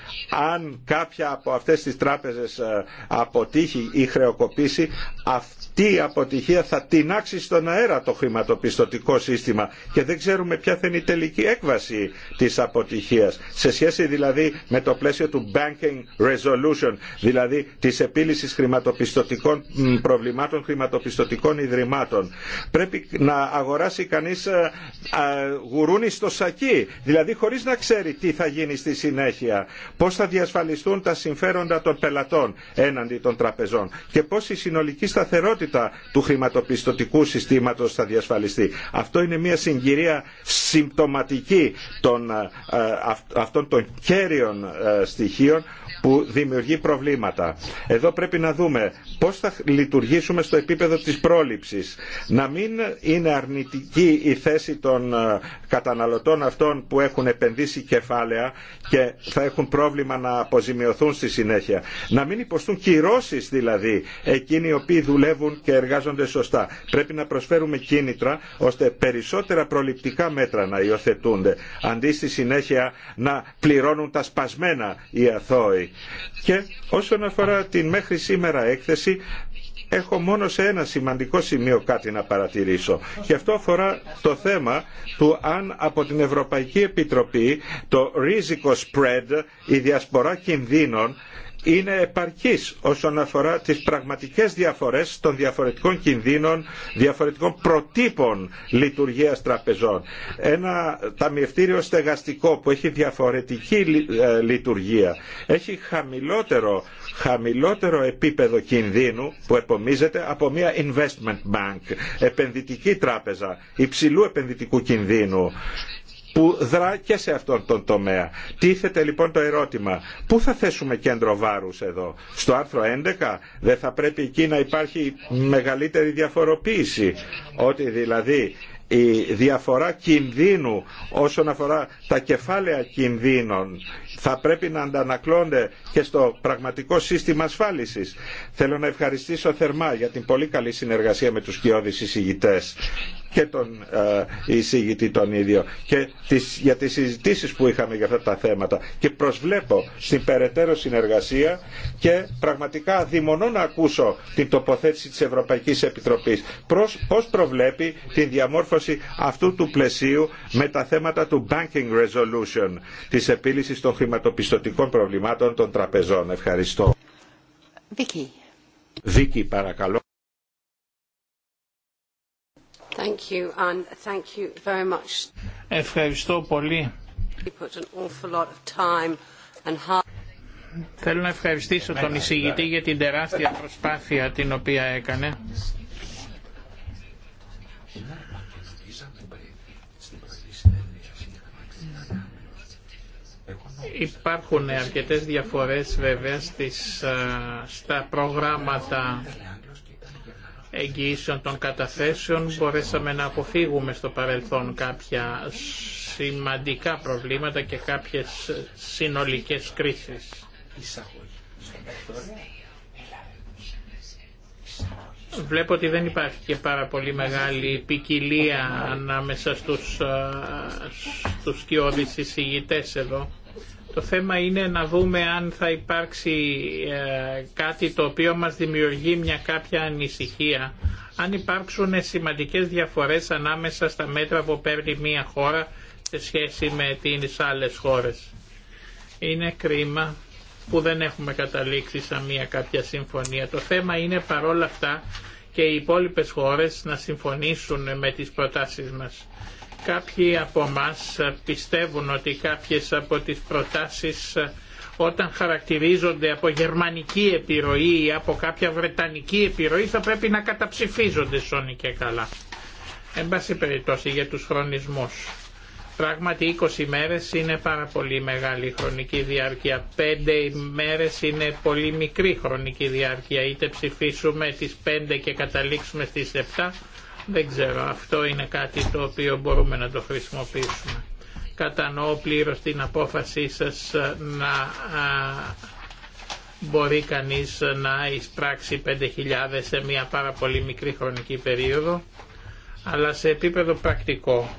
αν κάποια από αυτές τις τράπεζες αποτύχει ή χρεοκοπήσει αυτή η αποτυχία θα τεινάξει στον αέρα το χρηματοπιστωτικό σύστημα και δεν ξέρουμε ποια θα είναι η τελική έκβαση της αποτυχίας. Σε σχέση δηλαδή με το πλαίσιο του banking resolution, δηλαδή της επίλυσης χρηματοπιστωτικών προβλημάτων χρηματοπιστωτικών ιδρυμάτων. Πρέπει να αγοράσει κανείς ε, γουρούνι στο σακί, δηλαδή χωρίς να ξέρει τι θα γίνει στη συνέχεια, πώς θα διασφαλιστούν τα συμφέροντα των πελατών έναντι των τραπεζών και πώς η συνολική σταθερότητα του χρηματοπιστωτικού συστήματος θα διασφαλιστεί. Αυτό είναι μια συγκυρία συμπτωματική των, ε, ε, αυτών των κέριων ε, στοιχείων που δημιουργεί προβλήματα. Εδώ πρέπει να δούμε πώς θα λειτουργήσουμε στο επίπεδο της πρόληψης. Να μην είναι αρνητική η θέση των καταναλωτών αυτών που έχουν επενδύσει κεφάλαια και θα έχουν πρόβλημα να αποζημιωθούν στη συνέχεια. Να μην υποστούν κυρώσεις δηλαδή εκείνοι οι οποίοι δουλεύουν και εργάζονται σωστά. Πρέπει να προσφέρουμε κίνητρα ώστε περισσότερα προληπτικά μέτρα να υιοθετούνται αντί στη συνέχεια να πληρώνουν τα σπασμένα οι αθώοι. Και όσον αφορά την μέχρι σήμερα έκθεση έχω μόνο σε ένα σημαντικό σημείο κάτι να παρατηρήσω και αυτό αφορά το θέμα του αν από την Ευρωπαϊκή Επιτροπή το ρίζικο spread, η διασπορά κινδύνων είναι επαρκής όσον αφορά τις πραγματικές διαφορές των διαφορετικών κινδύνων, διαφορετικών προτύπων λειτουργίας τραπεζών. Ένα ταμιευτήριο στεγαστικό που έχει διαφορετική ε, λειτουργία, έχει χαμηλότερο, χαμηλότερο επίπεδο κινδύνου που επομίζεται από μια investment bank, επενδυτική τράπεζα, υψηλού επενδυτικού κινδύνου που δρά και σε αυτόν τον τομέα. Τίθεται λοιπόν το ερώτημα, πού θα θέσουμε κέντρο βάρους εδώ, στο άρθρο 11 δεν θα πρέπει εκεί να υπάρχει μεγαλύτερη διαφοροποίηση, ότι δηλαδή η διαφορά κινδύνου όσον αφορά τα κεφάλαια κινδύνων θα πρέπει να αντανακλώνται και στο πραγματικό σύστημα ασφάλισης. Θέλω να ευχαριστήσω θερμά για την πολύ καλή συνεργασία με τους κοιόδης εισηγητές και τον ε, εισηγητή τον ίδιο και για τις συζητήσεις που είχαμε για αυτά τα θέματα και προσβλέπω στην περαιτέρω συνεργασία και πραγματικά δημονώ να ακούσω την τοποθέτηση της Ευρωπαϊκής Επιτροπής προς, πώς προβλέπει την διαμόρφωση αυτού του πλαισίου με τα θέματα του Banking Resolution της επίλυσης των χρηματοπιστωτικών προβλημάτων των τραπεζών. Ευχαριστώ. Ευχαριστώ πολύ. Θέλω να ευχαριστήσω τον εισηγητή για την τεράστια προσπάθεια την οποία έκανε. Υπάρχουν αρκετές διαφορές βέβαια στις, στα προγράμματα εγγυήσεων των καταθέσεων μπορέσαμε να αποφύγουμε στο παρελθόν κάποια σημαντικά προβλήματα και κάποιες συνολικές κρίσεις. Βλέπω ότι δεν υπάρχει και πάρα πολύ μεγάλη ποικιλία ανάμεσα στους, στους κοιόδης εισηγητές εδώ. Το θέμα είναι να δούμε αν θα υπάρξει ε, κάτι το οποίο μας δημιουργεί μια κάποια ανησυχία. Αν υπάρξουν σημαντικές διαφορές ανάμεσα στα μέτρα που παίρνει μια χώρα σε σχέση με τις άλλες χώρες. Είναι κρίμα που δεν έχουμε καταλήξει σαν μια κάποια συμφωνία. Το θέμα είναι παρόλα αυτά και οι υπόλοιπες χώρες να συμφωνήσουν με τις προτάσεις μας. Κάποιοι από εμά πιστεύουν ότι κάποιες από τις προτάσεις ε, όταν χαρακτηρίζονται από γερμανική επιρροή ή από κάποια βρετανική επιρροή θα πρέπει να καταψηφίζονται σώνη και καλά. Εν πάση περιπτώσει για τους χρονισμούς. Πράγματι 20 μέρες είναι πάρα πολύ μεγάλη χρονική διάρκεια. 5 μέρες είναι πολύ μικρή χρονική διάρκεια. Είτε ψηφίσουμε τις 5 και καταλήξουμε στις 7 δεν ξέρω, αυτό είναι κάτι το οποίο μπορούμε να το χρησιμοποιήσουμε. Κατανοώ πλήρως την απόφασή σας ε, να μπορεί κανείς να εισπράξει 5.000 σε μια πάρα πολύ μικρή χρονική περίοδο, αλλά σε επίπεδο πρακτικό.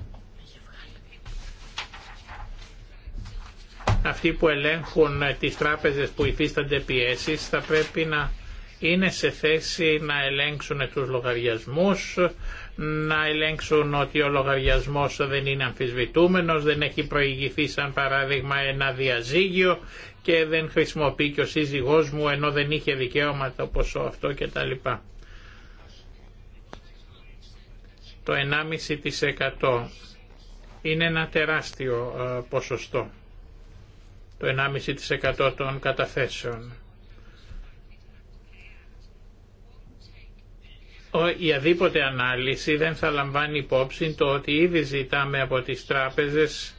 Αυτοί που ελέγχουν ε, τις τράπεζες που υφίστανται πιέσεις θα πρέπει να είναι σε θέση να ελέγξουν τους λογαριασμούς, να ελέγξουν ότι ο λογαριασμός δεν είναι αμφισβητούμενος, δεν έχει προηγηθεί σαν παράδειγμα ένα διαζύγιο και δεν χρησιμοποιεί και ο σύζυγός μου ενώ δεν είχε δικαίωμα το ποσό αυτό κτλ. Το 1,5% είναι ένα τεράστιο ε, ποσοστό. Το 1,5% των καταθέσεων. η αδίποτε ανάλυση δεν θα λαμβάνει υπόψη το ότι ήδη ζητάμε από τις τράπεζες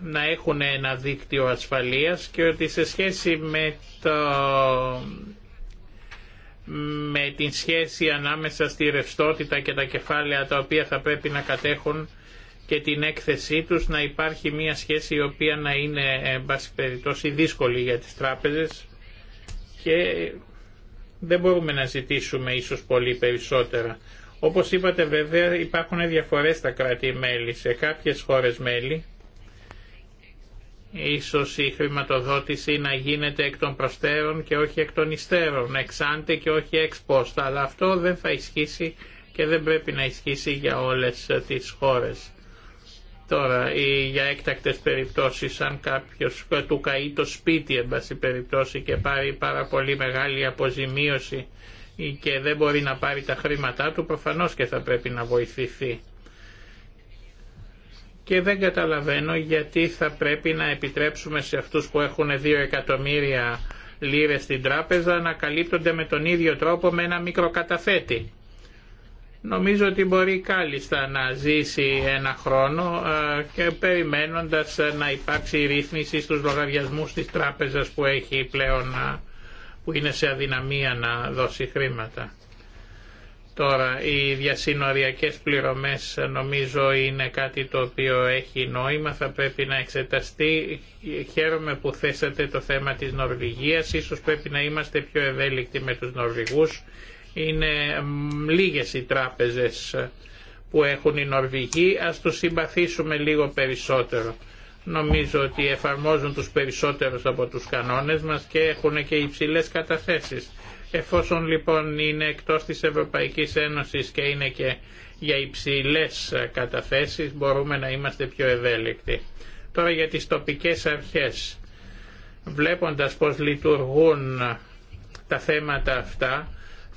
να έχουν ένα δίκτυο ασφαλείας και ότι σε σχέση με, το, με την σχέση ανάμεσα στη ρευστότητα και τα κεφάλαια τα οποία θα πρέπει να κατέχουν και την έκθεσή τους να υπάρχει μια σχέση η οποία να είναι εν πάση περιπτώσει δύσκολη για τις τράπεζες και δεν μπορούμε να ζητήσουμε ίσως πολύ περισσότερα. Όπως είπατε βέβαια υπάρχουν διαφορές στα κράτη-μέλη. Σε κάποιες χώρες μέλη ίσως η χρηματοδότηση να γίνεται εκ των προστέρων και όχι εκ των υστέρων, εξάντε και όχι εξ αλλά αυτό δεν θα ισχύσει και δεν πρέπει να ισχύσει για όλες τις χώρες. Τώρα, για έκτακτες περιπτώσεις, αν κάποιος ε, του καεί το σπίτι, εν περιπτώσει, και πάρει πάρα πολύ μεγάλη αποζημίωση και δεν μπορεί να πάρει τα χρήματά του, προφανώς και θα πρέπει να βοηθηθεί. Και δεν καταλαβαίνω γιατί θα πρέπει να επιτρέψουμε σε αυτούς που έχουν 2 εκατομμύρια λίρες στην τράπεζα να καλύπτονται με τον ίδιο τρόπο με ένα μικροκαταθέτη. Νομίζω ότι μπορεί κάλλιστα να ζήσει ένα χρόνο και περιμένοντας να υπάρξει ρύθμιση στους λογαριασμούς της τράπεζας που έχει πλέον που είναι σε αδυναμία να δώσει χρήματα. Τώρα, οι διασυνοριακές πληρωμές νομίζω είναι κάτι το οποίο έχει νόημα, θα πρέπει να εξεταστεί. Χαίρομαι που θέσατε το θέμα της Νορβηγίας, ίσως πρέπει να είμαστε πιο ευέλικτοι με τους Νορβηγούς είναι λίγες οι τράπεζες ε, που έχουν οι Νορβηγοί, ας τους συμπαθήσουμε λίγο περισσότερο. Νομίζω ότι εφαρμόζουν τους περισσότερους από τους κανόνες μας και έχουν και υψηλές καταθέσεις. Εφόσον λοιπόν είναι εκτός της Ευρωπαϊκής Ένωσης και είναι και για υψηλές ε, καταθέσεις μπορούμε να είμαστε πιο ευέλικτοι. Τώρα για τις τοπικές αρχές. Βλέποντας πώς λειτουργούν ε, τα θέματα αυτά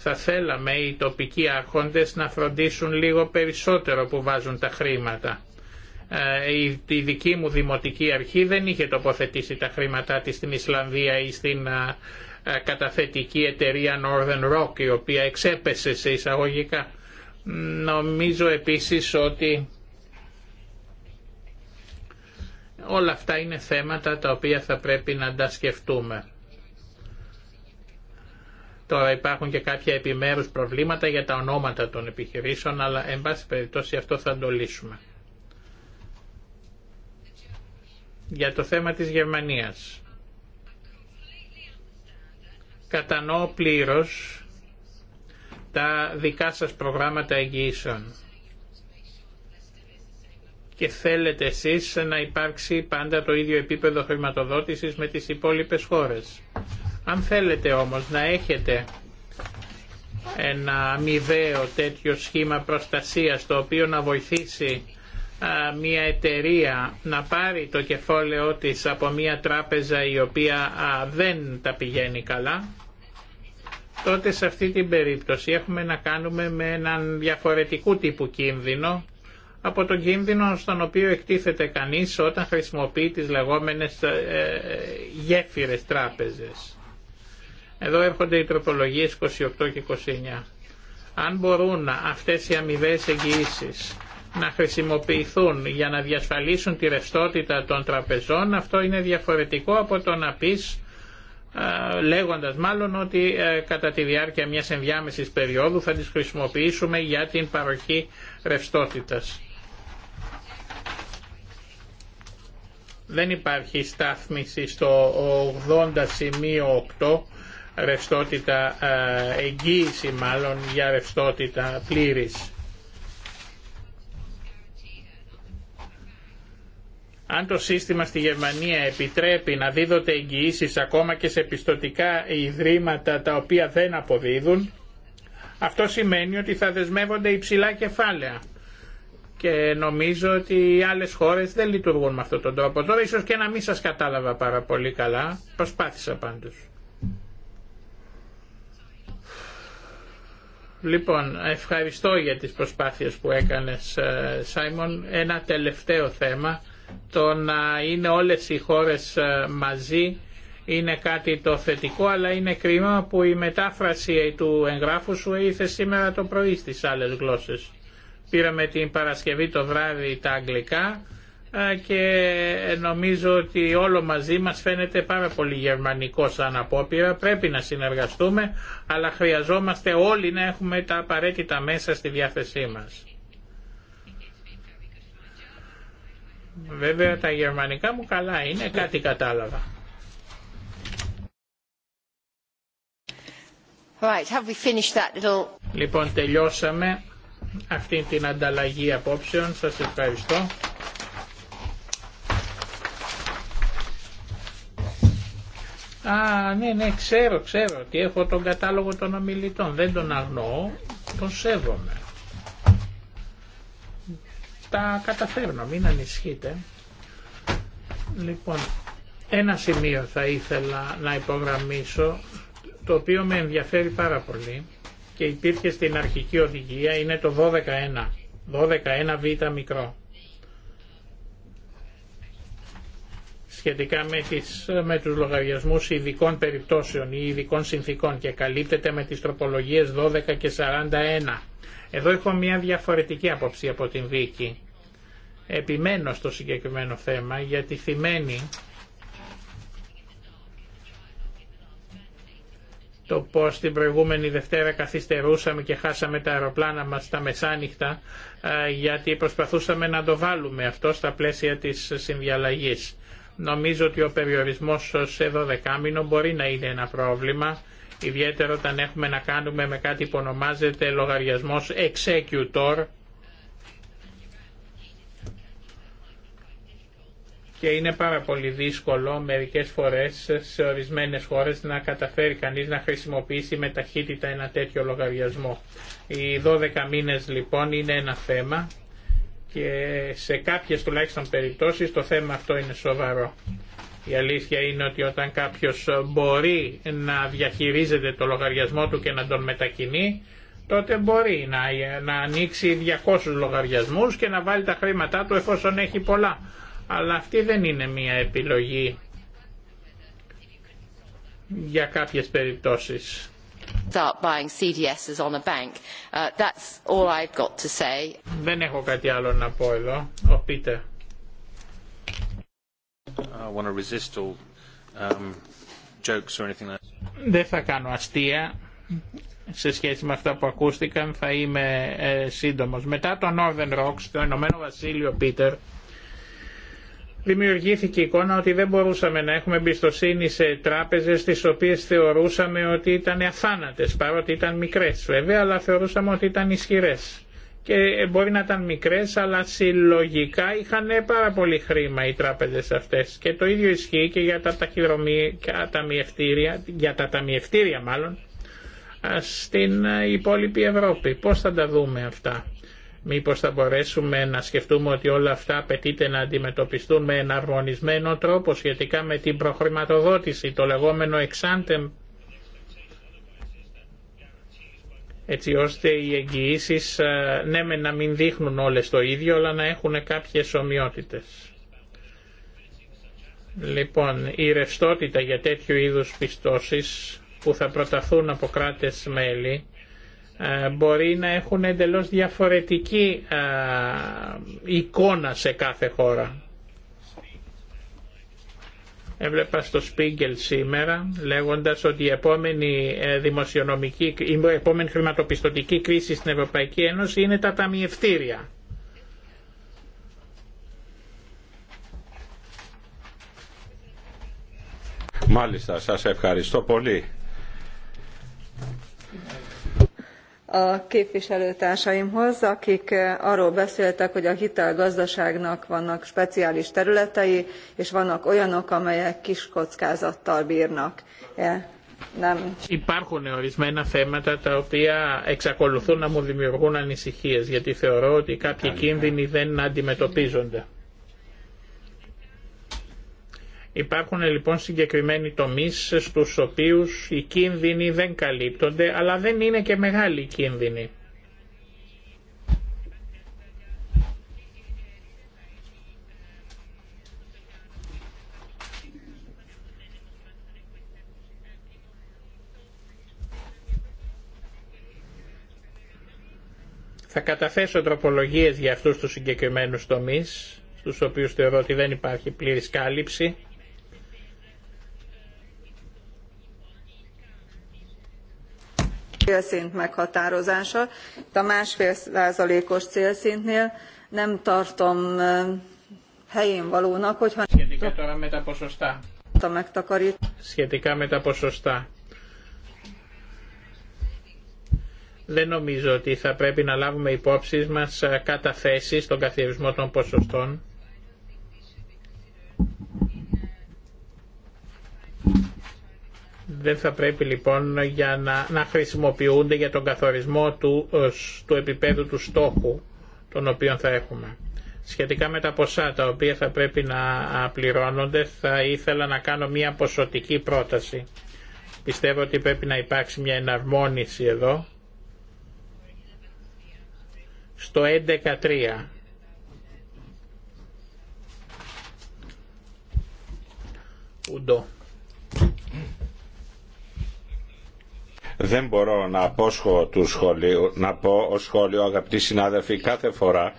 θα θέλαμε οι τοπικοί άρχοντες να φροντίσουν λίγο περισσότερο που βάζουν τα χρήματα. Ε, η δική μου δημοτική αρχή δεν είχε τοποθετήσει τα χρήματά της στην Ισλανδία ή στην ε, ε, καταθετική εταιρεία Northern Rock η οποία εξέπεσε σε εισαγωγικά. Νομίζω επίσης ότι όλα αυτά είναι θέματα τα οποία θα πρέπει να τα σκεφτούμε. Τώρα υπάρχουν και κάποια επιμέρους προβλήματα για τα ονόματα των επιχειρήσεων, αλλά εν πάση περιπτώσει αυτό θα το λύσουμε. Για το θέμα της Γερμανίας. Κατανοώ πλήρως τα δικά σας προγράμματα εγγυήσεων και θέλετε εσείς να υπάρξει πάντα το ίδιο επίπεδο χρηματοδότησης με τις υπόλοιπες χώρες. Αν θέλετε όμως να έχετε ένα αμοιβαίο τέτοιο σχήμα προστασίας το οποίο να βοηθήσει μια εταιρεία να πάρει το κεφόλαιό της από μια τράπεζα η οποία δεν τα πηγαίνει καλά τότε σε αυτή την περίπτωση έχουμε να κάνουμε με έναν διαφορετικού τύπου κίνδυνο από τον κίνδυνο στον οποίο εκτίθεται κανείς όταν χρησιμοποιεί τις λεγόμενες ε, ε, γέφυρες τράπεζες. Εδώ έρχονται οι τροπολογίες 28 και 29. Αν μπορούν αυτές οι αμοιβέ εγγυήσει να χρησιμοποιηθούν για να διασφαλίσουν τη ρευστότητα των τραπεζών, αυτό είναι διαφορετικό από το να πεις λέγοντας μάλλον ότι ε, κατά τη διάρκεια μιας ενδιάμεσης περίοδου θα τις χρησιμοποιήσουμε για την παροχή ρευστότητας. Δεν υπάρχει στάθμιση στο 80 σημείο 8 ρευστότητα, ε, εγγύηση μάλλον για ρευστότητα πλήρης. Αν το σύστημα στη Γερμανία επιτρέπει να δίδονται εγγυήσεις ακόμα και σε πιστοτικά ιδρύματα τα οποία δεν αποδίδουν, αυτό σημαίνει ότι θα δεσμεύονται υψηλά κεφάλαια. Και νομίζω ότι οι άλλες χώρες δεν λειτουργούν με αυτόν τον τρόπο. Τώρα ίσως και να μην σας κατάλαβα πάρα πολύ καλά, προσπάθησα πάντως. Λοιπόν, ευχαριστώ για τις προσπάθειες που έκανες, ε, Σάιμον. Ένα τελευταίο θέμα, το να είναι όλες οι χώρες ε, μαζί είναι κάτι το θετικό, αλλά είναι κρίμα που η μετάφραση του εγγράφου σου ήρθε σήμερα το πρωί στις άλλες γλώσσες. Πήραμε την Παρασκευή το βράδυ τα αγγλικά, και νομίζω ότι όλο μαζί μας φαίνεται πάρα πολύ γερμανικό σαν απόπειρα. Πρέπει να συνεργαστούμε, αλλά χρειαζόμαστε όλοι να έχουμε τα απαραίτητα μέσα στη διάθεσή μας. Βέβαια τα γερμανικά μου καλά είναι, κάτι κατάλαβα. Right, have we finished that little... Λοιπόν, τελειώσαμε αυτή την ανταλλαγή απόψεων. Σας ευχαριστώ. Α, ναι, ναι, ξέρω, ξέρω ότι έχω τον κατάλογο των ομιλητών. Δεν τον αγνοώ, τον σέβομαι. Τα καταφέρνω, μην ανησυχείτε. Λοιπόν, ένα σημείο θα ήθελα να υπογραμμίσω, το οποίο με ενδιαφέρει πάρα πολύ και υπήρχε στην αρχική οδηγία, είναι το 12.1. 12.1β μικρό. σχετικά με, τις, με τους λογαριασμούς ειδικών περιπτώσεων ή ειδικών συνθήκων και καλύπτεται με τις τροπολογίες 12 και 41. Εδώ έχω μια διαφορετική άποψη από την Βίκη. Επιμένω στο συγκεκριμένο θέμα γιατί θυμαίνει το πως την προηγούμενη Δευτέρα καθυστερούσαμε και χάσαμε τα αεροπλάνα μας τα μεσάνυχτα γιατί προσπαθούσαμε να το βάλουμε αυτό στα πλαίσια της συνδιαλλαγής. Νομίζω ότι ο περιορισμός σε 12 μήνο μπορεί να είναι ένα πρόβλημα, ιδιαίτερα όταν έχουμε να κάνουμε με κάτι που ονομάζεται λογαριασμός executor, και είναι πάρα πολύ δύσκολο μερικές φορές σε ορισμένες χώρες να καταφέρει κανείς να χρησιμοποιήσει με ταχύτητα ένα τέτοιο λογαριασμό. Οι 12 μήνες λοιπόν είναι ένα θέμα και σε κάποιες τουλάχιστον περιπτώσεις το θέμα αυτό είναι σοβαρό. Η αλήθεια είναι ότι όταν κάποιος μπορεί να διαχειρίζεται το λογαριασμό του και να τον μετακινεί, τότε μπορεί να, να ανοίξει 200 λογαριασμούς και να βάλει τα χρήματά του εφόσον έχει πολλά. Αλλά αυτή δεν είναι μία επιλογή για κάποιες περιπτώσεις. Start buying CDSs on a bank. Uh, that's all I've got to say. Δεν έχω κάτι άλλο να πω εδώ. Ο Πίτερ. Δεν θα κάνω αστεία σε σχέση με αυτά που ακούστηκαν. Θα είμαι ε, σύντομος. Μετά το Northern Rocks, το Ηνωμένο Βασίλειο Πίτερ, δημιουργήθηκε η εικόνα ότι δεν μπορούσαμε να έχουμε εμπιστοσύνη σε τράπεζες τις οποίες θεωρούσαμε ότι ήταν αθάνατες παρότι ήταν μικρές βέβαια αλλά θεωρούσαμε ότι ήταν ισχυρές και ε, μπορεί να ήταν μικρές αλλά συλλογικά είχαν πάρα πολύ χρήμα οι τράπεζες αυτές και το ίδιο ισχύει και για τα ταχυδρομεία, για τα ταμιευτήρια μάλλον στην ε, υπόλοιπη Ευρώπη. Πώς θα τα δούμε αυτά. Μήπως θα μπορέσουμε να σκεφτούμε ότι όλα αυτά απαιτείται να αντιμετωπιστούν με εναρμονισμένο τρόπο σχετικά με την προχρηματοδότηση, το λεγόμενο εξάντεμ, έτσι ώστε οι εγγυήσει ναι με να μην δείχνουν όλες το ίδιο, αλλά να έχουν κάποιες ομοιότητες. Λοιπόν, η ρευστότητα για τέτοιου είδους πιστώσεις που θα προταθούν από κράτες μέλη ε, μπορεί να έχουν εντελώς διαφορετική ε, εικόνα σε κάθε χώρα. Έβλεπα στο Σπίγκελ σήμερα λέγοντας ότι η επόμενη ε, δημοσιονομική, η επόμενη χρηματοπιστωτική κρίση στην Ευρωπαϊκή Ένωση είναι τα ταμιευτήρια. Μάλιστα, σας ευχαριστώ πολύ a képviselőtársaimhoz akik arról beszéltek hogy a hitelgazdaságnak vannak speciális területei és vannak olyanok amelyek kis kockázattal bírnak. Nem. Υπάρχουν ορισμένα θέματα τα οποία εξακολουθούν να μου δημιουργούν ανησυχίες γιατί θεωρώ ότι κάποιοι κίνδυνοι δεν αντιμετωπίζονται. Υπάρχουν λοιπόν συγκεκριμένοι τομείς στους οποίους οι κίνδυνοι δεν καλύπτονται, αλλά δεν είναι και μεγάλοι κίνδυνοι. Θα καταθέσω τροπολογίες για αυτούς τους συγκεκριμένους τομείς, στους οποίους θεωρώ ότι δεν υπάρχει πλήρης κάλυψη. célszint meghatározása. Itt a másfél százalékos célszintnél nem tartom helyénvalónak hogyha... Σχετικά τώρα Δεν νομίζω ότι θα πρέπει να λάβουμε υπόψη μας ε, καταθέσεις στον καθιερισμό των ποσοστών δεν θα πρέπει λοιπόν για να, να χρησιμοποιούνται για τον καθορισμό του, ε, του επίπεδου του στόχου τον οποίο θα έχουμε. Σχετικά με τα ποσά τα οποία θα πρέπει να πληρώνονται θα ήθελα να κάνω μια ποσοτική πρόταση. Πιστεύω ότι πρέπει να υπάρξει μια εναρμόνιση εδώ στο 11.3. Δεν μπορώ να του σχολείου, να πω ως σχόλιο αγαπητοί συνάδελφοι κάθε φορά,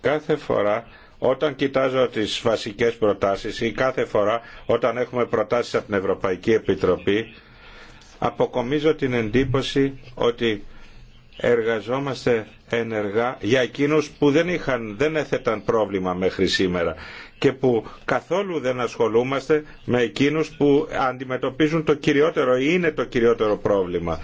κάθε φορά όταν κοιτάζω τις βασικές προτάσεις ή κάθε φορά όταν έχουμε προτάσεις από την Ευρωπαϊκή Επιτροπή αποκομίζω την εντύπωση ότι εργαζόμαστε ενεργά για εκείνους που δεν, είχαν, δεν έθεταν πρόβλημα μέχρι σήμερα και που καθόλου δεν ασχολούμαστε με εκείνους που αντιμετωπίζουν το κυριότερο ή είναι το κυριότερο πρόβλημα.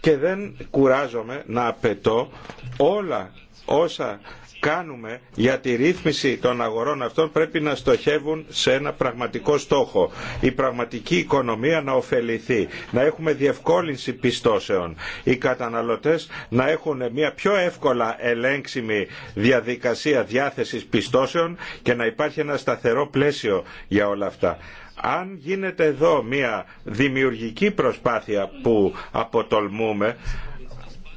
Και δεν κουράζομαι να απαιτώ όλα όσα κάνουμε για τη ρύθμιση των αγορών αυτών πρέπει να στοχεύουν σε ένα πραγματικό στόχο. Η πραγματική οικονομία να ωφεληθεί, να έχουμε διευκόλυνση πιστώσεων. Οι καταναλωτές να έχουν μια πιο εύκολα ελέγξιμη διαδικασία διάθεσης πιστώσεων και να υπάρχει ένα σταθερό πλαίσιο για όλα αυτά. Αν γίνεται εδώ μια δημιουργική προσπάθεια που αποτολμούμε,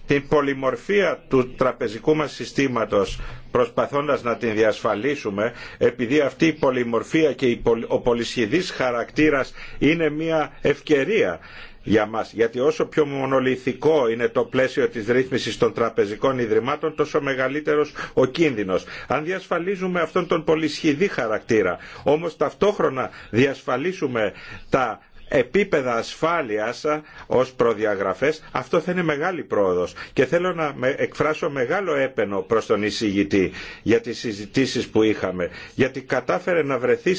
την πολυμορφία του τραπεζικού μας συστήματος προσπαθώντας να την διασφαλίσουμε επειδή αυτή η πολυμορφία και ο πολυσχηδής χαρακτήρας είναι μια ευκαιρία για μας. Γιατί όσο πιο μονολυθικό είναι το πλαίσιο της ρύθμισης των τραπεζικών ιδρυμάτων, τόσο μεγαλύτερος ο κίνδυνος. Αν διασφαλίζουμε αυτόν τον πολυσχηδή χαρακτήρα, όμως ταυτόχρονα διασφαλίσουμε τα επίπεδα ασφάλειας ως προδιαγραφές, αυτό θα είναι μεγάλη πρόοδος. Και θέλω να εκφράσω μεγάλο έπαινο προς τον εισηγητή για τις συζητήσεις που είχαμε, γιατί κατάφερε να βρεθεί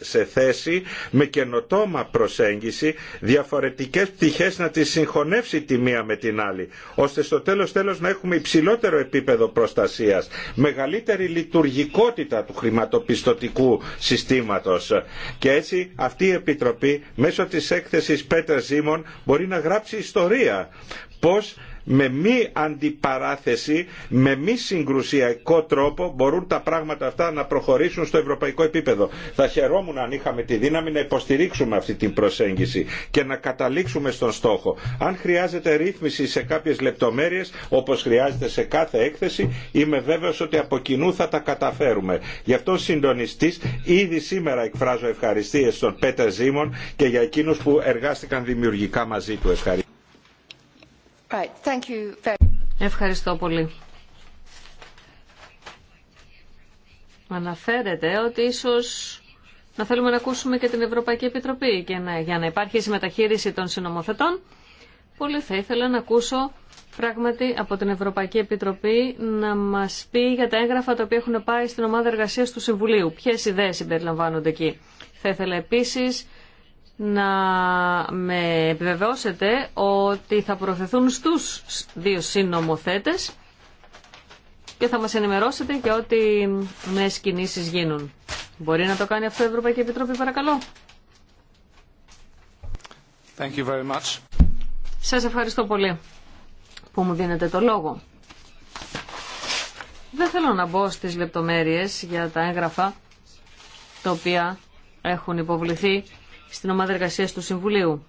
σε θέση με καινοτόμα προσέγγιση διαφορετικές πτυχές να τις συγχωνεύσει τη μία με την άλλη, ώστε στο τέλος τέλος να έχουμε υψηλότερο επίπεδο προστασίας, μεγαλύτερη λειτουργικότητα του χρηματοπιστωτικού συστήματος. Και έτσι αυτή η Επιτροπή μέσω της έκθεσης Πέτερ Σίμων μπορεί να γράψει ιστορία. Πώς με μη αντιπαράθεση, με μη συγκρουσιακό τρόπο μπορούν τα πράγματα αυτά να προχωρήσουν στο ευρωπαϊκό επίπεδο. Θα χαιρόμουν αν είχαμε τη δύναμη να υποστηρίξουμε αυτή την προσέγγιση και να καταλήξουμε στον στόχο. Αν χρειάζεται ρύθμιση σε κάποιες λεπτομέρειες, όπως χρειάζεται σε κάθε έκθεση, είμαι βέβαιος ότι από κοινού θα τα καταφέρουμε. Γι' αυτό συντονιστής ήδη σήμερα εκφράζω ευχαριστίες στον Πέτερ Ζήμων και για εκείνους που εργάστηκαν δημιουργικά μαζί του. Ευχαριστώ. Ευχαριστώ πολύ. Αναφέρεται ότι ίσως να θέλουμε να ακούσουμε και την Ευρωπαϊκή Επιτροπή και να, για να υπάρχει συμμεταχείριση των συνομοθετών. Πολύ θα ήθελα να ακούσω πράγματι από την Ευρωπαϊκή Επιτροπή να μας πει για τα έγγραφα τα οποία έχουν πάει στην ομάδα εργασίας του Συμβουλίου. Ποιες ιδέες συμπεριλαμβάνονται εκεί. Θα ήθελα επίσης να με επιβεβαιώσετε ότι θα προθεθούν στους δύο συνομοθέτες και θα μας ενημερώσετε για ό,τι με κινήσεις γίνουν. Μπορεί να το κάνει αυτό η Ευρωπαϊκή Επιτροπή, παρακαλώ. Thank you Σας ευχαριστώ πολύ που μου δίνετε το λόγο. Δεν θέλω να μπω στις λεπτομέρειες για τα έγγραφα τα οποία έχουν υποβληθεί στην ομάδα εργασίας του Συμβουλίου.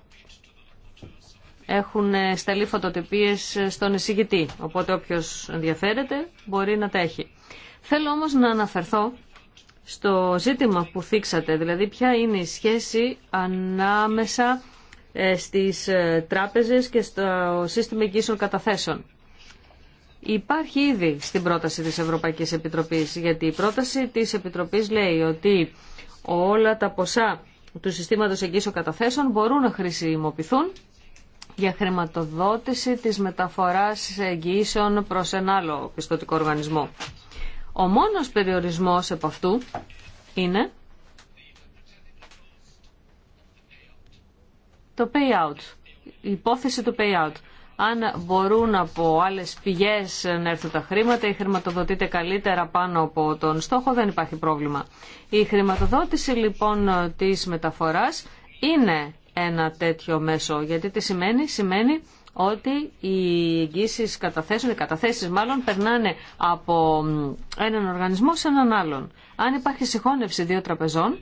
Έχουν σταλεί φωτοτυπίες στον εισηγητή, οπότε όποιος ενδιαφέρεται μπορεί να τα έχει. Θέλω όμως να αναφερθώ στο ζήτημα που θίξατε, δηλαδή ποια είναι η σχέση ανάμεσα ε, στις ε, τράπεζες και στο σύστημα εγγύσεων καταθέσεων. Υπάρχει ήδη στην πρόταση της Ευρωπαϊκής Επιτροπής, γιατί η πρόταση της Επιτροπής λέει ότι όλα τα ποσά του συστήματος εγγύσεων καταθέσεων μπορούν να χρησιμοποιηθούν για χρηματοδότηση της μεταφοράς εγγύσεων προς ένα άλλο πιστοτικό οργανισμό. Ο μόνος περιορισμός από αυτού είναι το payout, η υπόθεση του payout αν μπορούν από άλλες πηγές να έρθουν τα χρήματα ή χρηματοδοτείται καλύτερα πάνω από τον στόχο, δεν υπάρχει πρόβλημα. Η χρηματοδότηση λοιπόν της μεταφοράς είναι ένα τέτοιο μέσο, γιατί τι σημαίνει, σημαίνει ότι οι εγγύσεις καταθέσεων, οι καταθέσεις μάλλον, περνάνε από έναν οργανισμό σε έναν άλλον. Αν υπάρχει συγχώνευση δύο τραπεζών,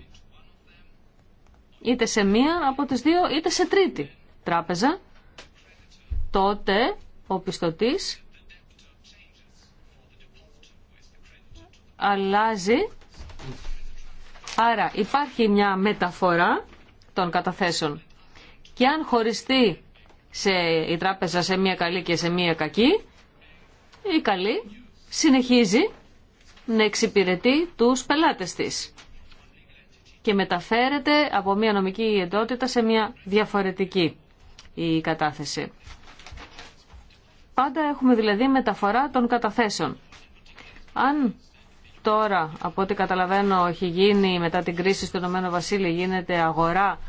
είτε σε μία από τις δύο, είτε σε τρίτη τράπεζα, τότε ο πιστωτής αλλάζει. Άρα υπάρχει μια μεταφορά των καταθέσεων. Και αν χωριστεί σε, η τράπεζα σε μια καλή και σε μια κακή, η καλή συνεχίζει να εξυπηρετεί τους πελάτες της και μεταφέρεται από μια νομική εντότητα σε μια διαφορετική η κατάθεση. Πάντα έχουμε δηλαδή μεταφορά των καταθέσεων. Αν τώρα, από ό,τι καταλαβαίνω, έχει γίνει μετά την κρίση στο Ηνωμένο Βασίλειο, γίνεται αγορά,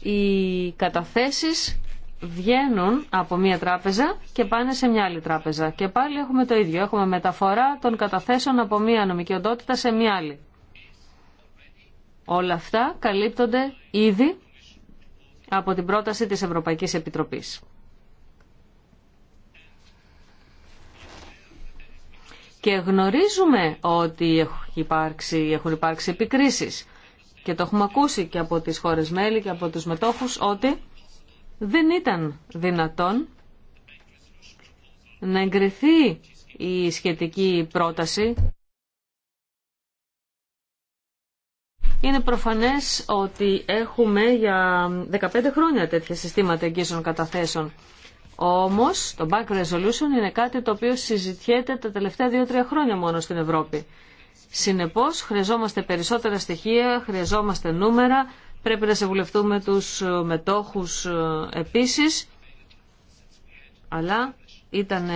οι καταθέσεις βγαίνουν από μία τράπεζα και πάνε σε μια άλλη τράπεζα. Και πάλι έχουμε το ίδιο. Έχουμε μεταφορά των καταθέσεων από μία νομική οντότητα σε μία άλλη. Όλα αυτά καλύπτονται ήδη από την πρόταση της Ευρωπαϊκής Επιτροπής. και γνωρίζουμε ότι έχουν υπάρξει επικρίσεις και το έχουμε ακούσει και από τις χώρες μέλη και από τους μετόχους ότι δεν ήταν δυνατόν να εγκριθεί η σχετική πρόταση. Είναι προφανές ότι έχουμε για 15 χρόνια τέτοια συστήματα εγγύσεων καταθέσεων. Όμως το Bank Resolution είναι κάτι το οποίο συζητιέται τα τελευταία 2-3 χρόνια μόνο στην Ευρώπη. Συνεπώς χρειαζόμαστε περισσότερα στοιχεία, χρειαζόμαστε νούμερα, πρέπει να συμβουλευτούμε τους ε, μετόχους ε, επίσης, αλλά ήταν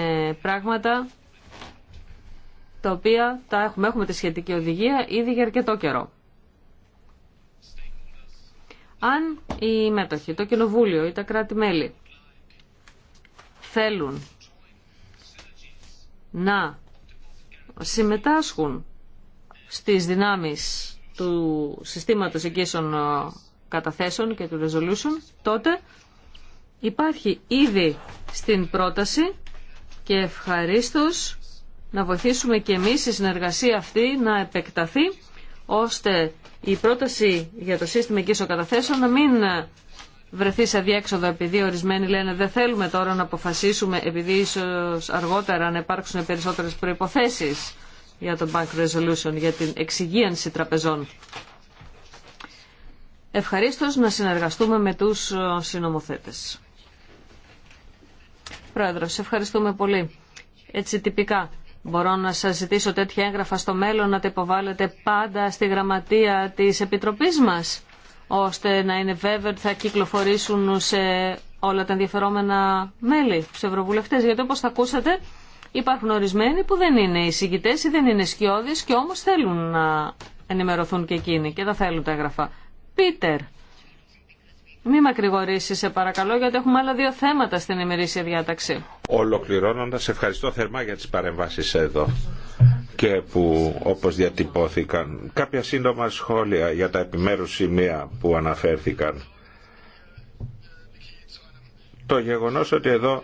πράγματα τα οποία τα έχουμε, έχουμε τη σχετική οδηγία ήδη για αρκετό καιρό. Αν οι μέτοχοι, το Κοινοβούλιο ή τα κράτη-μέλη θέλουν να συμμετάσχουν στις δυνάμεις του συστήματος Εκείσων ε, καταθέσεων και του resolution, τότε υπάρχει ήδη στην πρόταση και ευχαρίστως να βοηθήσουμε και εμείς η συνεργασία αυτή να επεκταθεί ώστε η πρόταση για το σύστημα Εκείσων καταθέσεων να μην βρεθεί σε διέξοδο επειδή ορισμένοι λένε δεν θέλουμε τώρα να αποφασίσουμε επειδή ίσως αργότερα να υπάρξουν περισσότερες προϋποθέσεις για το Bank Resolution, για την εξυγίανση τραπεζών. Ευχαρίστως να συνεργαστούμε με τους ε, συνομοθέτες. Πρόεδρος, ευχαριστούμε πολύ. Έτσι τυπικά μπορώ να σας ζητήσω τέτοια έγγραφα στο μέλλον να τα υποβάλλετε πάντα στη γραμματεία της Επιτροπής μας ώστε να είναι βέβαιο ότι θα κυκλοφορήσουν σε όλα τα ενδιαφερόμενα μέλη, του ευρωβουλευτέ. Γιατί όπω θα ακούσατε, υπάρχουν ορισμένοι που δεν είναι εισηγητέ ή δεν είναι σκιώδει και όμω θέλουν να ενημερωθούν και εκείνοι και τα θέλουν τα έγγραφα. Πίτερ, μη μακρηγορήσει, σε παρακαλώ, γιατί έχουμε άλλα δύο θέματα στην ημερήσια διάταξη. Ολοκληρώνοντα, ευχαριστώ θερμά για τι παρεμβάσει εδώ και που όπως διατυπώθηκαν. Κάποια σύντομα σχόλια για τα επιμέρους σημεία που αναφέρθηκαν. Το γεγονός ότι εδώ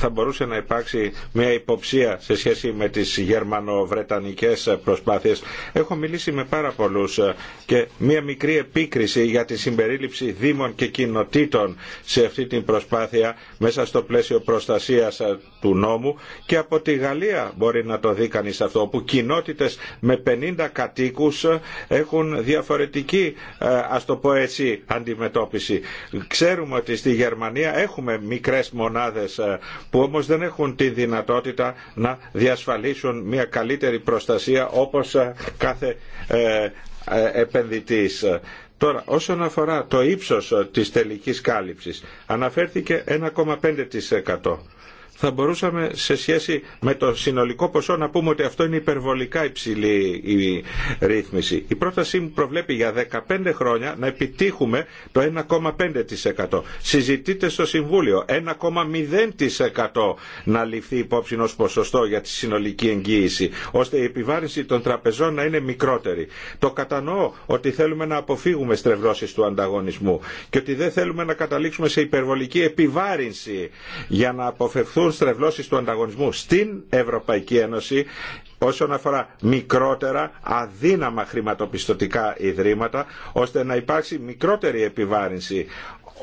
θα μπορούσε να υπάρξει μια υποψία σε σχέση με τις γερμανοβρετανικές προσπάθειες. Έχω μιλήσει με πάρα πολλούς ε, και μια μικρή επίκριση για τη συμπερίληψη δήμων και κοινοτήτων σε αυτή την προσπάθεια μέσα στο πλαίσιο προστασίας ε, του νόμου και από τη Γαλλία μπορεί να το δει κανείς αυτό όπου κοινότητες με 50 κατοίκους ε, έχουν διαφορετική α το πω έτσι αντιμετώπιση. Ξέρουμε ότι στη Γερμανία έχουμε μικρές μονάδες που όμως δεν έχουν τη δυνατότητα να διασφαλίσουν μια καλύτερη προστασία όπως ε, κάθε ε, ε, επενδυτής. Τώρα, όσον αφορά το ύψος της τελικής κάλυψης, αναφέρθηκε 1,5% θα μπορούσαμε σε σχέση με το συνολικό ποσό να πούμε ότι αυτό είναι υπερβολικά υψηλή η ρύθμιση. Η πρότασή μου προβλέπει για 15 χρόνια να επιτύχουμε το 1,5%. Συζητείτε στο Συμβούλιο 1,0% να ληφθεί υπόψη ως ποσοστό για τη συνολική εγγύηση, ώστε η επιβάρυνση των τραπεζών να είναι μικρότερη. Το κατανοώ ότι θέλουμε να αποφύγουμε στρεβλώσεις του ανταγωνισμού και ότι δεν θέλουμε να καταλήξουμε σε υπερβολική επιβάρυνση για να αποφευθούν στρεβλώσεις του ανταγωνισμού στην Ευρωπαϊκή Ένωση όσον αφορά μικρότερα αδύναμα χρηματοπιστωτικά ιδρύματα ώστε να υπάρξει μικρότερη επιβάρυνση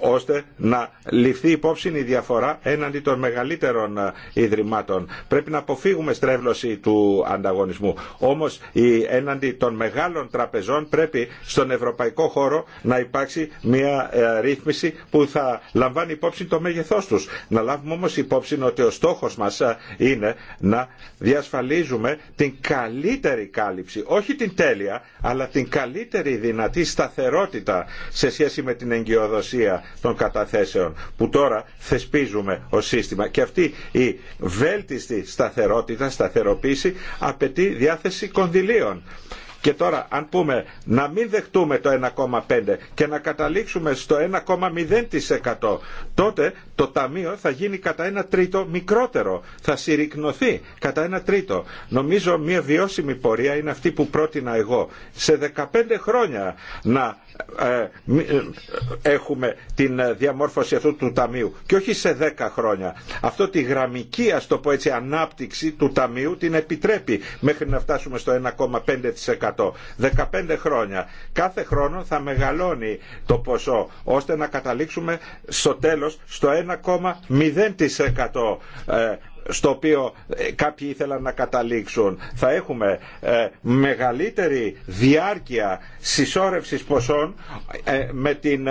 ώστε να ληφθεί υπόψη η διαφορά έναντι των μεγαλύτερων ε, ιδρυμάτων. Πρέπει να αποφύγουμε στρέβλωση του ανταγωνισμού. Όμως έναντι των μεγάλων τραπεζών πρέπει στον ευρωπαϊκό χώρο να υπάρξει μια ε, ρύθμιση που θα λαμβάνει υπόψη το μέγεθο τους. Να λάβουμε όμω υπόψη ότι ο στόχο μα ε, είναι να διασφαλίζουμε την καλύτερη κάλυψη, όχι την τέλεια, αλλά την καλύτερη δυνατή σταθερότητα σε σχέση με την εγκυοδοσία των καταθέσεων που τώρα θεσπίζουμε ως σύστημα και αυτή η βέλτιστη σταθερότητα, σταθεροποίηση απαιτεί διάθεση κονδυλίων. Και τώρα αν πούμε να μην δεχτούμε το 1,5 και να καταλήξουμε στο 1,0% τότε το ταμείο θα γίνει κατά 1 τρίτο μικρότερο, θα συρρυκνωθεί κατά 1 τρίτο. Νομίζω μια βιώσιμη πορεία είναι αυτή που πρότεινα εγώ. Σε 15 χρόνια να ε, ε, έχουμε την ε, διαμόρφωση αυτού του ταμείου και όχι σε 10 χρόνια. Αυτό τη γραμμική ας το πω έτσι ανάπτυξη του ταμείου την επιτρέπει μέχρι να φτάσουμε στο 1,5%. 15 χρόνια. Κάθε χρόνο θα μεγαλώνει το ποσό ώστε να καταλήξουμε στο τέλος στο 1,0% στο οποίο ε, κάποιοι ήθελαν να καταλήξουν. Θα έχουμε ε, μεγαλύτερη διάρκεια συσσόρευσης ποσών ε, με την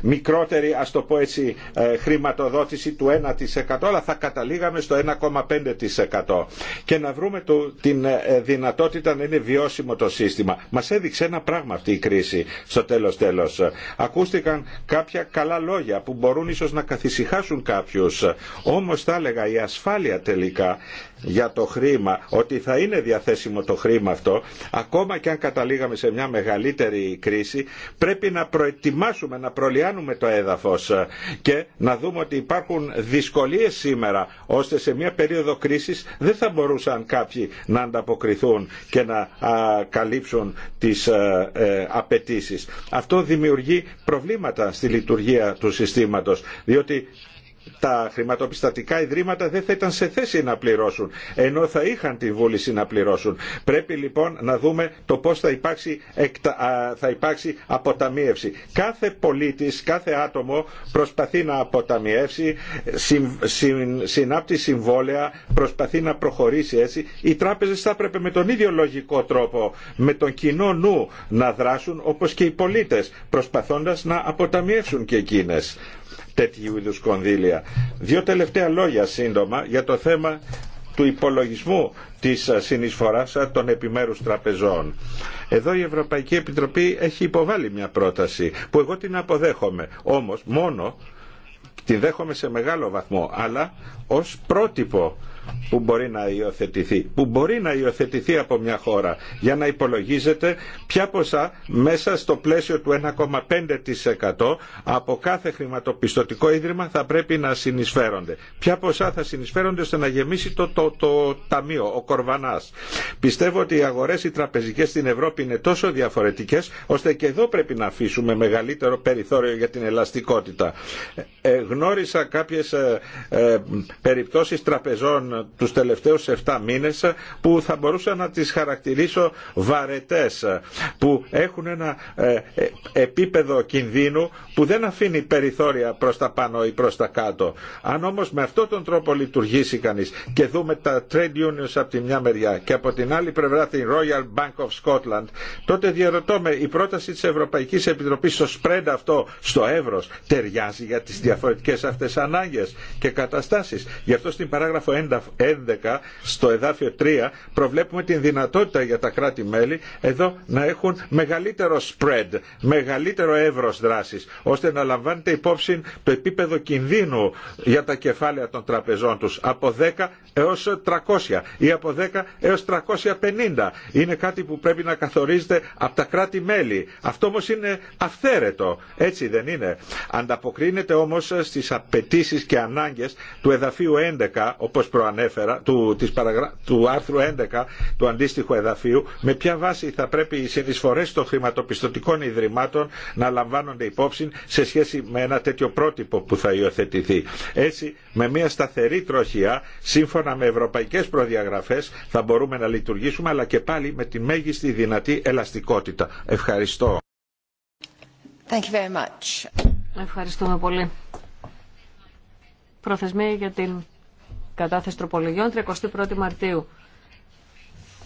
μικρότερη, ας το πω έτσι, χρηματοδότηση του 1% αλλά θα καταλήγαμε στο 1,5% και να βρούμε το, την δυνατότητα να είναι βιώσιμο το σύστημα. Μας έδειξε ένα πράγμα αυτή η κρίση στο τέλος τέλος. Ακούστηκαν κάποια καλά λόγια που μπορούν ίσως να καθησυχάσουν κάποιους. Όμως θα έλεγα η ασφάλεια ασφάλεια τελικά για το χρήμα, ότι θα είναι διαθέσιμο το χρήμα αυτό, ακόμα και αν καταλήγαμε σε μια μεγαλύτερη κρίση, πρέπει να προετοιμάσουμε, να προλιάνουμε το έδαφος και να δούμε ότι υπάρχουν δυσκολίες σήμερα, ώστε σε μια περίοδο κρίσης δεν θα μπορούσαν κάποιοι να ανταποκριθούν και να καλύψουν τις ε, απαιτήσει. Αυτό δημιουργεί προβλήματα στη λειτουργία του συστήματος, διότι τα χρηματοπιστωτικά ιδρύματα δεν θα ήταν σε θέση να πληρώσουν, ενώ θα είχαν τη βούληση να πληρώσουν. Πρέπει λοιπόν να δούμε το πώς θα υπάρξει, θα υπάρξει αποταμίευση. Κάθε πολίτης, κάθε άτομο προσπαθεί να αποταμιεύσει, συνάπτει συμβόλαια, προσπαθεί να προχωρήσει έτσι. Οι τράπεζες θα έπρεπε με τον ίδιο λογικό τρόπο, με τον κοινό νου να δράσουν όπως και οι πολίτες, προσπαθώντας να αποταμιεύσουν και εκείνες τέτοιου είδους κονδύλια. Δύο τελευταία λόγια σύντομα για το θέμα του υπολογισμού της συνεισφοράς των επιμέρους τραπεζών. Εδώ η Ευρωπαϊκή Επιτροπή έχει υποβάλει μια πρόταση που εγώ την αποδέχομαι. Όμως μόνο την δέχομαι σε μεγάλο βαθμό αλλά ως πρότυπο που μπορεί να υιοθετηθεί, που μπορεί να υιοθετηθεί από μια χώρα για να υπολογίζεται ποια ποσά μέσα στο πλαίσιο του 1,5% από κάθε χρηματοπιστωτικό ίδρυμα θα πρέπει να συνεισφέρονται. Ποια ποσά θα συνεισφέρονται ώστε να γεμίσει το, ταμείο, ο κορβανάς. Πιστεύω ότι οι αγορές οι τραπεζικές στην Ευρώπη είναι τόσο διαφορετικές ώστε και εδώ πρέπει να αφήσουμε μεγαλύτερο περιθώριο για την ελαστικότητα. Ε, ε, γνώρισα κάποιες ε, ε περιπτώσεις τραπεζών τους τελευταίους 7 μήνες που θα μπορούσα να τις χαρακτηρίσω βαρετές που έχουν ένα ε, ε, επίπεδο κινδύνου που δεν αφήνει περιθώρια προς τα πάνω ή προς τα κάτω. Αν όμως με αυτόν τον τρόπο λειτουργήσει κανείς και δούμε τα trade unions από τη μια μεριά και από την άλλη πλευρά την Royal Bank of Scotland τότε διαρωτώ με η πρόταση της Ευρωπαϊκής Επιτροπής στο spread αυτό στο εύρος ταιριάζει για τις διαφορετικές αυτές ανάγκες και καταστάσεις. Γι' αυτό στην παράγραφο 11 στο εδάφιο 3 προβλέπουμε την δυνατότητα για τα κράτη-μέλη εδώ να έχουν μεγαλύτερο spread, μεγαλύτερο εύρος δράσης, ώστε να λαμβάνεται υπόψη το επίπεδο κινδύνου για τα κεφάλαια των τραπεζών τους από 10 έως 300 ή από 10 έως 350. Είναι κάτι που πρέπει να καθορίζεται από τα κράτη-μέλη. Αυτό όμως είναι αυθαίρετο, έτσι δεν είναι. Ανταποκρίνεται όμως στις απαιτήσει και ανάγκες του εδαφίου 11, όπως προ του, παραγρα... άρθρου 11 του αντίστοιχου εδαφίου, με ποια βάση θα πρέπει οι συνεισφορέ των χρηματοπιστωτικών ιδρυμάτων να λαμβάνονται υπόψη σε σχέση με ένα τέτοιο πρότυπο που θα υιοθετηθεί. Έτσι, με μια σταθερή τροχιά, σύμφωνα με ευρωπαϊκές προδιαγραφές, θα μπορούμε να λειτουργήσουμε, αλλά και πάλι με τη μέγιστη δυνατή ελαστικότητα. Ευχαριστώ. Thank you very much. Ευχαριστούμε πολύ. Προθεσμία για την κατάθεση τροπολογιών 31 Μαρτίου.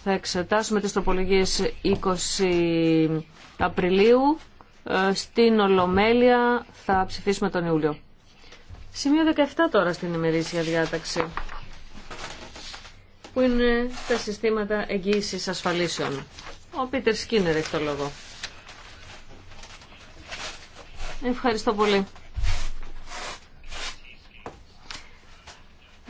Θα εξετάσουμε τις τροπολογίες 20 Απριλίου. Ε, στην Ολομέλεια θα ψηφίσουμε τον Ιούλιο. Σημείο 17 τώρα στην ημερήσια διάταξη που είναι τα συστήματα εγγύησης ασφαλίσεων. Ο Πίτερ Σκίνερ έχει το λόγο. Ευχαριστώ πολύ.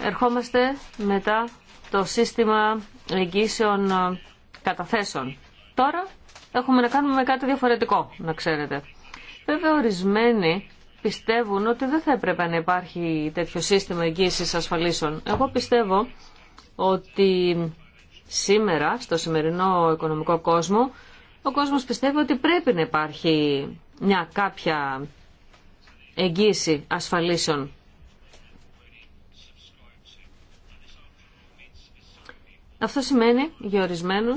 ερχόμαστε μετά το σύστημα εγγύσεων ε, καταθέσεων. Τώρα έχουμε να κάνουμε κάτι διαφορετικό, να ξέρετε. Βέβαια, ορισμένοι πιστεύουν ότι δεν θα έπρεπε να υπάρχει τέτοιο σύστημα εγγύησης ασφαλίσεων. Εγώ πιστεύω ότι σήμερα, στο σημερινό οικονομικό κόσμο, ο κόσμος πιστεύει ότι πρέπει να υπάρχει μια κάποια εγγύηση ασφαλίσεων Αυτό σημαίνει για ορισμένου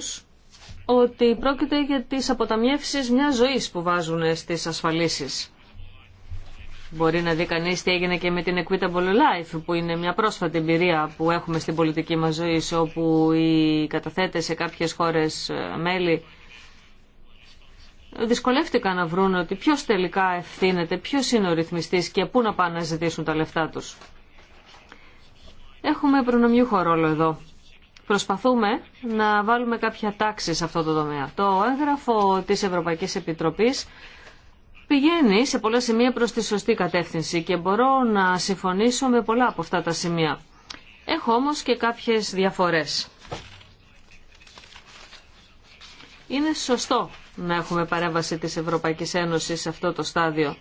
ότι πρόκειται για τις αποταμιεύσει μια ζωής που βάζουν στι ασφαλίσεις. Μπορεί να δει κανεί τι έγινε και με την Equitable Life, που είναι μια πρόσφατη εμπειρία που έχουμε στην πολιτική μα ζωή, όπου οι καταθέτες σε κάποιε χώρες ε, μέλη δυσκολεύτηκαν να βρουν ότι ποιο τελικά ευθύνεται, ποιο είναι ο ρυθμιστής και πού να πάνε να ζητήσουν τα λεφτά του. Έχουμε προνομιούχο ρόλο εδώ Προσπαθούμε να βάλουμε κάποια τάξη σε αυτό το τομέα. Το έγγραφο της Ευρωπαϊκής Επιτροπής πηγαίνει σε πολλά σημεία προς τη σωστή κατεύθυνση και μπορώ να συμφωνήσω με πολλά από αυτά τα σημεία. Έχω όμως και κάποιες διαφορές. Είναι σωστό να έχουμε παρέμβαση της Ευρωπαϊκής Ένωσης σε αυτό το στάδιο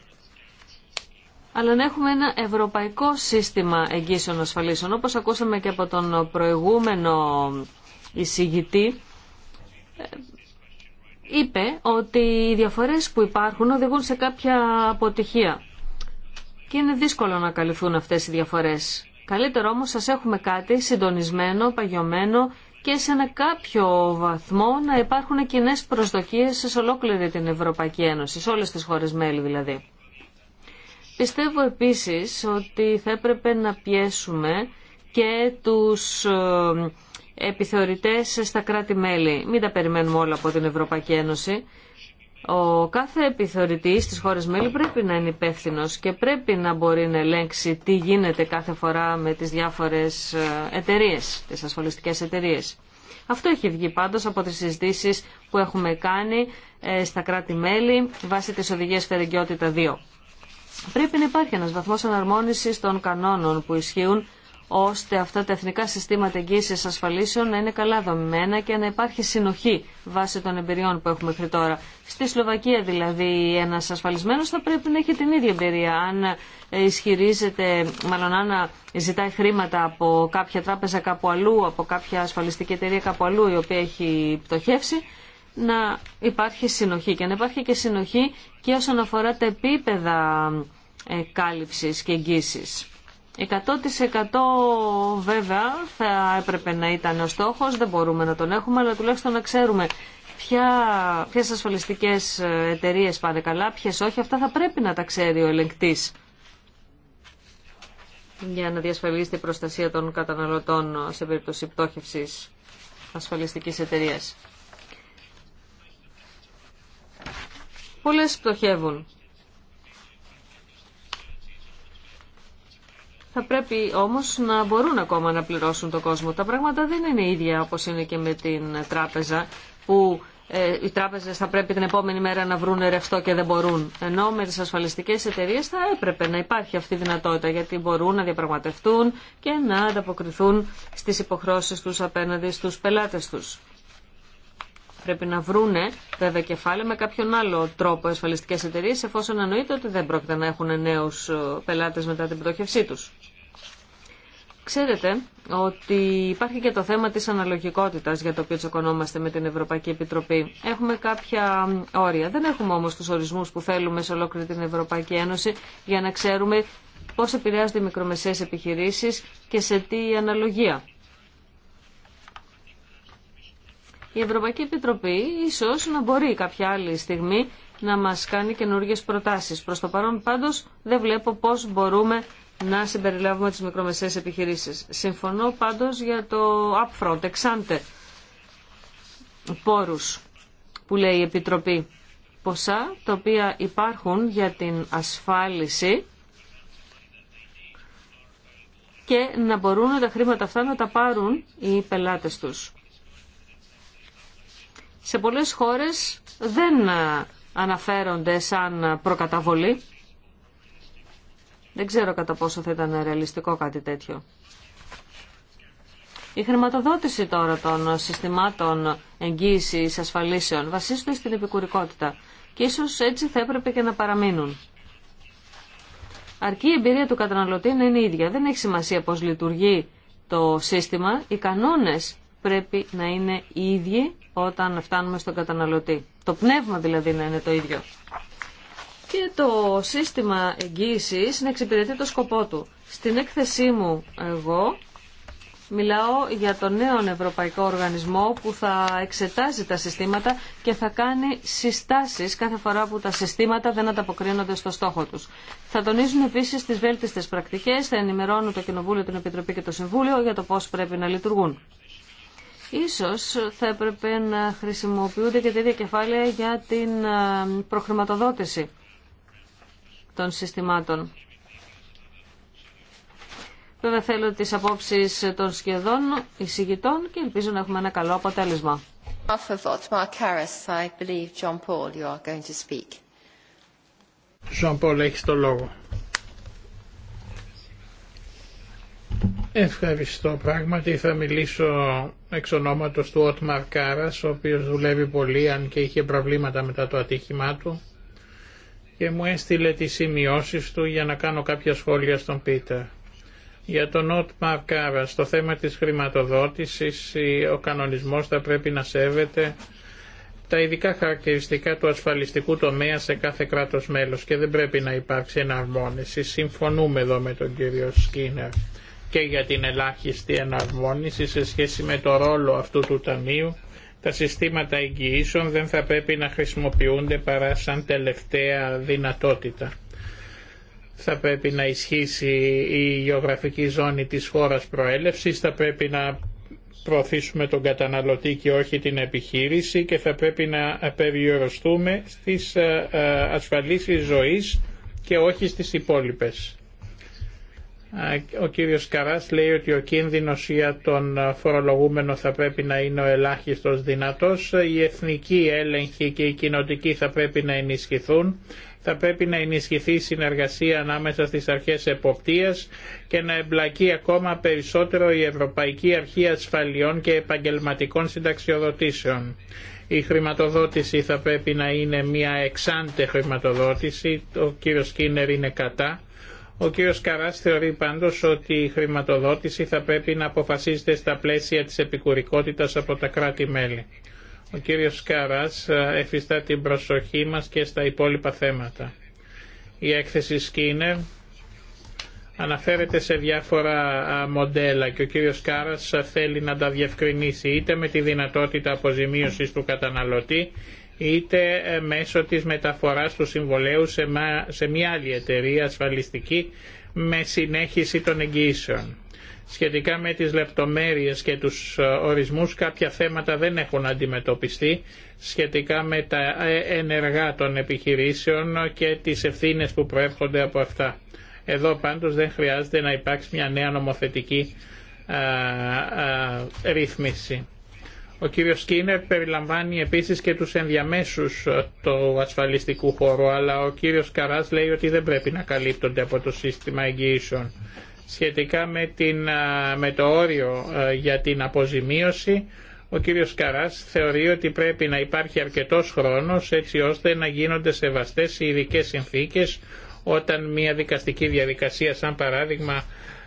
αλλά να έχουμε ένα ευρωπαϊκό σύστημα εγγύσεων ασφαλίσεων. Όπως ακούσαμε και από τον προηγούμενο εισηγητή, είπε ότι οι διαφορές που υπάρχουν οδηγούν σε κάποια αποτυχία. Και είναι δύσκολο να καλυφθούν αυτές οι διαφορές. Καλύτερο όμως σας έχουμε κάτι συντονισμένο, παγιωμένο και σε ένα κάποιο βαθμό να υπάρχουν κοινέ προσδοκίες σε ολόκληρη την Ευρωπαϊκή Ένωση, σε όλες τις χώρες μέλη δηλαδή. Πιστεύω επίσης ότι θα έπρεπε να πιέσουμε και τους ε, επιθεωρητές στα κράτη-μέλη. Μην τα περιμένουμε όλα από την Ευρωπαϊκή Ένωση. Ο κάθε επιθεωρητής στις χώρες μέλη πρέπει να είναι υπεύθυνο και πρέπει να μπορεί να ελέγξει τι γίνεται κάθε φορά με τις διάφορες ε, εταιρείες, τις ασφαλιστικές εταιρείες. Αυτό έχει βγει πάντως από τις συζητήσεις που έχουμε κάνει ε, στα κράτη-μέλη βάσει της οδηγίας Φερεγκιότητα 2. Πρέπει να υπάρχει ένας βαθμός αναρμόνισης των κανόνων που ισχύουν ώστε αυτά τα εθνικά συστήματα εγγύησης ασφαλίσεων να είναι καλά δομημένα και να υπάρχει συνοχή βάσει των εμπειριών που έχουμε μέχρι τώρα. Στη Σλοβακία δηλαδή ένας ασφαλισμένος θα πρέπει να έχει την ίδια εμπειρία. Αν ισχυρίζεται, μάλλον αν ζητάει χρήματα από κάποια τράπεζα κάπου αλλού, από κάποια ασφαλιστική εταιρεία κάπου αλλού η οποία έχει πτωχεύσει, να υπάρχει συνοχή και να υπάρχει και συνοχή και όσον αφορά τα επίπεδα ε, κάλυψης και εγγύσης. 100% βέβαια θα έπρεπε να ήταν ο στόχος, δεν μπορούμε να τον έχουμε, αλλά τουλάχιστον να ξέρουμε ποια, ποιες ασφαλιστικές ε, εταιρείε πάνε καλά, ποιες όχι, αυτά θα πρέπει να τα ξέρει ο ελεγκτής για να διασφαλίσει την προστασία των καταναλωτών ε, σε περίπτωση πτώχευσης ασφαλιστικής εταιρείας. Πολλές πτωχεύουν. Θα πρέπει όμως να μπορούν ακόμα να πληρώσουν το κόσμο. Τα πράγματα δεν είναι ίδια όπως είναι και με την τράπεζα που ε, οι τράπεζε θα πρέπει την επόμενη μέρα να βρουν ρευστό και δεν μπορούν. Ενώ με τι ασφαλιστικέ εταιρείε θα έπρεπε να υπάρχει αυτή η δυνατότητα γιατί μπορούν να διαπραγματευτούν και να ανταποκριθούν στι υποχρώσει του απέναντι στου πελάτε του πρέπει να βρούνε βέβαια, κεφάλαιο με κάποιον άλλο τρόπο ασφαλιστικές εταιρείε, εφόσον εννοείται ότι δεν πρόκειται να έχουν νέους ε, πελάτες μετά την πτώχευσή τους. Ξέρετε ότι υπάρχει και το θέμα της αναλογικότητας για το οποίο τσακωνόμαστε με την Ευρωπαϊκή Επιτροπή. Έχουμε κάποια όρια. Δεν έχουμε όμως τους ορισμούς που θέλουμε σε ολόκληρη την Ευρωπαϊκή Ένωση για να ξέρουμε πώς επηρεάζονται οι μικρομεσαίες επιχειρήσεις και σε τι αναλογία. η Ευρωπαϊκή Επιτροπή ίσως να μπορεί κάποια άλλη στιγμή να μας κάνει καινούργιες προτάσεις. Προς το παρόν πάντως δεν βλέπω πώς μπορούμε να συμπεριλάβουμε τις μικρομεσαίες επιχειρήσεις. Συμφωνώ πάντως για το upfront, εξάντε πόρους που λέει η Επιτροπή. Ποσά τα οποία υπάρχουν για την ασφάλιση και να μπορούν τα χρήματα αυτά να τα πάρουν οι πελάτες τους σε πολλές χώρες δεν ε, αναφέρονται σαν προκαταβολή. Δεν ξέρω κατά πόσο θα ήταν ρεαλιστικό κάτι τέτοιο. Η χρηματοδότηση τώρα των συστημάτων εγγύησης ασφαλίσεων βασίζεται στην επικουρικότητα και ίσως έτσι θα έπρεπε και να παραμείνουν. Αρκεί η εμπειρία του καταναλωτή να είναι ίδια. Δεν έχει σημασία πώς λειτουργεί το σύστημα. Οι κανόνες πρέπει να είναι οι ίδιοι όταν φτάνουμε στον καταναλωτή. Το πνεύμα δηλαδή να είναι το ίδιο. Και το σύστημα εγγύησης να εξυπηρετεί το σκοπό του. Στην έκθεσή μου εγώ μιλάω για τον νέο Ευρωπαϊκό Οργανισμό που θα εξετάζει τα συστήματα και θα κάνει συστάσεις κάθε φορά που τα συστήματα δεν ανταποκρίνονται στο στόχο τους. Θα τονίζουν επίσης τις βέλτιστες πρακτικές, θα ενημερώνουν το Κοινοβούλιο, την Επιτροπή και το Συμβούλιο για το πώς πρέπει να λειτουργούν. Ίσως θα έπρεπε να χρησιμοποιούνται και τέτοια κεφάλαια για την ε, προχρηματοδότηση των συστημάτων. Βέβαια θέλω τις απόψεις των σχεδόν εισηγητών και ελπίζω να έχουμε ένα καλό αποτέλεσμα. Jean Paul, έχεις το λόγο. Ευχαριστώ πράγματι. Θα μιλήσω εξ ονόματος του Ότμαρ Κάρας, ο οποίος δουλεύει πολύ αν και είχε προβλήματα μετά το ατύχημά του και μου έστειλε τις σημειώσει του για να κάνω κάποια σχόλια στον Πίτερ. Για τον Ότμαρ Κάρα, στο θέμα της χρηματοδότησης, ο κανονισμός θα πρέπει να σέβεται τα ειδικά χαρακτηριστικά του ασφαλιστικού τομέα σε κάθε κράτος μέλος και δεν πρέπει να υπάρξει εναρμόνιση. Συμφωνούμε εδώ με τον κύριο Σκίνερ και για την ελάχιστη εναρμόνιση σε σχέση με το ρόλο αυτού του ταμείου, τα συστήματα εγγυήσεων δεν θα πρέπει να χρησιμοποιούνται παρά σαν τελευταία δυνατότητα. Θα πρέπει να ισχύσει η γεωγραφική ζώνη της χώρας προέλευσης, θα πρέπει να προωθήσουμε τον καταναλωτή και όχι την επιχείρηση και θα πρέπει να περιοριστούμε στις ε, ε, ασφαλίσεις ζωής και όχι στις υπόλοιπες. Ο κύριος Καράς λέει ότι ο κίνδυνος για τον φορολογούμενο θα πρέπει να είναι ο ελάχιστος δυνατός, η εθνική έλεγχοι και οι κοινοτικοί θα πρέπει να ενισχυθούν, θα πρέπει να ενισχυθεί η συνεργασία ανάμεσα στις αρχές εποπτείας και να εμπλακεί ακόμα περισσότερο η Ευρωπαϊκή Αρχή Ασφαλιών και Επαγγελματικών Συνταξιοδοτήσεων. Η χρηματοδότηση θα πρέπει να είναι μια εξάντε χρηματοδότηση, ο κύριος Κίνερ είναι κατά ο κύριος Καρά θεωρεί πάντω ότι η χρηματοδότηση θα πρέπει να αποφασίζεται στα πλαίσια της επικουρικότητας από τα κράτη-μέλη. Ο κύριος Καράς ε, εφιστά την προσοχή μας και στα υπόλοιπα θέματα. Η έκθεση Σκίνερ αναφέρεται σε διάφορα μοντέλα και ο κύριος Κάρας θέλει να τα διευκρινίσει είτε με τη δυνατότητα αποζημίωσης του καταναλωτή είτε ε, μέσω της μεταφοράς του συμβολέου σε μια άλλη εταιρεία ασφαλιστική με συνέχιση των εγγυήσεων. Σχετικά με τις λεπτομέρειες και τους ε, ορισμούς κάποια θέματα δεν έχουν αντιμετωπιστεί σχετικά με τα ε, ενεργά των επιχειρήσεων και τις ευθύνες που προέρχονται από αυτά. Εδώ πάντως δεν χρειάζεται να υπάρξει μια νέα νομοθετική ρύθμιση. Ο κύριος Σκίνερ περιλαμβάνει επίσης και τους ενδιαμέσους ε, του ασφαλιστικού χώρου, αλλά ο κύριος Καράς λέει ότι δεν πρέπει να καλύπτονται από το σύστημα εγγύησεων. Σχετικά με, την, ε, με το όριο ε, για την αποζημίωση, ο κύριος Καράς θεωρεί ότι πρέπει να υπάρχει αρκετός χρόνος έτσι ώστε να γίνονται σεβαστές οι ειδικέ συνθήκες όταν μια δικαστική διαδικασία σαν παράδειγμα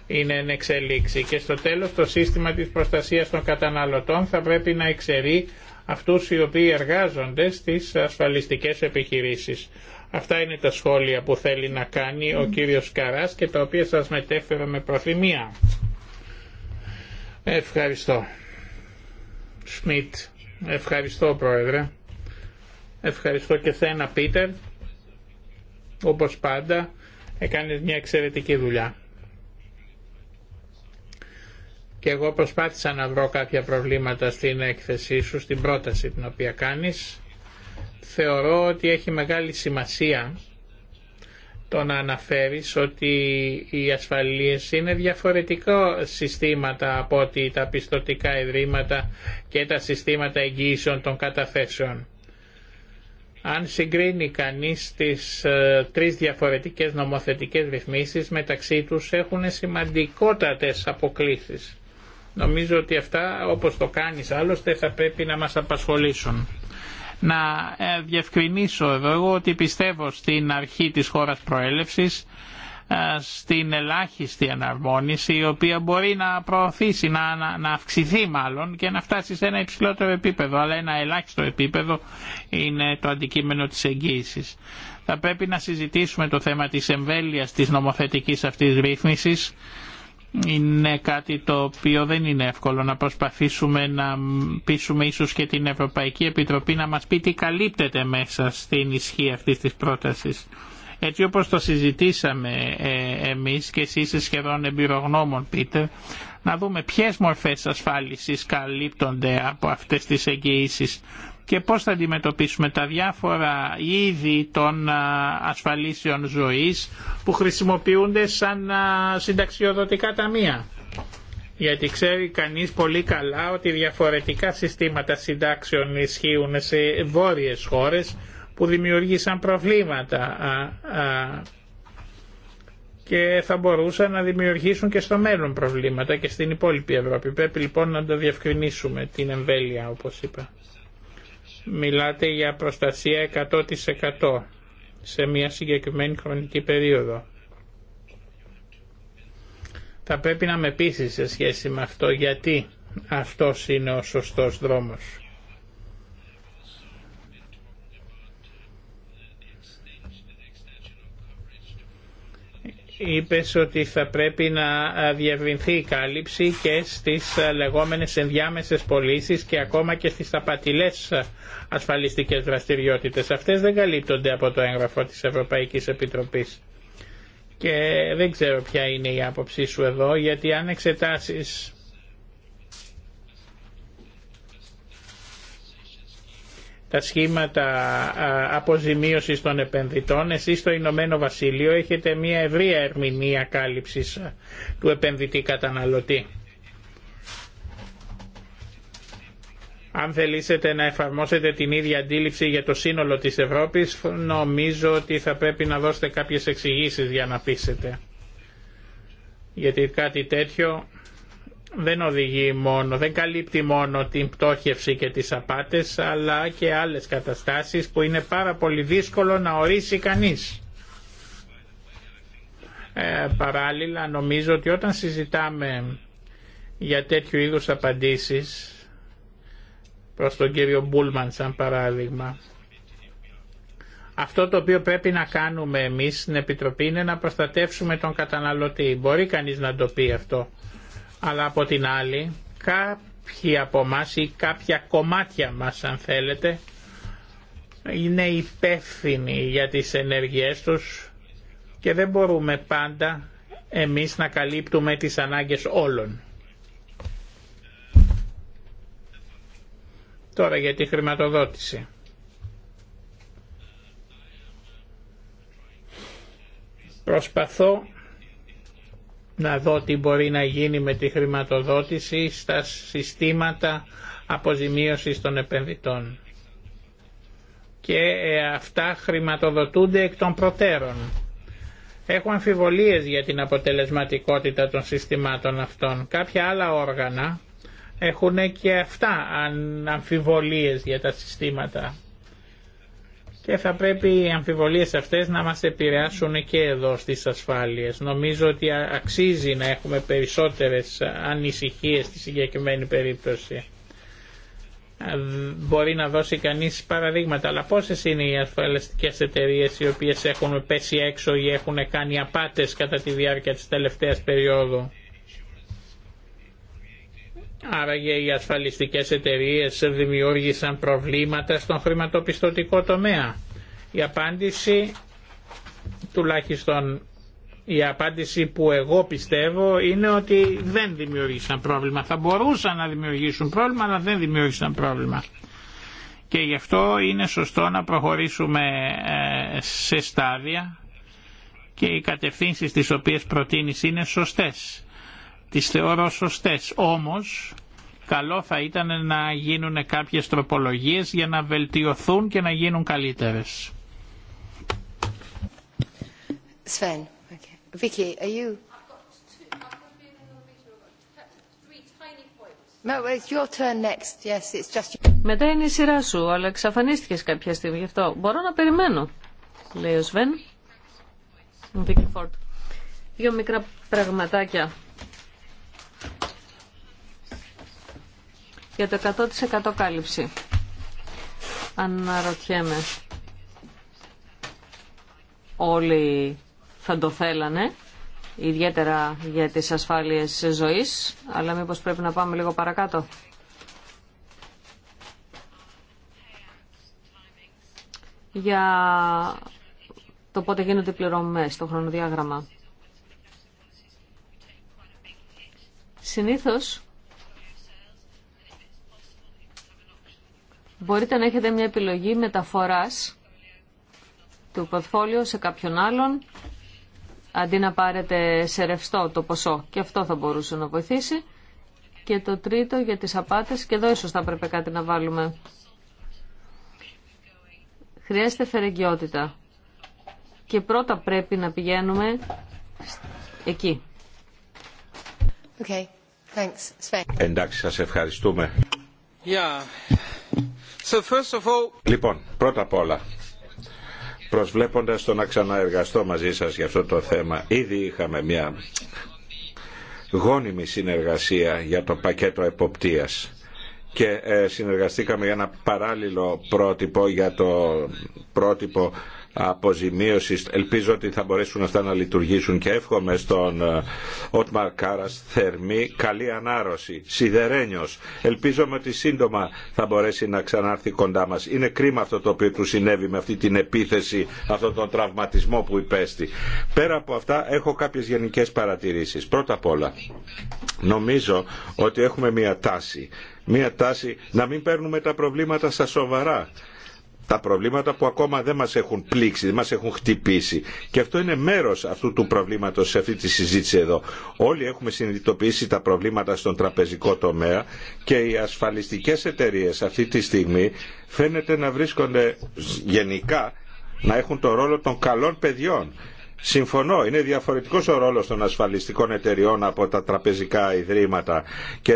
είναι εν εξελίξη και στο τέλος το σύστημα της προστασίας των καταναλωτών θα πρέπει να εξαιρεί αυτούς οι οποίοι εργάζονται στις ασφαλιστικές επιχειρήσεις. Αυτά είναι τα σχόλια που θέλει να κάνει ο κύριος Καράς και τα οποία σας μετέφερα με προθυμία. Ευχαριστώ. Σμιτ. Ευχαριστώ Πρόεδρε. Ευχαριστώ και θένα Πίτερ. Όπως πάντα, έκανε μια εξαιρετική δουλειά και εγώ προσπάθησα να βρω κάποια προβλήματα στην έκθεσή σου, στην πρόταση την οποία κάνεις. Θεωρώ ότι έχει μεγάλη σημασία το να αναφέρεις ότι οι ασφαλείες είναι διαφορετικό συστήματα από ότι τα πιστοτικά ιδρύματα και τα συστήματα εγγύησεων των καταθέσεων. Αν συγκρίνει κανείς τις ε, τρεις διαφορετικές νομοθετικές ρυθμίσεις μεταξύ τους έχουν σημαντικότατες αποκλήσεις. Νομίζω ότι αυτά όπως το κάνεις άλλωστε θα πρέπει να μας απασχολήσουν. Να ε, διευκρινίσω εδώ εγώ ότι πιστεύω στην αρχή της χώρας προέλευσης ε, στην ελάχιστη αναρμόνιση η οποία μπορεί να προωθήσει, να, να, να, αυξηθεί μάλλον και να φτάσει σε ένα υψηλότερο επίπεδο αλλά ένα ελάχιστο επίπεδο είναι το αντικείμενο της εγγύησης. Θα πρέπει να συζητήσουμε το θέμα της εμβέλειας της νομοθετικής αυτής ρύθμισης είναι κάτι το οποίο δεν είναι εύκολο να προσπαθήσουμε να πείσουμε ίσως και την Ευρωπαϊκή Επιτροπή να μας πει τι καλύπτεται μέσα στην ισχύ αυτή της πρότασης. Έτσι όπως το συζητήσαμε ε, εμείς και εσείς σχεδόν εμπειρογνώμων πείτε, να δούμε ποιες μορφές ασφάλισης καλύπτονται από αυτές τις εγγυήσεις και πώς θα αντιμετωπίσουμε τα διάφορα είδη των ασφαλίσεων ζωής που χρησιμοποιούνται σαν συνταξιοδοτικά ταμεία. Γιατί ξέρει κανείς πολύ καλά ότι διαφορετικά συστήματα συντάξεων ισχύουν σε βόρειες χώρες που δημιουργήσαν προβλήματα και θα μπορούσαν να δημιουργήσουν και στο μέλλον προβλήματα και στην υπόλοιπη Ευρώπη. Πρέπει λοιπόν να το διευκρινίσουμε την εμβέλεια όπως είπα μιλάτε για προστασία 100% σε μια συγκεκριμένη χρονική περίοδο. Θα πρέπει να με πείσεις σε σχέση με αυτό γιατί αυτός είναι ο σωστός δρόμος. Είπες ότι θα πρέπει να διευρυνθεί η κάλυψη και στις λεγόμενες ενδιάμεσες πωλήσει και ακόμα και στις απατηλές ασφαλιστικές δραστηριότητες. Αυτές δεν καλύπτονται από το έγγραφο της Ευρωπαϊκής Επιτροπής. Και δεν ξέρω ποια είναι η άποψή σου εδώ, γιατί αν εξετάσεις τα σχήματα αποζημίωσης των επενδυτών. Εσείς στο Ηνωμένο Βασίλειο έχετε μια ευρία ερμηνεία κάλυψης του επενδυτή καταναλωτή. Αν θελήσετε να εφαρμόσετε την ίδια αντίληψη για το σύνολο της Ευρώπης, νομίζω ότι θα πρέπει να δώσετε κάποιες εξηγήσει για να πείσετε. Γιατί κάτι τέτοιο δεν οδηγεί μόνο, δεν καλύπτει μόνο την πτώχευση και τις απάτες αλλά και άλλες καταστάσεις που είναι πάρα πολύ δύσκολο να ορίσει κανείς. Ε, παράλληλα νομίζω ότι όταν συζητάμε για τέτοιου είδους απαντήσεις προς τον κύριο Μπούλμαν σαν παράδειγμα αυτό το οποίο πρέπει να κάνουμε εμείς στην Επιτροπή είναι να προστατεύσουμε τον καταναλωτή. Μπορεί κανείς να το πει αυτό αλλά από την άλλη κάποιοι από μας ή κάποια κομμάτια μας αν θέλετε είναι υπεύθυνοι για τις ενεργειές τους και δεν μπορούμε πάντα εμείς να καλύπτουμε τις ανάγκες όλων. Τώρα για τη χρηματοδότηση. Προσπαθώ να δω τι μπορεί να γίνει με τη χρηματοδότηση στα συστήματα αποζημίωσης των επενδυτών. Και ε, αυτά χρηματοδοτούνται εκ των προτέρων. Έχουν αμφιβολίες για την αποτελεσματικότητα των συστημάτων αυτών. Κάποια άλλα όργανα έχουν και αυτά αμφιβολίες για τα συστήματα και θα πρέπει οι αμφιβολίες αυτές να μας επηρεάσουν και εδώ στις ασφάλειες. Νομίζω ότι αξίζει να έχουμε περισσότερες ανησυχίες στη συγκεκριμένη περίπτωση. Μπορεί να δώσει κανείς παραδείγματα, αλλά πόσες είναι οι ασφαλιστικές εταιρείες οι οποίες έχουν πέσει έξω ή έχουν κάνει απάτες κατά τη διάρκεια της τελευταίας περίοδου. Άραγε οι ασφαλιστικές εταιρείες δημιούργησαν προβλήματα στον χρηματοπιστωτικό τομέα. Η απάντηση, τουλάχιστον η απάντηση που εγώ πιστεύω είναι ότι δεν δημιούργησαν πρόβλημα. Θα μπορούσαν να δημιουργήσουν πρόβλημα, αλλά δεν δημιούργησαν πρόβλημα. Και γι' αυτό είναι σωστό να προχωρήσουμε ε, σε στάδια και οι κατευθύνσεις τις οποίες προτείνεις είναι σωστές τις θεωρώ σωστές. Όμως, καλό θα ήταν να γίνουν κάποιες τροπολογίες για να βελτιωθούν και να γίνουν καλύτερες. Sven, okay. Vicky, are you... Μετά είναι η σειρά σου, αλλά εξαφανίστηκε κάποια στιγμή γι' αυτό. Μπορώ να περιμένω, λέει ο Σβέν. Δύο μικρά πραγματάκια για το 100% κάλυψη. Αναρωτιέμαι. Όλοι θα το θέλανε, ιδιαίτερα για τις ασφάλειες ζωής, αλλά μήπως πρέπει να πάμε λίγο παρακάτω. Για το πότε γίνονται οι πληρωμές, το χρονοδιάγραμμα. Συνήθως μπορείτε να έχετε μια επιλογή μεταφοράς του πορτφόλιου σε κάποιον άλλον αντί να πάρετε σε ρευστό το ποσό και αυτό θα μπορούσε να βοηθήσει και το τρίτο για τις απάτες και εδώ ίσως θα έπρεπε κάτι να βάλουμε χρειάζεται φερεγγιότητα και πρώτα πρέπει να πηγαίνουμε εκεί Εντάξει, σας ευχαριστούμε. Λοιπόν, πρώτα απ' όλα, προσβλέποντας το να ξαναεργαστώ μαζί σας για αυτό το θέμα, ήδη είχαμε μια γόνιμη συνεργασία για το πακέτο εποπτείας και ε, συνεργαστήκαμε για ένα παράλληλο πρότυπο για το πρότυπο αποζημίωσης. Ελπίζω ότι θα μπορέσουν αυτά να λειτουργήσουν και εύχομαι στον ε, Ότμαρ Κάρας θερμή καλή ανάρρωση, σιδερένιος. Ελπίζω ότι σύντομα θα μπορέσει να ξανάρθει κοντά μας. Είναι κρίμα αυτό το οποίο του συνέβη με αυτή την επίθεση, αυτόν τον τραυματισμό που υπέστη. Πέρα από αυτά έχω κάποιες γενικές παρατηρήσεις. Πρώτα απ' όλα, νομίζω ότι έχουμε μια τάση μια τάση να μην παίρνουμε τα προβλήματα στα σοβαρά τα προβλήματα που ακόμα δεν μας έχουν πλήξει, δεν μας έχουν χτυπήσει. Και αυτό είναι μέρος αυτού του προβλήματος σε αυτή τη συζήτηση εδώ. Όλοι έχουμε συνειδητοποιήσει τα προβλήματα στον τραπεζικό τομέα και οι ασφαλιστικές εταιρείες αυτή τη στιγμή φαίνεται να βρίσκονται γενικά να έχουν το ρόλο των καλών παιδιών. Συμφωνώ, είναι διαφορετικός ο ρόλος των ασφαλιστικών εταιριών από τα τραπεζικά ιδρύματα και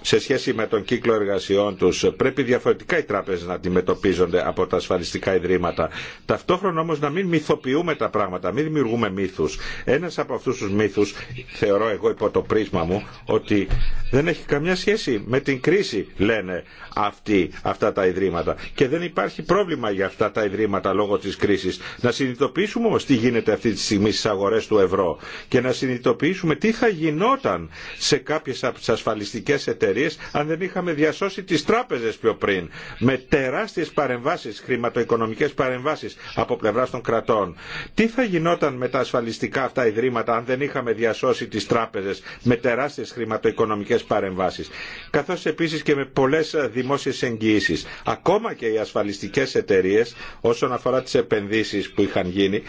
σε σχέση με τον κύκλο εργασιών τους. Πρέπει διαφορετικά οι τράπεζες να αντιμετωπίζονται από τα ασφαλιστικά ιδρύματα. Ταυτόχρονα όμως να μην μυθοποιούμε τα πράγματα, μην δημιουργούμε μύθους. Ένας από αυτούς τους μύθους, θεωρώ εγώ υπό το πρίσμα μου, ότι δεν έχει καμιά σχέση με την κρίση, λένε αυτοί, αυτά τα ιδρύματα. Και δεν υπάρχει πρόβλημα για αυτά τα ιδρύματα λόγω της κρίσης. Να συνειδητοποιήσουμε όμως τι γίνεται αυτή τη στιγμή στι αγορέ του ευρώ και να συνειδητοποιήσουμε τι θα γινόταν σε κάποιες ασφαλιστικές αν δεν είχαμε διασώσει τι τράπεζε πιο πριν με τεράστιε παρεμβάσει, χρηματοοικονομικέ παρεμβάσει από πλευρά των κρατών. Τι θα γινόταν με τα ασφαλιστικά αυτά ιδρύματα αν δεν είχαμε διασώσει τι τράπεζε με τεράστιε χρηματοοικονομικέ παρεμβάσει. Καθώ επίση και με πολλέ δημόσιε εγγυήσει. Ακόμα και οι ασφαλιστικέ εταιρείε όσον αφορά τι επενδύσει που είχαν γίνει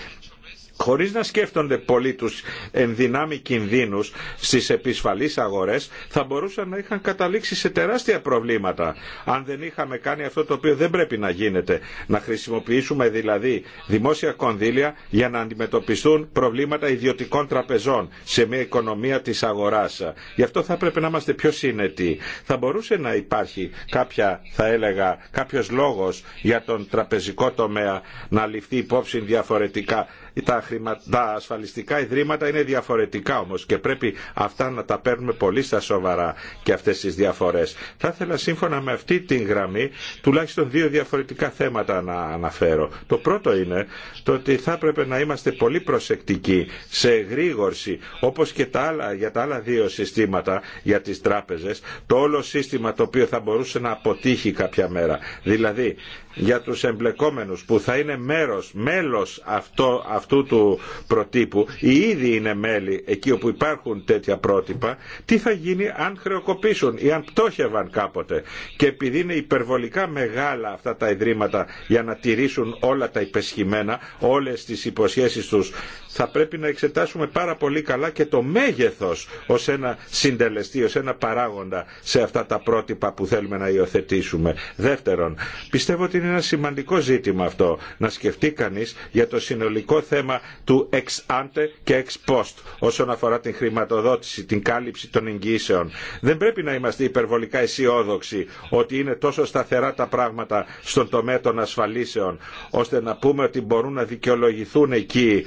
χωρίς να σκέφτονται πολύ τους ενδυνάμει κινδύνους στις επισφαλείς αγορές θα μπορούσαν να είχαν καταλήξει σε τεράστια προβλήματα αν δεν είχαμε κάνει αυτό το οποίο δεν πρέπει να γίνεται να χρησιμοποιήσουμε δηλαδή δημόσια κονδύλια για να αντιμετωπιστούν προβλήματα ιδιωτικών τραπεζών σε μια οικονομία της αγοράς. Γι' αυτό θα πρέπει να είμαστε πιο συνετοί. Θα μπορούσε να υπάρχει κάποια, θα έλεγα, κάποιος λόγος για τον τραπεζικό τομέα να ληφθεί υπόψη διαφορετικά τα, χρημα... τα ασφαλιστικά ιδρύματα είναι διαφορετικά όμως και πρέπει αυτά να τα παίρνουμε πολύ στα σοβαρά και αυτές τις διαφορές. Θα ήθελα σύμφωνα με αυτή την γραμμή τουλάχιστον δύο διαφορετικά θέματα να αναφέρω. Το πρώτο είναι το ότι θα έπρεπε να είμαστε πολύ προσεκτικοί σε εγρήγορση όπως και τα άλλα, για τα άλλα δύο συστήματα για τις τράπεζες το όλο σύστημα το οποίο θα μπορούσε να αποτύχει κάποια μέρα. Δηλαδή για τους εμπλεκόμενους που θα είναι μέρος, μέλος αυτό αυτού του προτύπου ή ήδη είναι μέλη εκεί όπου υπάρχουν τέτοια πρότυπα, τι θα γίνει αν χρεοκοπήσουν ή αν πτώχευαν κάποτε. Και επειδή είναι υπερβολικά μεγάλα αυτά τα ιδρύματα για να τηρήσουν όλα τα υπεσχημένα, όλες τις υποσχέσεις τους θα πρέπει να εξετάσουμε πάρα πολύ καλά και το μέγεθος ως ένα συντελεστή, ως ένα παράγοντα σε αυτά τα πρότυπα που θέλουμε να υιοθετήσουμε. Δεύτερον, πιστεύω ότι είναι ένα σημαντικό ζήτημα αυτό να σκεφτεί κανείς για το συνολικό θέμα του ex ante και ex post όσον αφορά την χρηματοδότηση, την κάλυψη των εγγύσεων. Δεν πρέπει να είμαστε υπερβολικά αισιόδοξοι ότι είναι τόσο σταθερά τα πράγματα στον τομέα των ασφαλίσεων ώστε να πούμε ότι μπορούν να δικαιολογηθούν εκεί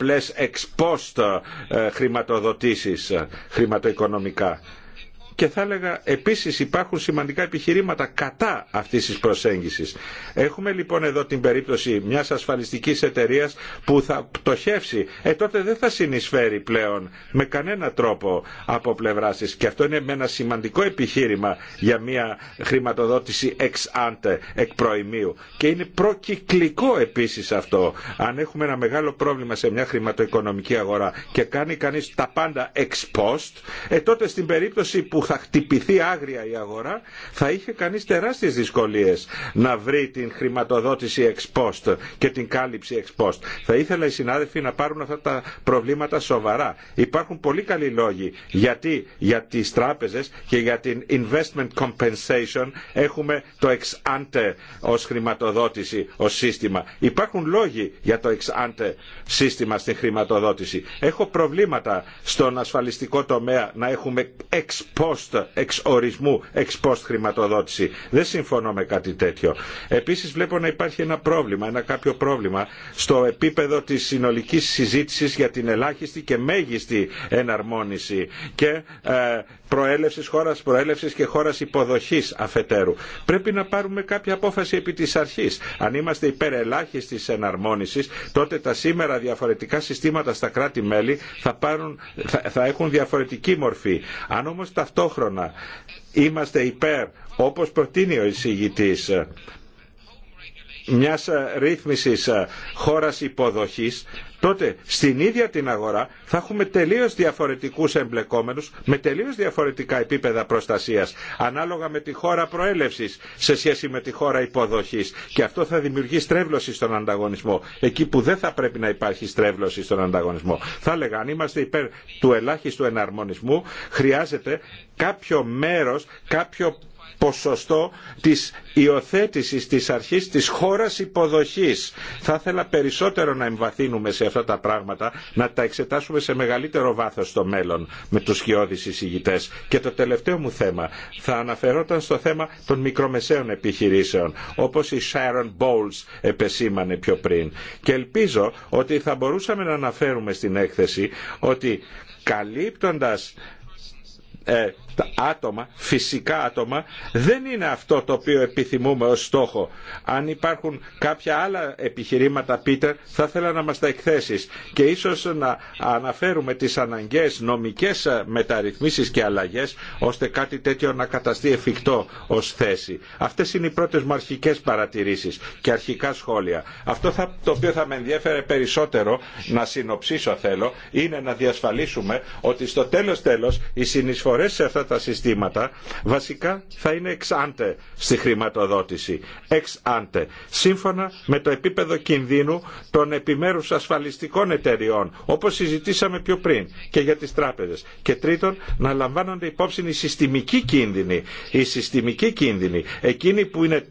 απλές εξπόστα post ε, χρηματοδοτήσεις ε, χρηματοοικονομικά και θα έλεγα επίσης υπάρχουν σημαντικά επιχειρήματα κατά αυτής της προσέγγισης. Έχουμε λοιπόν εδώ την περίπτωση μιας ασφαλιστικής εταιρείας που θα πτωχεύσει. Ε, τότε δεν θα συνεισφέρει πλέον με κανένα τρόπο από πλευρά της. Και αυτό είναι με ένα σημαντικό επιχείρημα για μια χρηματοδότηση ex ante, εκ προημίου. Και είναι προκυκλικό επίσης αυτό. Αν έχουμε ένα μεγάλο πρόβλημα σε μια χρηματοοικονομική αγορά και κάνει κανείς τα πάντα ex post, ε, τότε στην περίπτωση που θα χτυπηθεί άγρια η αγορά, θα είχε κανείς τεράστιες δυσκολίες να βρει την χρηματοδότηση ex post και την κάλυψη ex post. Θα ήθελα οι συνάδελφοι να πάρουν αυτά τα προβλήματα σοβαρά. Υπάρχουν πολύ καλοί λόγοι γιατί για τις τράπεζες και για την investment compensation έχουμε το ex ante ως χρηματοδότηση, ως σύστημα. Υπάρχουν λόγοι για το ex ante σύστημα στην χρηματοδότηση. Έχω προβλήματα στον ασφαλιστικό τομέα να έχουμε ex post post, εξ ορισμού, εξ post χρηματοδότηση. Δεν συμφωνώ με κάτι τέτοιο. Επίσης βλέπω να υπάρχει ένα πρόβλημα, ένα κάποιο πρόβλημα στο επίπεδο της συνολικής συζήτησης για την ελάχιστη και μέγιστη εναρμόνιση και ε, Προέλευση, χώρας προέλευση και χώρας υποδοχής αφετέρου. Πρέπει να πάρουμε κάποια απόφαση επί τη αρχής. Αν είμαστε υπέρ εναρμόνιση, τότε τα σήμερα διαφορετικά συστήματα στα κράτη-μέλη θα, θα, θα έχουν διαφορετική μορφή. Αν όμως ταυτόχρονα είμαστε υπέρ, όπως προτείνει ο εισηγητή, μιας ε, ρύθμισης ε, χώρας υποδοχής, τότε στην ίδια την αγορά θα έχουμε τελείως διαφορετικούς εμπλεκόμενους με τελείως διαφορετικά επίπεδα προστασίας ανάλογα με τη χώρα προέλευσης σε σχέση με τη χώρα υποδοχής και αυτό θα δημιουργεί στρέβλωση στον ανταγωνισμό εκεί που δεν θα πρέπει να υπάρχει στρέβλωση στον ανταγωνισμό. Θα έλεγα αν είμαστε υπέρ του ελάχιστου εναρμονισμού χρειάζεται κάποιο μέρος, κάποιο ποσοστό της υιοθέτησης της αρχής της χώρας υποδοχής. Θα ήθελα περισσότερο να εμβαθύνουμε σε αυτά τα πράγματα, να τα εξετάσουμε σε μεγαλύτερο βάθος στο μέλλον με τους χειώδεις εισηγητές. Και το τελευταίο μου θέμα θα αναφερόταν στο θέμα των μικρομεσαίων επιχειρήσεων, όπως η Sharon Bowles επεσήμανε πιο πριν. Και ελπίζω ότι θα μπορούσαμε να αναφέρουμε στην έκθεση ότι καλύπτοντας ε, άτομα, φυσικά άτομα, δεν είναι αυτό το οποίο επιθυμούμε ως στόχο. Αν υπάρχουν κάποια άλλα επιχειρήματα, Πίτερ, θα ήθελα να μας τα εκθέσεις και ίσως να αναφέρουμε τις αναγκαίες νομικές μεταρρυθμίσεις και αλλαγές, ώστε κάτι τέτοιο να καταστεί εφικτό ως θέση. Αυτές είναι οι πρώτες μου αρχικές παρατηρήσεις και αρχικά σχόλια. Αυτό θα, το οποίο θα με ενδιέφερε περισσότερο να συνοψίσω θέλω, είναι να διασφαλίσουμε ότι στο τέλος τέλος η αυτά τα συστήματα βασικά θα είναι εξ άντε στη χρηματοδότηση. Εξ άντε. Σύμφωνα με το επίπεδο κινδύνου των επιμέρου ασφαλιστικών εταιριών, όπω συζητήσαμε πιο πριν και για τι τράπεζε. Και τρίτον, να λαμβάνονται υπόψη οι συστημικοί κίνδυνοι. Οι συστημικοί κίνδυνοι, εκείνοι που είναι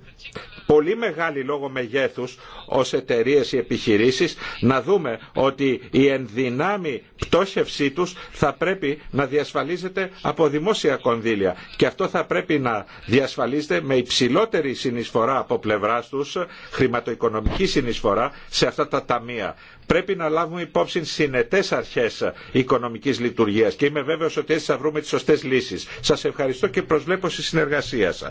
πολύ μεγάλη λόγω μεγέθους ως εταιρείε ή επιχειρήσεις να δούμε ότι η ενδυνάμει πτώχευσή τους θα πρέπει να διασφαλίζεται από δημόσια κονδύλια και αυτό θα πρέπει να διασφαλίζεται με υψηλότερη συνεισφορά από πλευράς τους, χρηματοοικονομική συνεισφορά σε αυτά τα ταμεία. Πρέπει να λάβουμε υπόψη συνετές αρχές οικονομικής λειτουργίας και είμαι βέβαιος ότι έτσι θα βρούμε τις σωστές λύσεις. Σας ευχαριστώ και προσβλέπω στη συνεργασία σα.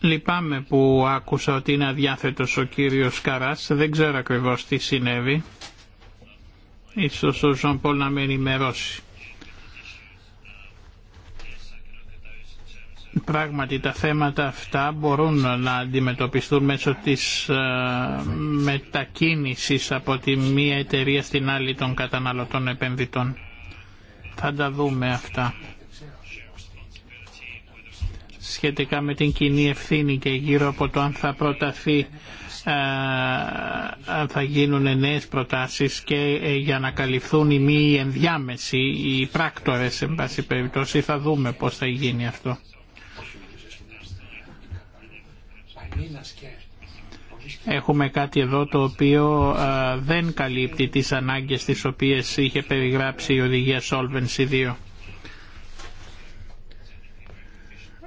Λυπάμαι που άκουσα ότι είναι αδιάθετος ο κύριος Καράς. Δεν ξέρω ακριβώς τι συνέβη. Ίσως ο Ζων Πολ να με ενημερώσει. Πράγματι τα θέματα αυτά μπορούν να αντιμετωπιστούν μέσω της ε, μετακίνησης από τη μία εταιρεία στην άλλη των καταναλωτών επενδυτών. Θα τα δούμε αυτά. Σχετικά με την κοινή ευθύνη και γύρω από το αν θα προταθεί ε, θα γίνουν νέες προτάσεις και ε, για να καλυφθούν οι μη ενδιάμεσοι, οι πράκτορες, εν πάση περιπτώσει, θα δούμε πώς θα γίνει αυτό. Έχουμε κάτι εδώ το οποίο δεν καλύπτει τις ανάγκες τις οποίες είχε περιγράψει η οδηγία Solvency 2.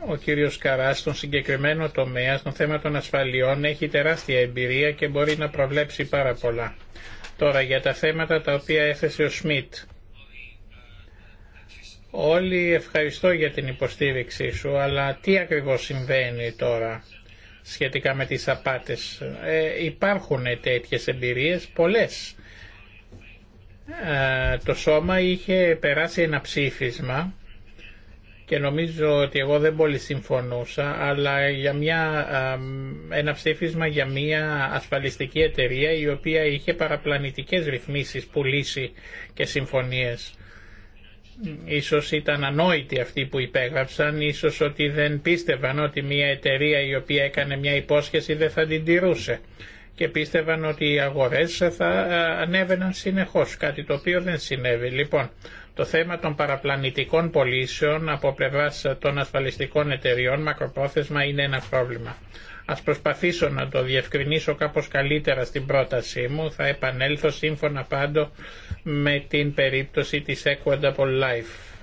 ο κύριος Καράς στον συγκεκριμένο τομέα, στον θέμα των ασφαλιών, έχει τεράστια εμπειρία και μπορεί να προβλέψει πάρα πολλά. Τώρα για τα θέματα τα οποία έθεσε ο Σμιτ. Όλοι ευχαριστώ για την υποστήριξή σου, αλλά τι ακριβώς συμβαίνει τώρα σχετικά με τις απάτες. Ε, υπάρχουν τέτοιες εμπειρίες, πολλές. Ε, το σώμα είχε περάσει ένα ψήφισμα και νομίζω ότι εγώ δεν πολύ συμφωνούσα, αλλά για μια, ε, ένα ψήφισμα για μια ασφαλιστική εταιρεία η οποία είχε παραπλανητικές ρυθμίσεις, πουλήσει και συμφωνίες. Ίσως ήταν ανόητοι αυτοί που υπέγραψαν, ίσως ότι δεν πίστευαν ότι μια εταιρεία η οποία έκανε μια υπόσχεση δεν θα την τηρούσε και πίστευαν ότι οι αγορές θα ε, ανέβαιναν συνεχώς, κάτι το οποίο δεν συνέβη. Λοιπόν, το θέμα των παραπλανητικών πωλήσεων από πλευρά των ασφαλιστικών εταιριών μακροπρόθεσμα είναι ένα πρόβλημα. Ας προσπαθήσω να το διευκρινίσω κάπως καλύτερα στην πρότασή μου. Θα επανέλθω σύμφωνα πάντο με την περίπτωση της Equitable Life.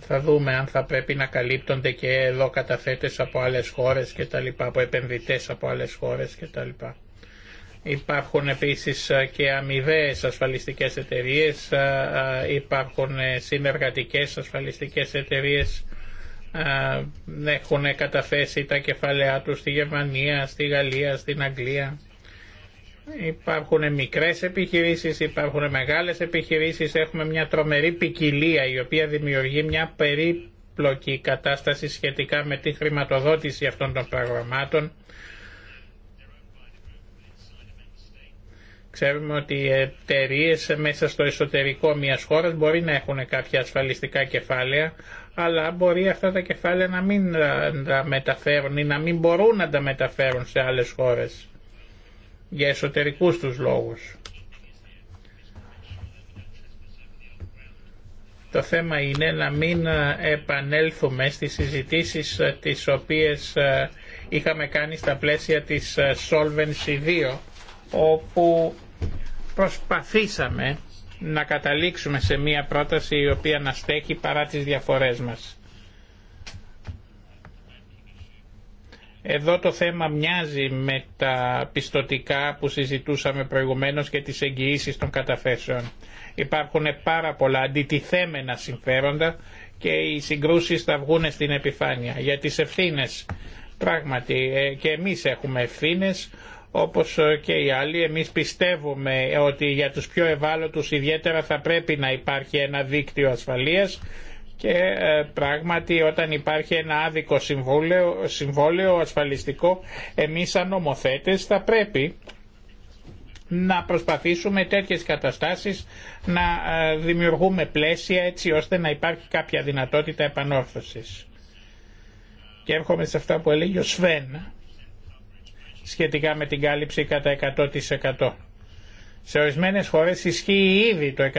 Θα δούμε αν θα πρέπει να καλύπτονται και εδώ καταθέτες από άλλες χώρες και τα λοιπά, από επενδυτές από άλλες χώρες και τα λοιπά. Υπάρχουν επίσης και αμοιβαίες ασφαλιστικές εταιρείες, υπάρχουν συνεργατικές ασφαλιστικές εταιρείες έχουν καταθέσει τα κεφαλαία τους στη Γερμανία, στη Γαλλία, στην Αγγλία. Υπάρχουν μικρές επιχειρήσεις, υπάρχουν μεγάλες επιχειρήσεις, έχουμε μια τρομερή ποικιλία η οποία δημιουργεί μια περίπλοκη κατάσταση σχετικά με τη χρηματοδότηση αυτών των προγραμμάτων. Ξέρουμε ότι οι εταιρείε μέσα στο εσωτερικό μιας χώρας μπορεί να έχουν κάποια ασφαλιστικά κεφάλαια, αλλά μπορεί αυτά τα κεφάλαια να μην τα ε, μεταφέρουν ή να μην μπορούν να τα μεταφέρουν σε άλλες χώρες για εσωτερικούς τους λόγους. Το θέμα είναι να μην ε, επανέλθουμε στις συζητήσεις ε, τις οποίες είχαμε κάνει στα πλαίσια της Solvency 2 όπου προσπαθήσαμε να καταλήξουμε σε μία πρόταση η οποία να στέκει παρά τις διαφορές μας. Εδώ το θέμα μοιάζει με τα πιστοτικά που συζητούσαμε προηγουμένως και τις εγγυήσεις των καταφέσεων. Υπάρχουν πάρα πολλά αντιτιθέμενα συμφέροντα και οι συγκρούσεις θα βγουν στην επιφάνεια. Για τις ευθύνες, πράγματι ε, και εμείς έχουμε ευθύνες, όπως ε, και οι άλλοι εμείς πιστεύουμε ότι για τους πιο ευάλωτους ιδιαίτερα θα πρέπει να υπάρχει ένα δίκτυο ασφαλείας και ε, πράγματι όταν υπάρχει ένα άδικο συμβόλαιο, συμβόλαιο ασφαλιστικό εμείς σαν νομοθέτες θα πρέπει να προσπαθήσουμε τέτοιες καταστάσεις να ε, δημιουργούμε πλαίσια έτσι ώστε να υπάρχει κάποια δυνατότητα επανόρθωσης. Και έρχομαι σε αυτά που έλεγε ο σχετικά με την κάλυψη κατά 100%. Σε ορισμένε χώρε ισχύει ήδη το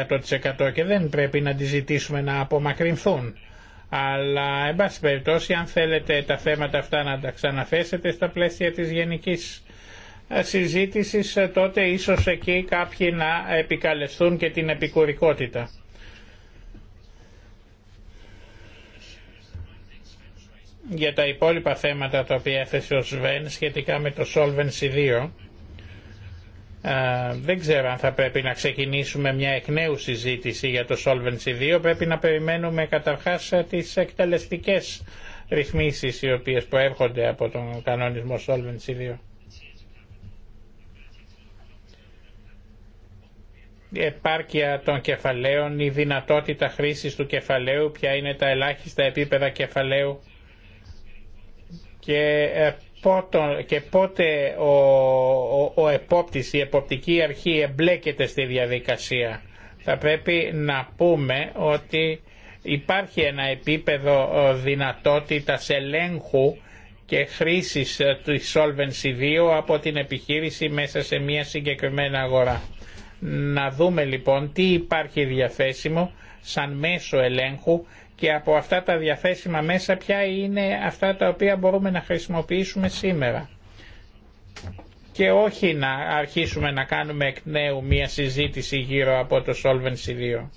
100% και δεν πρέπει να τη ζητήσουμε να απομακρυνθούν. Αλλά, εν πάση περιπτώσει, αν θέλετε τα θέματα αυτά να τα ξαναθέσετε στα πλαίσια της γενικής ε, συζήτησης, ε, τότε ίσως εκεί κάποιοι να επικαλεστούν και την επικουρικότητα. για τα υπόλοιπα θέματα τα οποία έθεσε ο Σβέν σχετικά με το Solvency 2 δεν ξέρω αν θα πρέπει να ξεκινήσουμε μια εκ νέου συζήτηση για το Solvency 2 πρέπει να περιμένουμε καταρχάς τις εκτελεστικές ρυθμίσεις οι οποίες προέρχονται από τον κανονισμό Solvency 2 η επάρκεια των κεφαλαίων, η δυνατότητα χρήσης του κεφαλαίου, ποια είναι τα ελάχιστα επίπεδα κεφαλαίου και ε, και πότε ο, ο, επόπτης, η εποπτική αρχή εμπλέκεται στη διαδικασία. Θα πρέπει να πούμε ότι υπάρχει ένα επίπεδο ε, δυνατότητας ελέγχου και χρήσης ε, του Solvency 2 από την επιχείρηση μέσα σε μια συγκεκριμένη αγορά. Να δούμε λοιπόν τι υπάρχει διαθέσιμο σαν μέσο ελέγχου και από αυτά τα διαθέσιμα μέσα ποια είναι αυτά τα οποία μπορούμε να χρησιμοποιήσουμε σήμερα και όχι να αρχίσουμε να κάνουμε εκ νέου μία συζήτηση γύρω από το Solvency 2.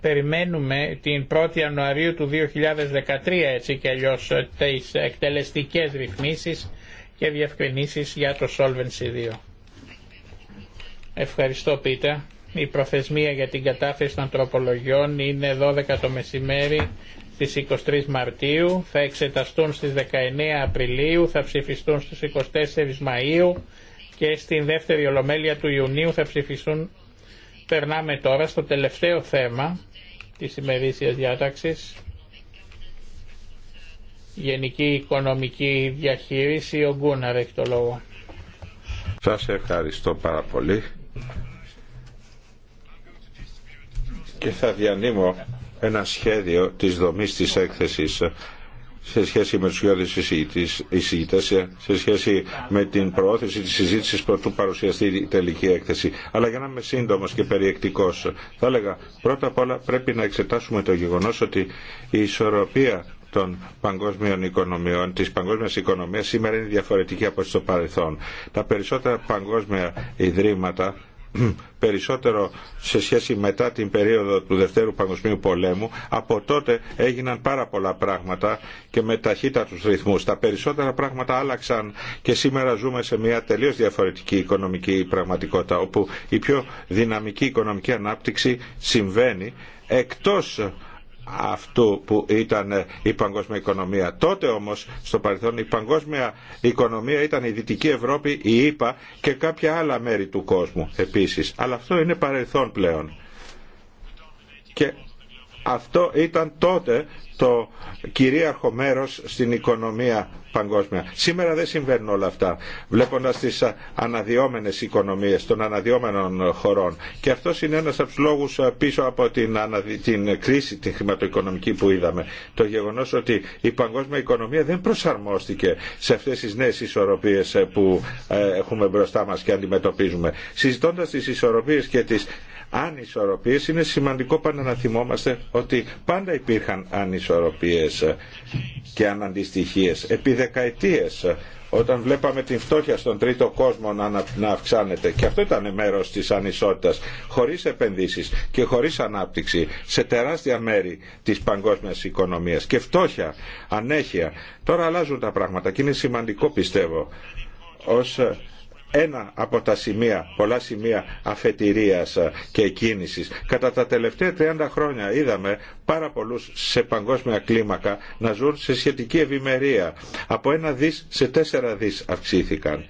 Περιμένουμε την 1η Ιανουαρίου του 2013 έτσι και αλλιώς τις εκτελεστικές ρυθμίσεις και διευκρινήσεις για το Solvency 2. Ευχαριστώ Πίτα. Η προθεσμία για την κατάθεση των τροπολογιών είναι 12 το μεσημέρι στις 23 Μαρτίου, θα εξεταστούν στις 19 Απριλίου, θα ψηφιστούν στις 24 Μαΐου και στην δεύτερη Ολομέλεια του Ιουνίου θα ψηφιστούν. Περνάμε τώρα στο τελευταίο θέμα της ημερήσιας διάταξης. Γενική Οικονομική Διαχείριση, ο Γκούναρ έχει το λόγο. Σας ευχαριστώ πάρα πολύ και θα διανύμω ένα σχέδιο της δομής της έκθεσης σε σχέση με τους γιώδες εισηγητές, σε σχέση με την προώθηση της συζήτησης πρωτού παρουσιαστεί η τελική έκθεση. Αλλά για να είμαι σύντομο και περιεκτικός, θα έλεγα πρώτα απ' όλα πρέπει να εξετάσουμε το γεγονός ότι η ισορροπία των παγκόσμιων οικονομιών, της παγκόσμιας οικονομίας σήμερα είναι διαφορετική από στο παρελθόν. Τα περισσότερα παγκόσμια ιδρύματα περισσότερο σε σχέση μετά την περίοδο του Δευτέρου Παγκοσμίου Πολέμου από τότε έγιναν πάρα πολλά πράγματα και με ταχύτητα τους ρυθμούς τα περισσότερα πράγματα άλλαξαν και σήμερα ζούμε σε μια τελείως διαφορετική οικονομική πραγματικότητα όπου η πιο δυναμική οικονομική ανάπτυξη συμβαίνει εκτός αυτού που ήταν η παγκόσμια οικονομία. Τότε όμως στο παρελθόν η παγκόσμια οικονομία ήταν η Δυτική Ευρώπη, η ίπα και κάποια άλλα μέρη του κόσμου επίσης. Αλλά αυτό είναι παρελθόν πλέον. Και αυτό ήταν τότε το κυρίαρχο μέρος στην οικονομία παγκόσμια. Σήμερα δεν συμβαίνουν όλα αυτά, βλέποντας τις αναδυόμενες οικονομίες των αναδυόμενων χωρών. Και αυτό είναι ένας από τους λόγους ε, πίσω από την, την κρίση, την χρηματοοικονομική που είδαμε. Το γεγονός ότι η παγκόσμια οικονομία δεν προσαρμόστηκε σε αυτές τις νέες ισορροπίες ε, που ε, έχουμε μπροστά μας και αντιμετωπίζουμε. Συζητώντας τις ισορροπίες και τις ανισορροπίες είναι σημαντικό πάντα να θυμόμαστε ότι πάντα υπήρχαν ανισορροπίες και αναντιστοιχίες επί δεκαετίες όταν βλέπαμε την φτώχεια στον τρίτο κόσμο να, να αυξάνεται και αυτό ήταν μέρος της ανισότητας χωρίς επενδύσεις και χωρίς ανάπτυξη σε τεράστια μέρη της παγκόσμιας οικονομίας και φτώχεια, ανέχεια τώρα αλλάζουν τα πράγματα και είναι σημαντικό πιστεύω ως ένα από τα σημεία, πολλά σημεία αφετηρίας και κίνησης. Κατά τα τελευταία 30 χρόνια είδαμε πάρα πολλούς σε παγκόσμια κλίμακα να ζουν σε σχετική ευημερία. Από ένα δις σε τέσσερα δις αυξήθηκαν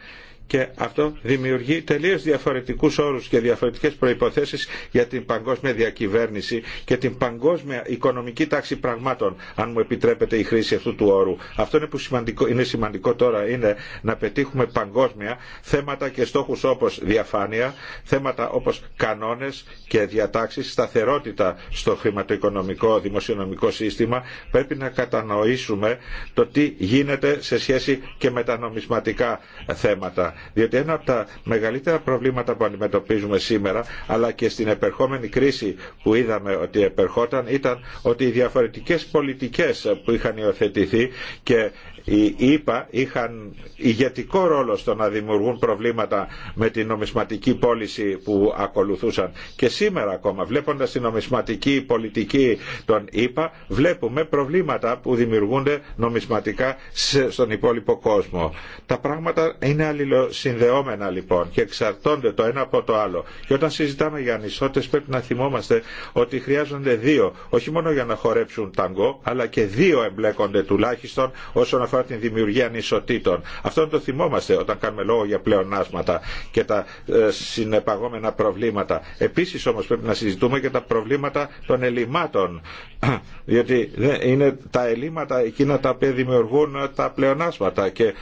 και αυτό δημιουργεί τελείως διαφορετικούς όρους και διαφορετικές προϋποθέσεις για την παγκόσμια διακυβέρνηση και την παγκόσμια οικονομική τάξη πραγμάτων, αν μου επιτρέπετε η χρήση αυτού του όρου. Αυτό είναι που σημαντικό, είναι σημαντικό τώρα, είναι να πετύχουμε παγκόσμια θέματα και στόχους όπως διαφάνεια, θέματα όπως κανόνες και διατάξεις, σταθερότητα στο χρηματοοικονομικό δημοσιονομικό σύστημα. Πρέπει να κατανοήσουμε το τι γίνεται σε σχέση και με τα νομισματικά θέματα διότι ένα από τα μεγαλύτερα προβλήματα που αντιμετωπίζουμε σήμερα, αλλά και στην επερχόμενη κρίση που είδαμε ότι επερχόταν, ήταν ότι οι διαφορετικές πολιτικές που είχαν υιοθετηθεί και οι ΙΠΑ είχαν ηγετικό ρόλο στο να δημιουργούν προβλήματα με την νομισματική πώληση που ακολουθούσαν. Και σήμερα ακόμα βλέποντας την νομισματική πολιτική των ΙΠΑ, βλέπουμε προβλήματα που δημιουργούνται νομισματικά στον υπόλοιπο κόσμο. Τα πράγματα είναι αλληλοσυνδεόμενα λοιπόν και εξαρτώνται το ένα από το άλλο. Και όταν συζητάμε για ανισότητες πρέπει να θυμόμαστε ότι χρειάζονται δύο, όχι μόνο για να χορέψουν ταγκό, αλλά και δύο εμπλέκονται τουλάχιστον όσον αφορά την δημιουργία ανισοτήτων. Αυτό το θυμόμαστε όταν κάνουμε λόγο για πλεονάσματα και τα ε, συνεπαγόμενα προβλήματα. Επίσης όμως πρέπει να συζητούμε και τα προβλήματα των ελλημάτων. Διότι είναι τα ελλείμματα εκείνα τα οποία δημιουργούν ε, τα πλεονάσματα και ε,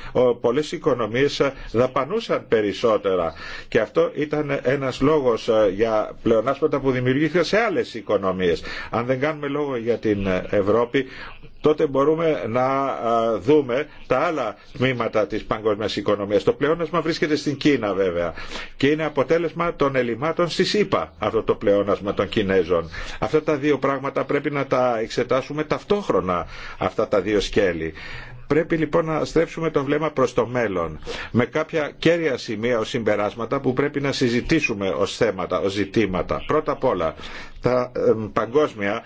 πολλές οικονομίες δαπανούσαν περισσότερα. Και αυτό ήταν ένα λόγο για πλεονάσματα που δημιουργήθηκαν σε άλλε οικονομίε. Αν δεν κάνουμε λόγο για την Ευρώπη, τότε μπορούμε να δούμε τα άλλα τμήματα της παγκόσμιας οικονομίας. Το πλεόνασμα βρίσκεται στην Κίνα βέβαια και είναι αποτέλεσμα των ελλημάτων στη ΣΥΠΑ αυτό το πλεόνασμα των Κινέζων. Αυτά τα δύο πράγματα πρέπει να τα εξετάσουμε ταυτόχρονα αυτά τα δύο σκέλη. Πρέπει λοιπόν να στρέψουμε το βλέμμα προς το μέλλον με κάποια κέρια σημεία ως συμπεράσματα που πρέπει να συζητήσουμε ως θέματα, ως ζητήματα. Πρώτα απ' όλα τα παγκόσμια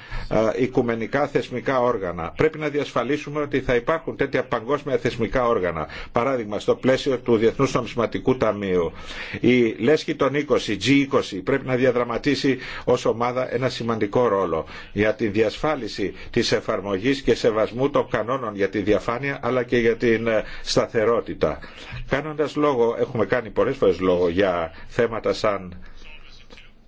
οικουμενικά θεσμικά όργανα. Πρέπει να διασφαλίσουμε ότι θα υπάρχουν τέτοια παγκόσμια θεσμικά όργανα. Παράδειγμα, στο πλαίσιο του Διεθνού Νομισματικού Ταμείου. Η Λέσχη των 20, G20, πρέπει να διαδραματίσει ω ομάδα ένα σημαντικό ρόλο για τη διασφάλιση τη εφαρμογή και σεβασμού των κανόνων για τη διαφάνεια αλλά και για την ε, σταθερότητα. Κάνοντα λόγο, έχουμε κάνει πολλέ φορέ λόγο για θέματα σαν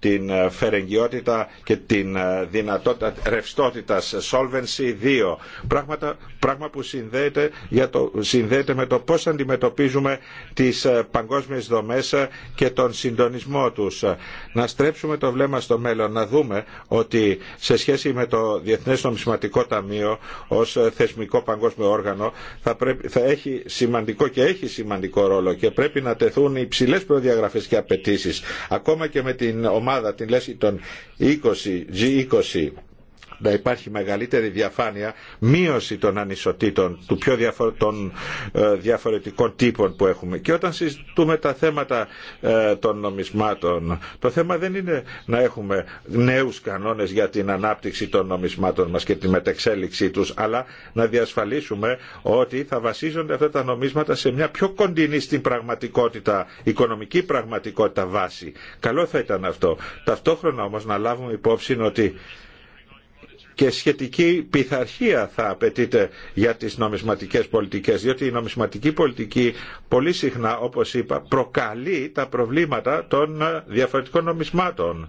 την ε, φερεγγιότητα και την ε, δυνατότητα ρευστότητα Solvency 2. Πράγματα, πράγμα που συνδέεται, για το, συνδέεται με το πώ αντιμετωπίζουμε τι ε, παγκόσμιες δομέ και τον συντονισμό του. Να στρέψουμε το βλέμμα στο μέλλον, να δούμε ότι σε σχέση με το Διεθνές Νομισματικό Ταμείο ω θεσμικό παγκόσμιο όργανο θα, πρέπει, θα έχει σημαντικό και έχει σημαντικό ρόλο και πρέπει να τεθούν υψηλέ προδιαγραφέ και απαιτήσει. Ακόμα και με την ομάδα ομάδα, την λέσχη των 20, G20 να υπάρχει μεγαλύτερη διαφάνεια, μείωση των ανισοτήτων, του πιο διαφορε... των ε, διαφορετικών τύπων που έχουμε. Και όταν συζητούμε τα θέματα ε, των νομισμάτων, το θέμα δεν είναι να έχουμε νέους κανόνες για την ανάπτυξη των νομισμάτων μας και τη μετεξέλιξή τους, αλλά να διασφαλίσουμε ότι θα βασίζονται αυτά τα νομίσματα σε μια πιο κοντινή στην πραγματικότητα, οικονομική πραγματικότητα βάση. Καλό θα ήταν αυτό. Ταυτόχρονα όμως να λάβουμε υπόψη ότι και σχετική πειθαρχία θα απαιτείται για τις νομισματικές πολιτικές διότι η νομισματική πολιτική πολύ συχνά όπως είπα προκαλεί τα προβλήματα των διαφορετικών νομισμάτων.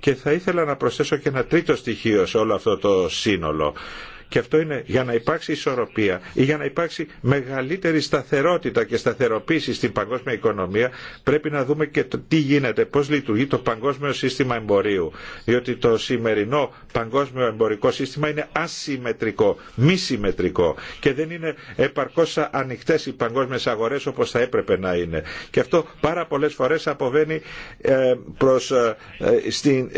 Και θα ήθελα να προσθέσω και ένα τρίτο στοιχείο σε όλο αυτό το σύνολο. Και αυτό είναι για να υπάρξει ισορροπία ή για να υπάρξει μεγαλύτερη σταθερότητα και σταθεροποίηση στην παγκόσμια οικονομία πρέπει να δούμε και τι γίνεται, πώς λειτουργεί το παγκόσμιο σύστημα εμπορίου. Διότι το σημερινό παγκόσμιο εμπορικό σύστημα είναι ασυμμετρικό, μη συμμετρικό και δεν είναι επαρκώς ανοιχτές οι παγκόσμιες αγορές όπως θα έπρεπε να είναι. Και αυτό πάρα πολλές φορές αποβαίνει ε, προς, ε, ε, στην,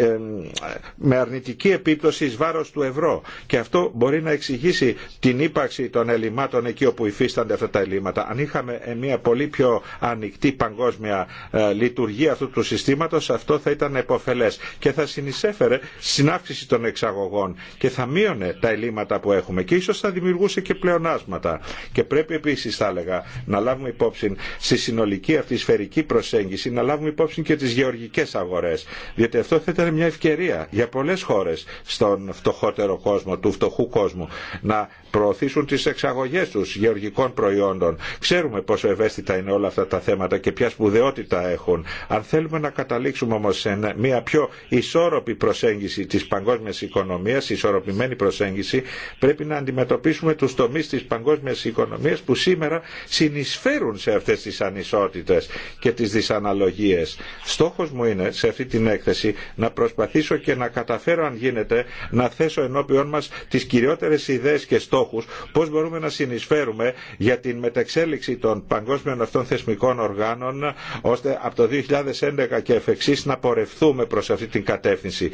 με αρνητική επίπτωση βάρος του ευρώ. Και αυτό μπορεί μπορεί να εξηγήσει την ύπαρξη των ελλημάτων εκεί όπου υφίστανται αυτά τα ελλείμματα. Αν είχαμε ε, μια πολύ πιο ανοιχτή παγκόσμια ε, λειτουργία αυτού του συστήματο, αυτό θα ήταν επωφελέ και θα συνεισέφερε στην αύξηση των εξαγωγών και θα μείωνε τα ελλείμματα που έχουμε και ίσω θα δημιουργούσε και πλεονάσματα. Και πρέπει επίση, θα έλεγα, να λάβουμε υπόψη στη συνολική αυτή σφαιρική προσέγγιση, να λάβουμε υπόψη και τι γεωργικέ αγορέ. Διότι αυτό θα ήταν μια ευκαιρία για πολλέ χώρε στον φτωχότερο κόσμο, του φτωχού κόσμου κόσμου να προωθήσουν τις εξαγωγές τους γεωργικών προϊόντων. Ξέρουμε πόσο ευαίσθητα είναι όλα αυτά τα θέματα και ποια σπουδαιότητα έχουν. Αν θέλουμε να καταλήξουμε όμως σε μια πιο ισόρροπη προσέγγιση της παγκόσμιας οικονομίας, ισορροπημένη προσέγγιση, πρέπει να αντιμετωπίσουμε τους τομείς της παγκόσμιας οικονομίας που σήμερα συνεισφέρουν σε αυτές τις ανισότητες και τις δυσαναλογίες. Στόχος μου είναι σε αυτή την έκθεση να προσπαθήσω και να καταφέρω αν γίνεται να θέσω ενώπιον μας τις κυριότερες ιδέες και στόχους, πώς μπορούμε να συνεισφέρουμε για την μεταξέλιξη των παγκόσμιων αυτών θεσμικών οργάνων, ώστε από το 2011 και εφ' να πορευθούμε προς αυτή την κατεύθυνση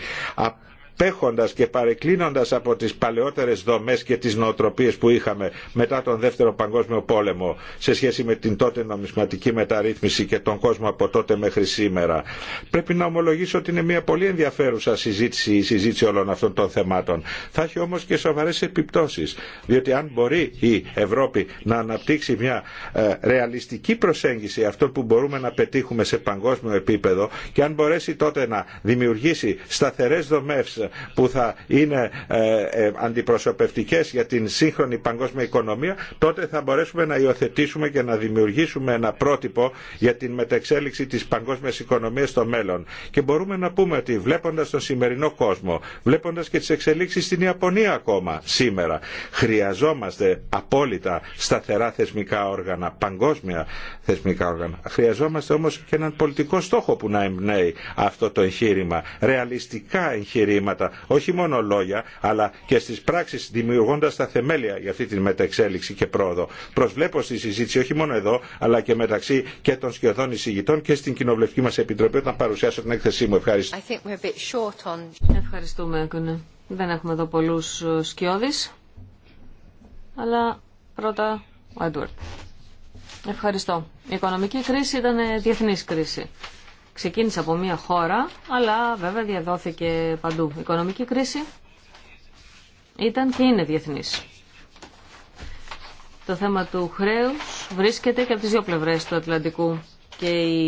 απέχοντας και παρεκκλίνοντας από τις παλαιότερες δομές και τις νοοτροπίες που είχαμε μετά τον Δεύτερο Παγκόσμιο Πόλεμο σε σχέση με την τότε νομισματική μεταρρύθμιση και τον κόσμο από τότε μέχρι σήμερα. Πρέπει να ομολογήσω ότι είναι μια πολύ ενδιαφέρουσα συζήτηση η συζήτηση όλων αυτών των θεμάτων. Θα έχει όμως και σοβαρές επιπτώσεις, διότι αν μπορεί η Ευρώπη να αναπτύξει μια ε, ρεαλιστική προσέγγιση αυτών που μπορούμε να πετύχουμε σε παγκόσμιο επίπεδο και αν μπορέσει τότε να δημιουργήσει σταθερές δομές που θα είναι ε, ε, αντιπροσωπευτικές για την σύγχρονη παγκόσμια οικονομία, τότε θα μπορέσουμε να υιοθετήσουμε και να δημιουργήσουμε ένα πρότυπο για την μεταξέλιξη της παγκόσμιας οικονομίας στο μέλλον. Και μπορούμε να πούμε ότι βλέποντας τον σημερινό κόσμο, βλέποντας και τις εξελίξεις στην Ιαπωνία ακόμα σήμερα, χρειαζόμαστε απόλυτα σταθερά θεσμικά όργανα, παγκόσμια θεσμικά όργανα. Χρειαζόμαστε όμως και έναν πολιτικό στόχο που να εμπνέει αυτό το εγχείρημα. Ρεαλιστικά εγχειρήματα όχι μόνο λόγια, αλλά και στις πράξεις δημιουργώντας τα θεμέλια για αυτή τη μεταξέλιξη και πρόοδο. Προσβλέπω στη συζήτηση όχι μόνο εδώ, αλλά και μεταξύ και των σχεδόν εισηγητών και στην Κοινοβουλευτική μας Επιτροπή όταν παρουσιάσω την έκθεσή μου. Ευχαριστώ. On... Ευχαριστούμε, Κουνε. Δεν έχουμε εδώ πολλούς ε, σκιώδεις, αλλά πρώτα ο Ευχαριστώ. Η οικονομική κρίση ήταν ε, διεθνής κρίση ξεκίνησε από μία χώρα, αλλά βέβαια διαδόθηκε παντού. Η οικονομική κρίση ήταν και είναι διεθνής. Το θέμα του χρέους βρίσκεται και από τις δύο πλευρές του Ατλαντικού και οι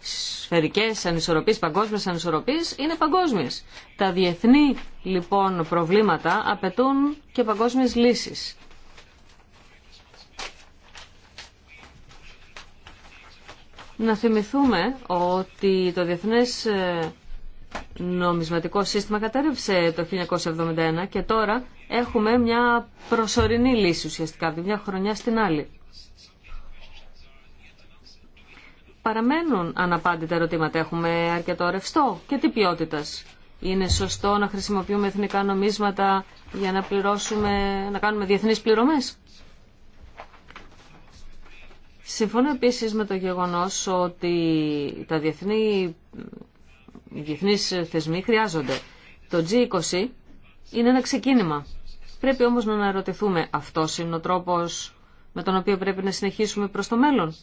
σφαιρικές ανισορροπίες, παγκόσμιες ανισορροπίες είναι παγκόσμιες. Τα διεθνή λοιπόν προβλήματα απαιτούν και παγκόσμιες λύσεις. Να θυμηθούμε ότι το Διεθνές ε, Νομισματικό Σύστημα κατέρευσε το 1971 και τώρα έχουμε μια προσωρινή λύση ουσιαστικά, από μια χρονιά στην άλλη. Παραμένουν αναπάντητα ερωτήματα. Έχουμε αρκετό ρευστό και τι ποιότητα. Είναι σωστό να χρησιμοποιούμε εθνικά νομίσματα για να, πληρώσουμε, να κάνουμε διεθνείς πληρωμές. Συμφωνώ επίσης με το γεγονός ότι τα διεθνή, οι διεθνείς θεσμοί χρειάζονται. Το G20 είναι ένα ξεκίνημα. Πρέπει όμως να αναρωτηθούμε αυτός είναι ο τρόπος με τον οποίο πρέπει να συνεχίσουμε προς το μέλλον.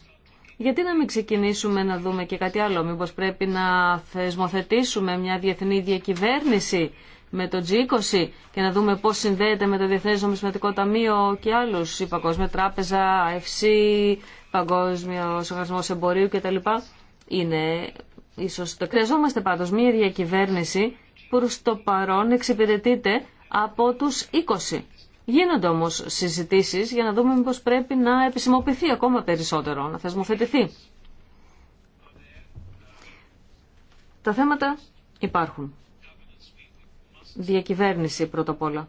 Γιατί να μην ξεκινήσουμε να δούμε και κάτι άλλο. Μήπως πρέπει να θεσμοθετήσουμε μια διεθνή διακυβέρνηση με το G20 και να δούμε πώς συνδέεται με το Διεθνές Νομισματικό Ταμείο και άλλους. Η Παγκόσμια Τράπεζα, FC, Παγκόσμιο Οργανισμό Εμπορίου κτλ. Είναι ίσως το χρειαζόμαστε πάντω μια διακυβέρνηση που το παρόν εξυπηρετείται από τους 20. Γίνονται όμως συζητήσει για να δούμε μήπως πρέπει να επισημοποιηθεί ακόμα περισσότερο, να θεσμοθετηθεί. Τα θέματα υπάρχουν. Διακυβέρνηση πρώτα απ' όλα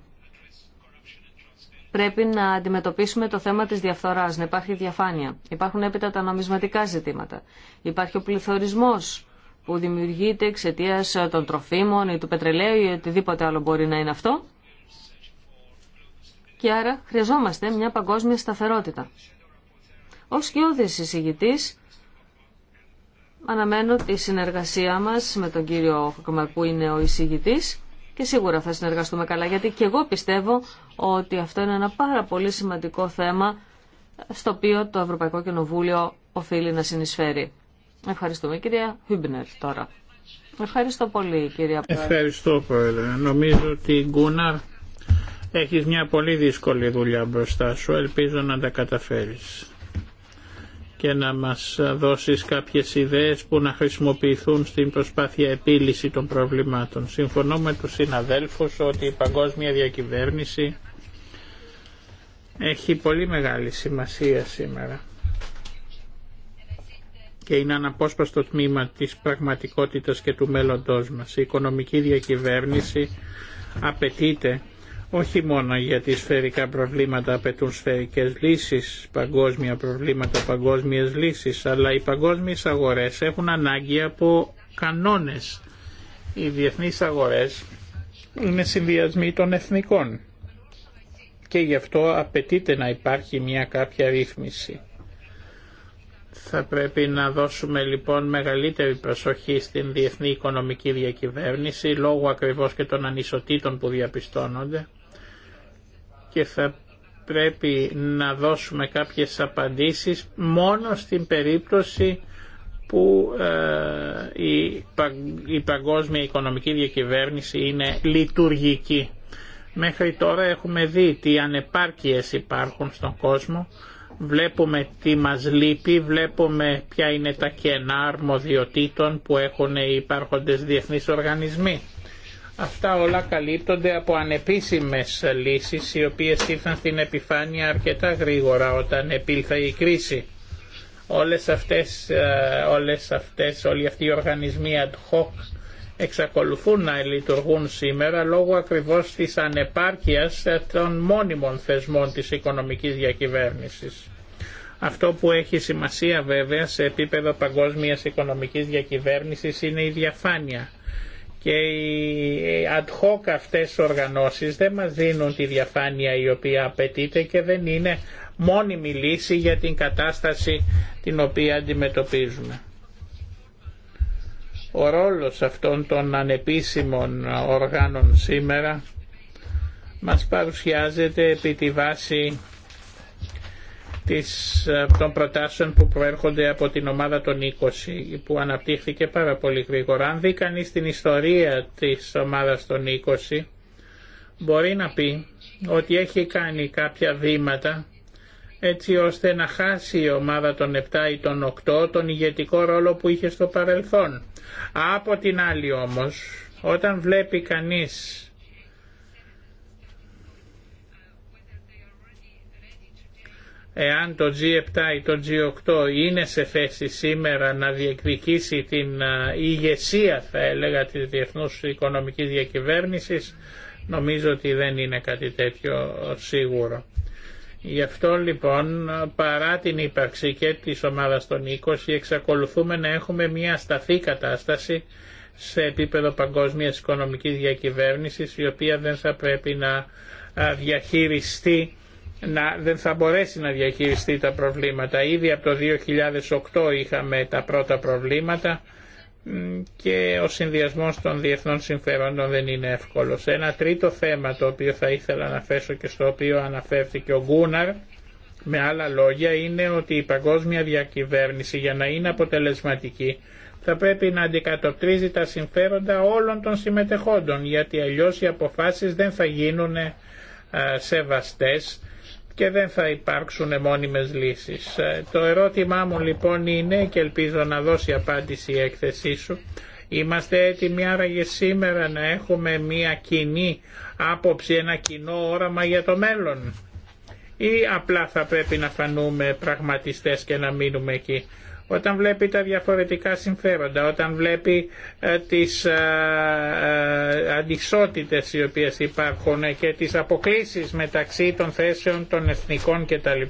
πρέπει να αντιμετωπίσουμε το θέμα της διαφθοράς, να υπάρχει διαφάνεια. Υπάρχουν έπειτα τα νομισματικά ζητήματα. Υπάρχει ο πληθωρισμός που δημιουργείται εξαιτία ε, των τροφίμων ή του πετρελαίου ή οτιδήποτε άλλο μπορεί να είναι αυτό. Και άρα χρειαζόμαστε μια παγκόσμια σταθερότητα. Ως κοιόδης εισηγητής αναμένω τη συνεργασία μας με τον κύριο Χοκμαρ είναι ο εισηγητής και σίγουρα θα συνεργαστούμε καλά γιατί και εγώ πιστεύω ότι αυτό είναι ένα πάρα πολύ σημαντικό θέμα στο οποίο το Ευρωπαϊκό Κοινοβούλιο οφείλει να συνεισφέρει. Ευχαριστούμε κυρία Χούμπνερ τώρα. Ευχαριστώ πολύ κυρία Πρόεδρε. Ευχαριστώ Πρόεδρε. Νομίζω ότι Γκούναρ έχει μια πολύ δύσκολη δουλειά μπροστά σου. Ελπίζω να τα καταφέρεις και να μας δώσεις κάποιες ιδέες που να χρησιμοποιηθούν στην προσπάθεια επίλυση των προβλημάτων. Συμφωνώ με τους συναδέλφους ότι η παγκόσμια διακυβέρνηση έχει πολύ μεγάλη σημασία σήμερα και είναι αναπόσπαστο τμήμα της πραγματικότητας και του μέλλοντός μας. Η οικονομική διακυβέρνηση απαιτείται όχι μόνο γιατί σφαιρικά προβλήματα απαιτούν σφαιρικές λύσεις, παγκόσμια προβλήματα, παγκόσμιες λύσεις, αλλά οι παγκόσμιες αγορές έχουν ανάγκη από κανόνες. Οι διεθνείς αγορές είναι συνδυασμοί των εθνικών και γι' αυτό απαιτείται να υπάρχει μια κάποια ρύθμιση. Θα πρέπει να δώσουμε λοιπόν μεγαλύτερη προσοχή στην διεθνή οικονομική διακυβέρνηση λόγω ακριβώς και των ανισοτήτων που διαπιστώνονται και θα πρέπει να δώσουμε κάποιες απαντήσεις μόνο στην περίπτωση που ε, η παγκόσμια οικονομική διακυβέρνηση είναι λειτουργική. Μέχρι τώρα έχουμε δει τι ανεπάρκειες υπάρχουν στον κόσμο, βλέπουμε τι μας λείπει, βλέπουμε ποια είναι τα κενά αρμοδιοτήτων που έχουν οι υπάρχοντες διεθνείς οργανισμοί. Αυτά όλα καλύπτονται από ανεπίσημες λύσεις οι οποίες ήρθαν στην επιφάνεια αρκετά γρήγορα όταν επήλθε η κρίση. Όλες αυτές, ε, όλες αυτές, όλοι αυτοί οι οργανισμοί ad hoc εξακολουθούν να λειτουργούν σήμερα λόγω ακριβώς της ανεπάρκειας των μόνιμων θεσμών της οικονομικής διακυβέρνησης. Αυτό που έχει σημασία βέβαια σε επίπεδο παγκόσμιας οικονομικής διακυβέρνησης είναι η διαφάνεια και οι ad hoc αυτές οργανώσεις δεν μας δίνουν τη διαφάνεια η οποία απαιτείται και δεν είναι μόνιμη λύση για την κατάσταση την οποία αντιμετωπίζουμε. Ο ρόλος αυτών των ανεπίσημων οργάνων σήμερα μας παρουσιάζεται επί τη βάση της, ε, των προτάσεων που προέρχονται από την ομάδα των 20 που αναπτύχθηκε πάρα πολύ γρήγορα. Αν δει κανείς την ιστορία της ομάδας των 20 μπορεί να πει ότι έχει κάνει κάποια βήματα έτσι ώστε να χάσει η ομάδα των 7 ή των 8 τον ηγετικό ρόλο που είχε στο παρελθόν. Από την άλλη όμως, όταν βλέπει κανείς Εάν το G7 ή το G8 είναι σε θέση σήμερα να διεκδικήσει την ηγεσία θα έλεγα της διεθνούς οικονομικής διακυβέρνησης, νομίζω ότι δεν είναι κάτι τέτοιο σίγουρο. Γι' αυτό λοιπόν παρά την ύπαρξη και της ομάδας των 20 εξακολουθούμε να έχουμε μια σταθή κατάσταση σε επίπεδο παγκόσμιας οικονομικής διακυβέρνησης η οποία δεν θα πρέπει να διαχειριστεί να, δεν θα μπορέσει να διαχειριστεί τα προβλήματα. Ήδη από το 2008 είχαμε τα πρώτα προβλήματα και ο συνδυασμός των διεθνών συμφερόντων δεν είναι εύκολος. Ένα τρίτο θέμα το οποίο θα ήθελα να θέσω και στο οποίο αναφέρθηκε ο Γκούναρ με άλλα λόγια είναι ότι η παγκόσμια διακυβέρνηση για να είναι αποτελεσματική θα πρέπει να αντικατοπτρίζει τα συμφέροντα όλων των συμμετεχόντων γιατί αλλιώς οι αποφάσεις δεν θα γίνουν ε, σεβαστές και δεν θα υπάρξουν μόνιμες λύσεις. Ε, το ερώτημά μου λοιπόν είναι και ελπίζω να δώσει απάντηση η έκθεσή σου. Είμαστε έτοιμοι άραγε σήμερα να έχουμε μια κοινή άποψη, ένα κοινό όραμα για το μέλλον. Ή απλά θα πρέπει να φανούμε πραγματιστές και να μείνουμε εκεί όταν βλέπει τα διαφορετικά συμφέροντα, όταν βλέπει ε, τις ε, ε, αντισότητες οι οποίες υπάρχουν και τις αποκλίσεις μεταξύ των θέσεων των εθνικών κτλ.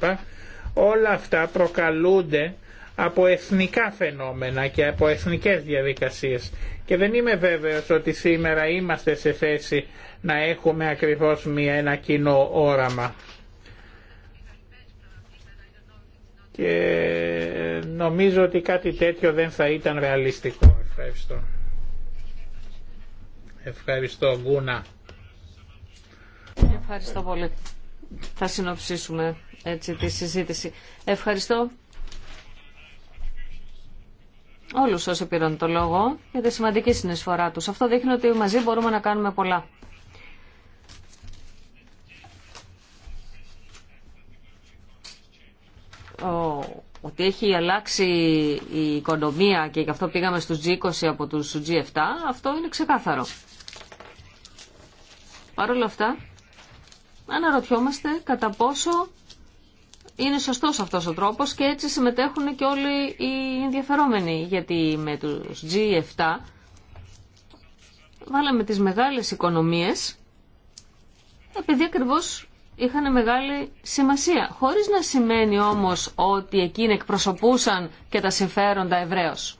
Όλα αυτά προκαλούνται από εθνικά φαινόμενα και από εθνικές διαδικασίες. Και δεν είμαι βέβαιος ότι σήμερα είμαστε σε θέση να έχουμε ακριβώς μια, ένα κοινό όραμα. και νομίζω ότι κάτι τέτοιο δεν θα ήταν ρεαλιστικό. Ευχαριστώ. Ευχαριστώ Γκούνα. Ευχαριστώ πολύ. Θα συνοψίσουμε έτσι τη συζήτηση. Ευχαριστώ όλους όσοι πήραν το λόγο για τη σημαντική συνεισφορά τους. Αυτό δείχνει ότι μαζί μπορούμε να κάνουμε πολλά. ότι έχει αλλάξει η οικονομία και γι' αυτό πήγαμε στους G20 από τους G7, αυτό είναι ξεκάθαρο. Παρ' όλα αυτά, αναρωτιόμαστε κατά πόσο είναι σωστός αυτός ο τρόπος και έτσι συμμετέχουν και όλοι οι ενδιαφερόμενοι, γιατί με τους G7 βάλαμε τις μεγάλες οικονομίες επειδή ακριβώς είχαν μεγάλη σημασία, χωρίς να σημαίνει όμως ότι εκείνοι εκπροσωπούσαν και τα συμφέροντα ευρέως.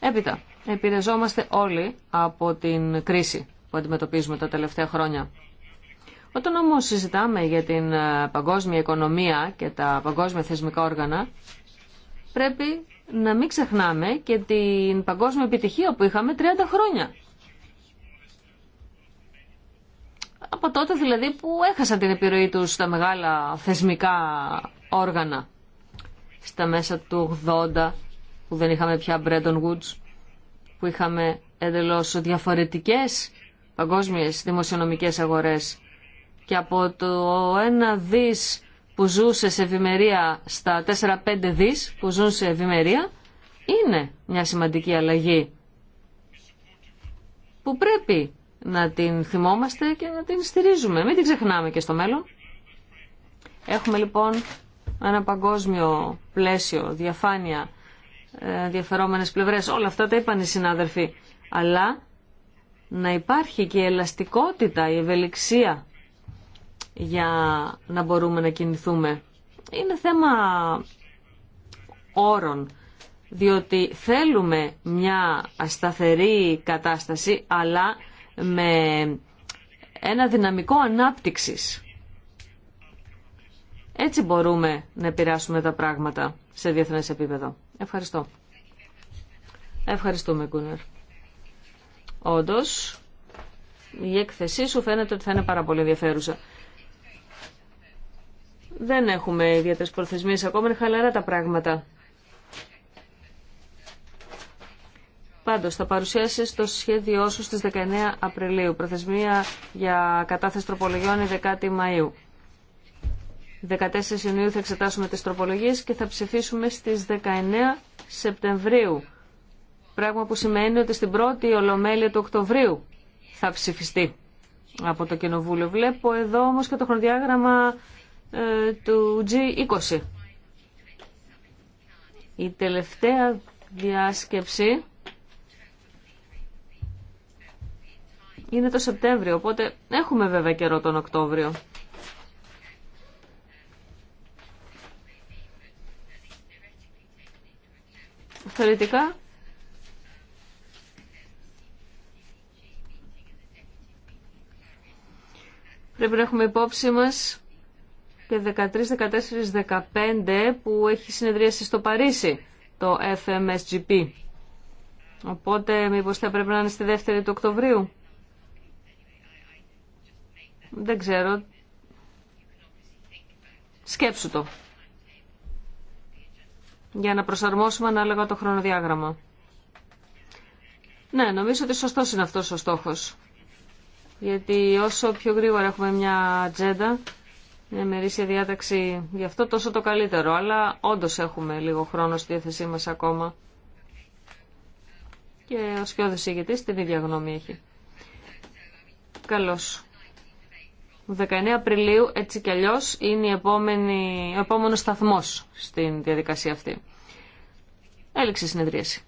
Έπειτα, επηρεζόμαστε όλοι από την κρίση που αντιμετωπίζουμε τα τελευταία χρόνια. Όταν όμως συζητάμε για την ε, παγκόσμια οικονομία και τα παγκόσμια θεσμικά όργανα, πρέπει να μην ξεχνάμε και την παγκόσμια επιτυχία που είχαμε 30 χρόνια. από τότε δηλαδή που έχασαν την επιρροή τους στα μεγάλα θεσμικά όργανα στα μέσα του 80 που δεν είχαμε πια Bretton Woods που είχαμε εντελώς διαφορετικές παγκόσμιες δημοσιονομικές αγορές και από το ένα δις που ζούσε σε ευημερία στα 4-5 δις που ζουν σε ευημερία είναι μια σημαντική αλλαγή που πρέπει να την θυμόμαστε και να την στηρίζουμε. Μην την ξεχνάμε και στο μέλλον. Έχουμε λοιπόν ένα παγκόσμιο πλαίσιο, διαφάνεια, ε, διαφερόμενες πλευρές. Όλα αυτά τα είπαν οι συνάδελφοι. Αλλά να υπάρχει και η ελαστικότητα, η ευελιξία για να μπορούμε να κινηθούμε. Είναι θέμα όρων, διότι θέλουμε μια ασταθερή κατάσταση, αλλά με ένα δυναμικό ανάπτυξης. Έτσι μπορούμε να επηρεάσουμε τα πράγματα σε διεθνές επίπεδο. Ευχαριστώ. Ευχαριστούμε, Κούνερ. Όντω. η έκθεσή σου φαίνεται ότι θα είναι πάρα πολύ ενδιαφέρουσα. Δεν έχουμε ιδιαίτερες προθεσμίες ακόμα, είναι χαλαρά τα πράγματα. Πάντως, θα παρουσιάσει το σχέδιό σου στις 19 Απριλίου. Προθεσμία για κατάθεση τροπολογιών είναι 10 Μαΐου. 14 Ιουνίου θα εξετάσουμε τις τροπολογίες και θα ψηφίσουμε στις 19 Σεπτεμβρίου. Πράγμα που σημαίνει ότι στην πρώτη Ολομέλεια του Οκτωβρίου θα ψηφιστεί από το Κοινοβούλιο. Βλέπω εδώ όμως και το χρονοδιάγραμμα ε, του G20. Η τελευταία διάσκεψη είναι το Σεπτέμβριο, οπότε έχουμε βέβαια καιρό τον Οκτώβριο. Θεωρητικά, πρέπει να έχουμε υπόψη μας και 13, 14, 15 που έχει συνεδρίαση στο Παρίσι το FMSGP. Οπότε μήπως θα πρέπει να είναι στη δεύτερη του Οκτωβρίου. Δεν ξέρω. Σκέψου το. Για να προσαρμόσουμε ανάλογα το χρονοδιάγραμμα. Ναι, νομίζω ότι σωστό είναι αυτός ο στόχο. Γιατί όσο πιο γρήγορα έχουμε μια ατζέντα, μια μερίσια διάταξη γι' αυτό, τόσο το καλύτερο. Αλλά όντω έχουμε λίγο χρόνο στη διάθεσή μα ακόμα. Και ο σκιώδη ηγητή την ίδια γνώμη έχει. Καλώς. 19 Απριλίου έτσι κι αλλιώ είναι η επόμενη, ο επόμενος σταθμός στην διαδικασία αυτή. Έληξε η συνεδρίαση.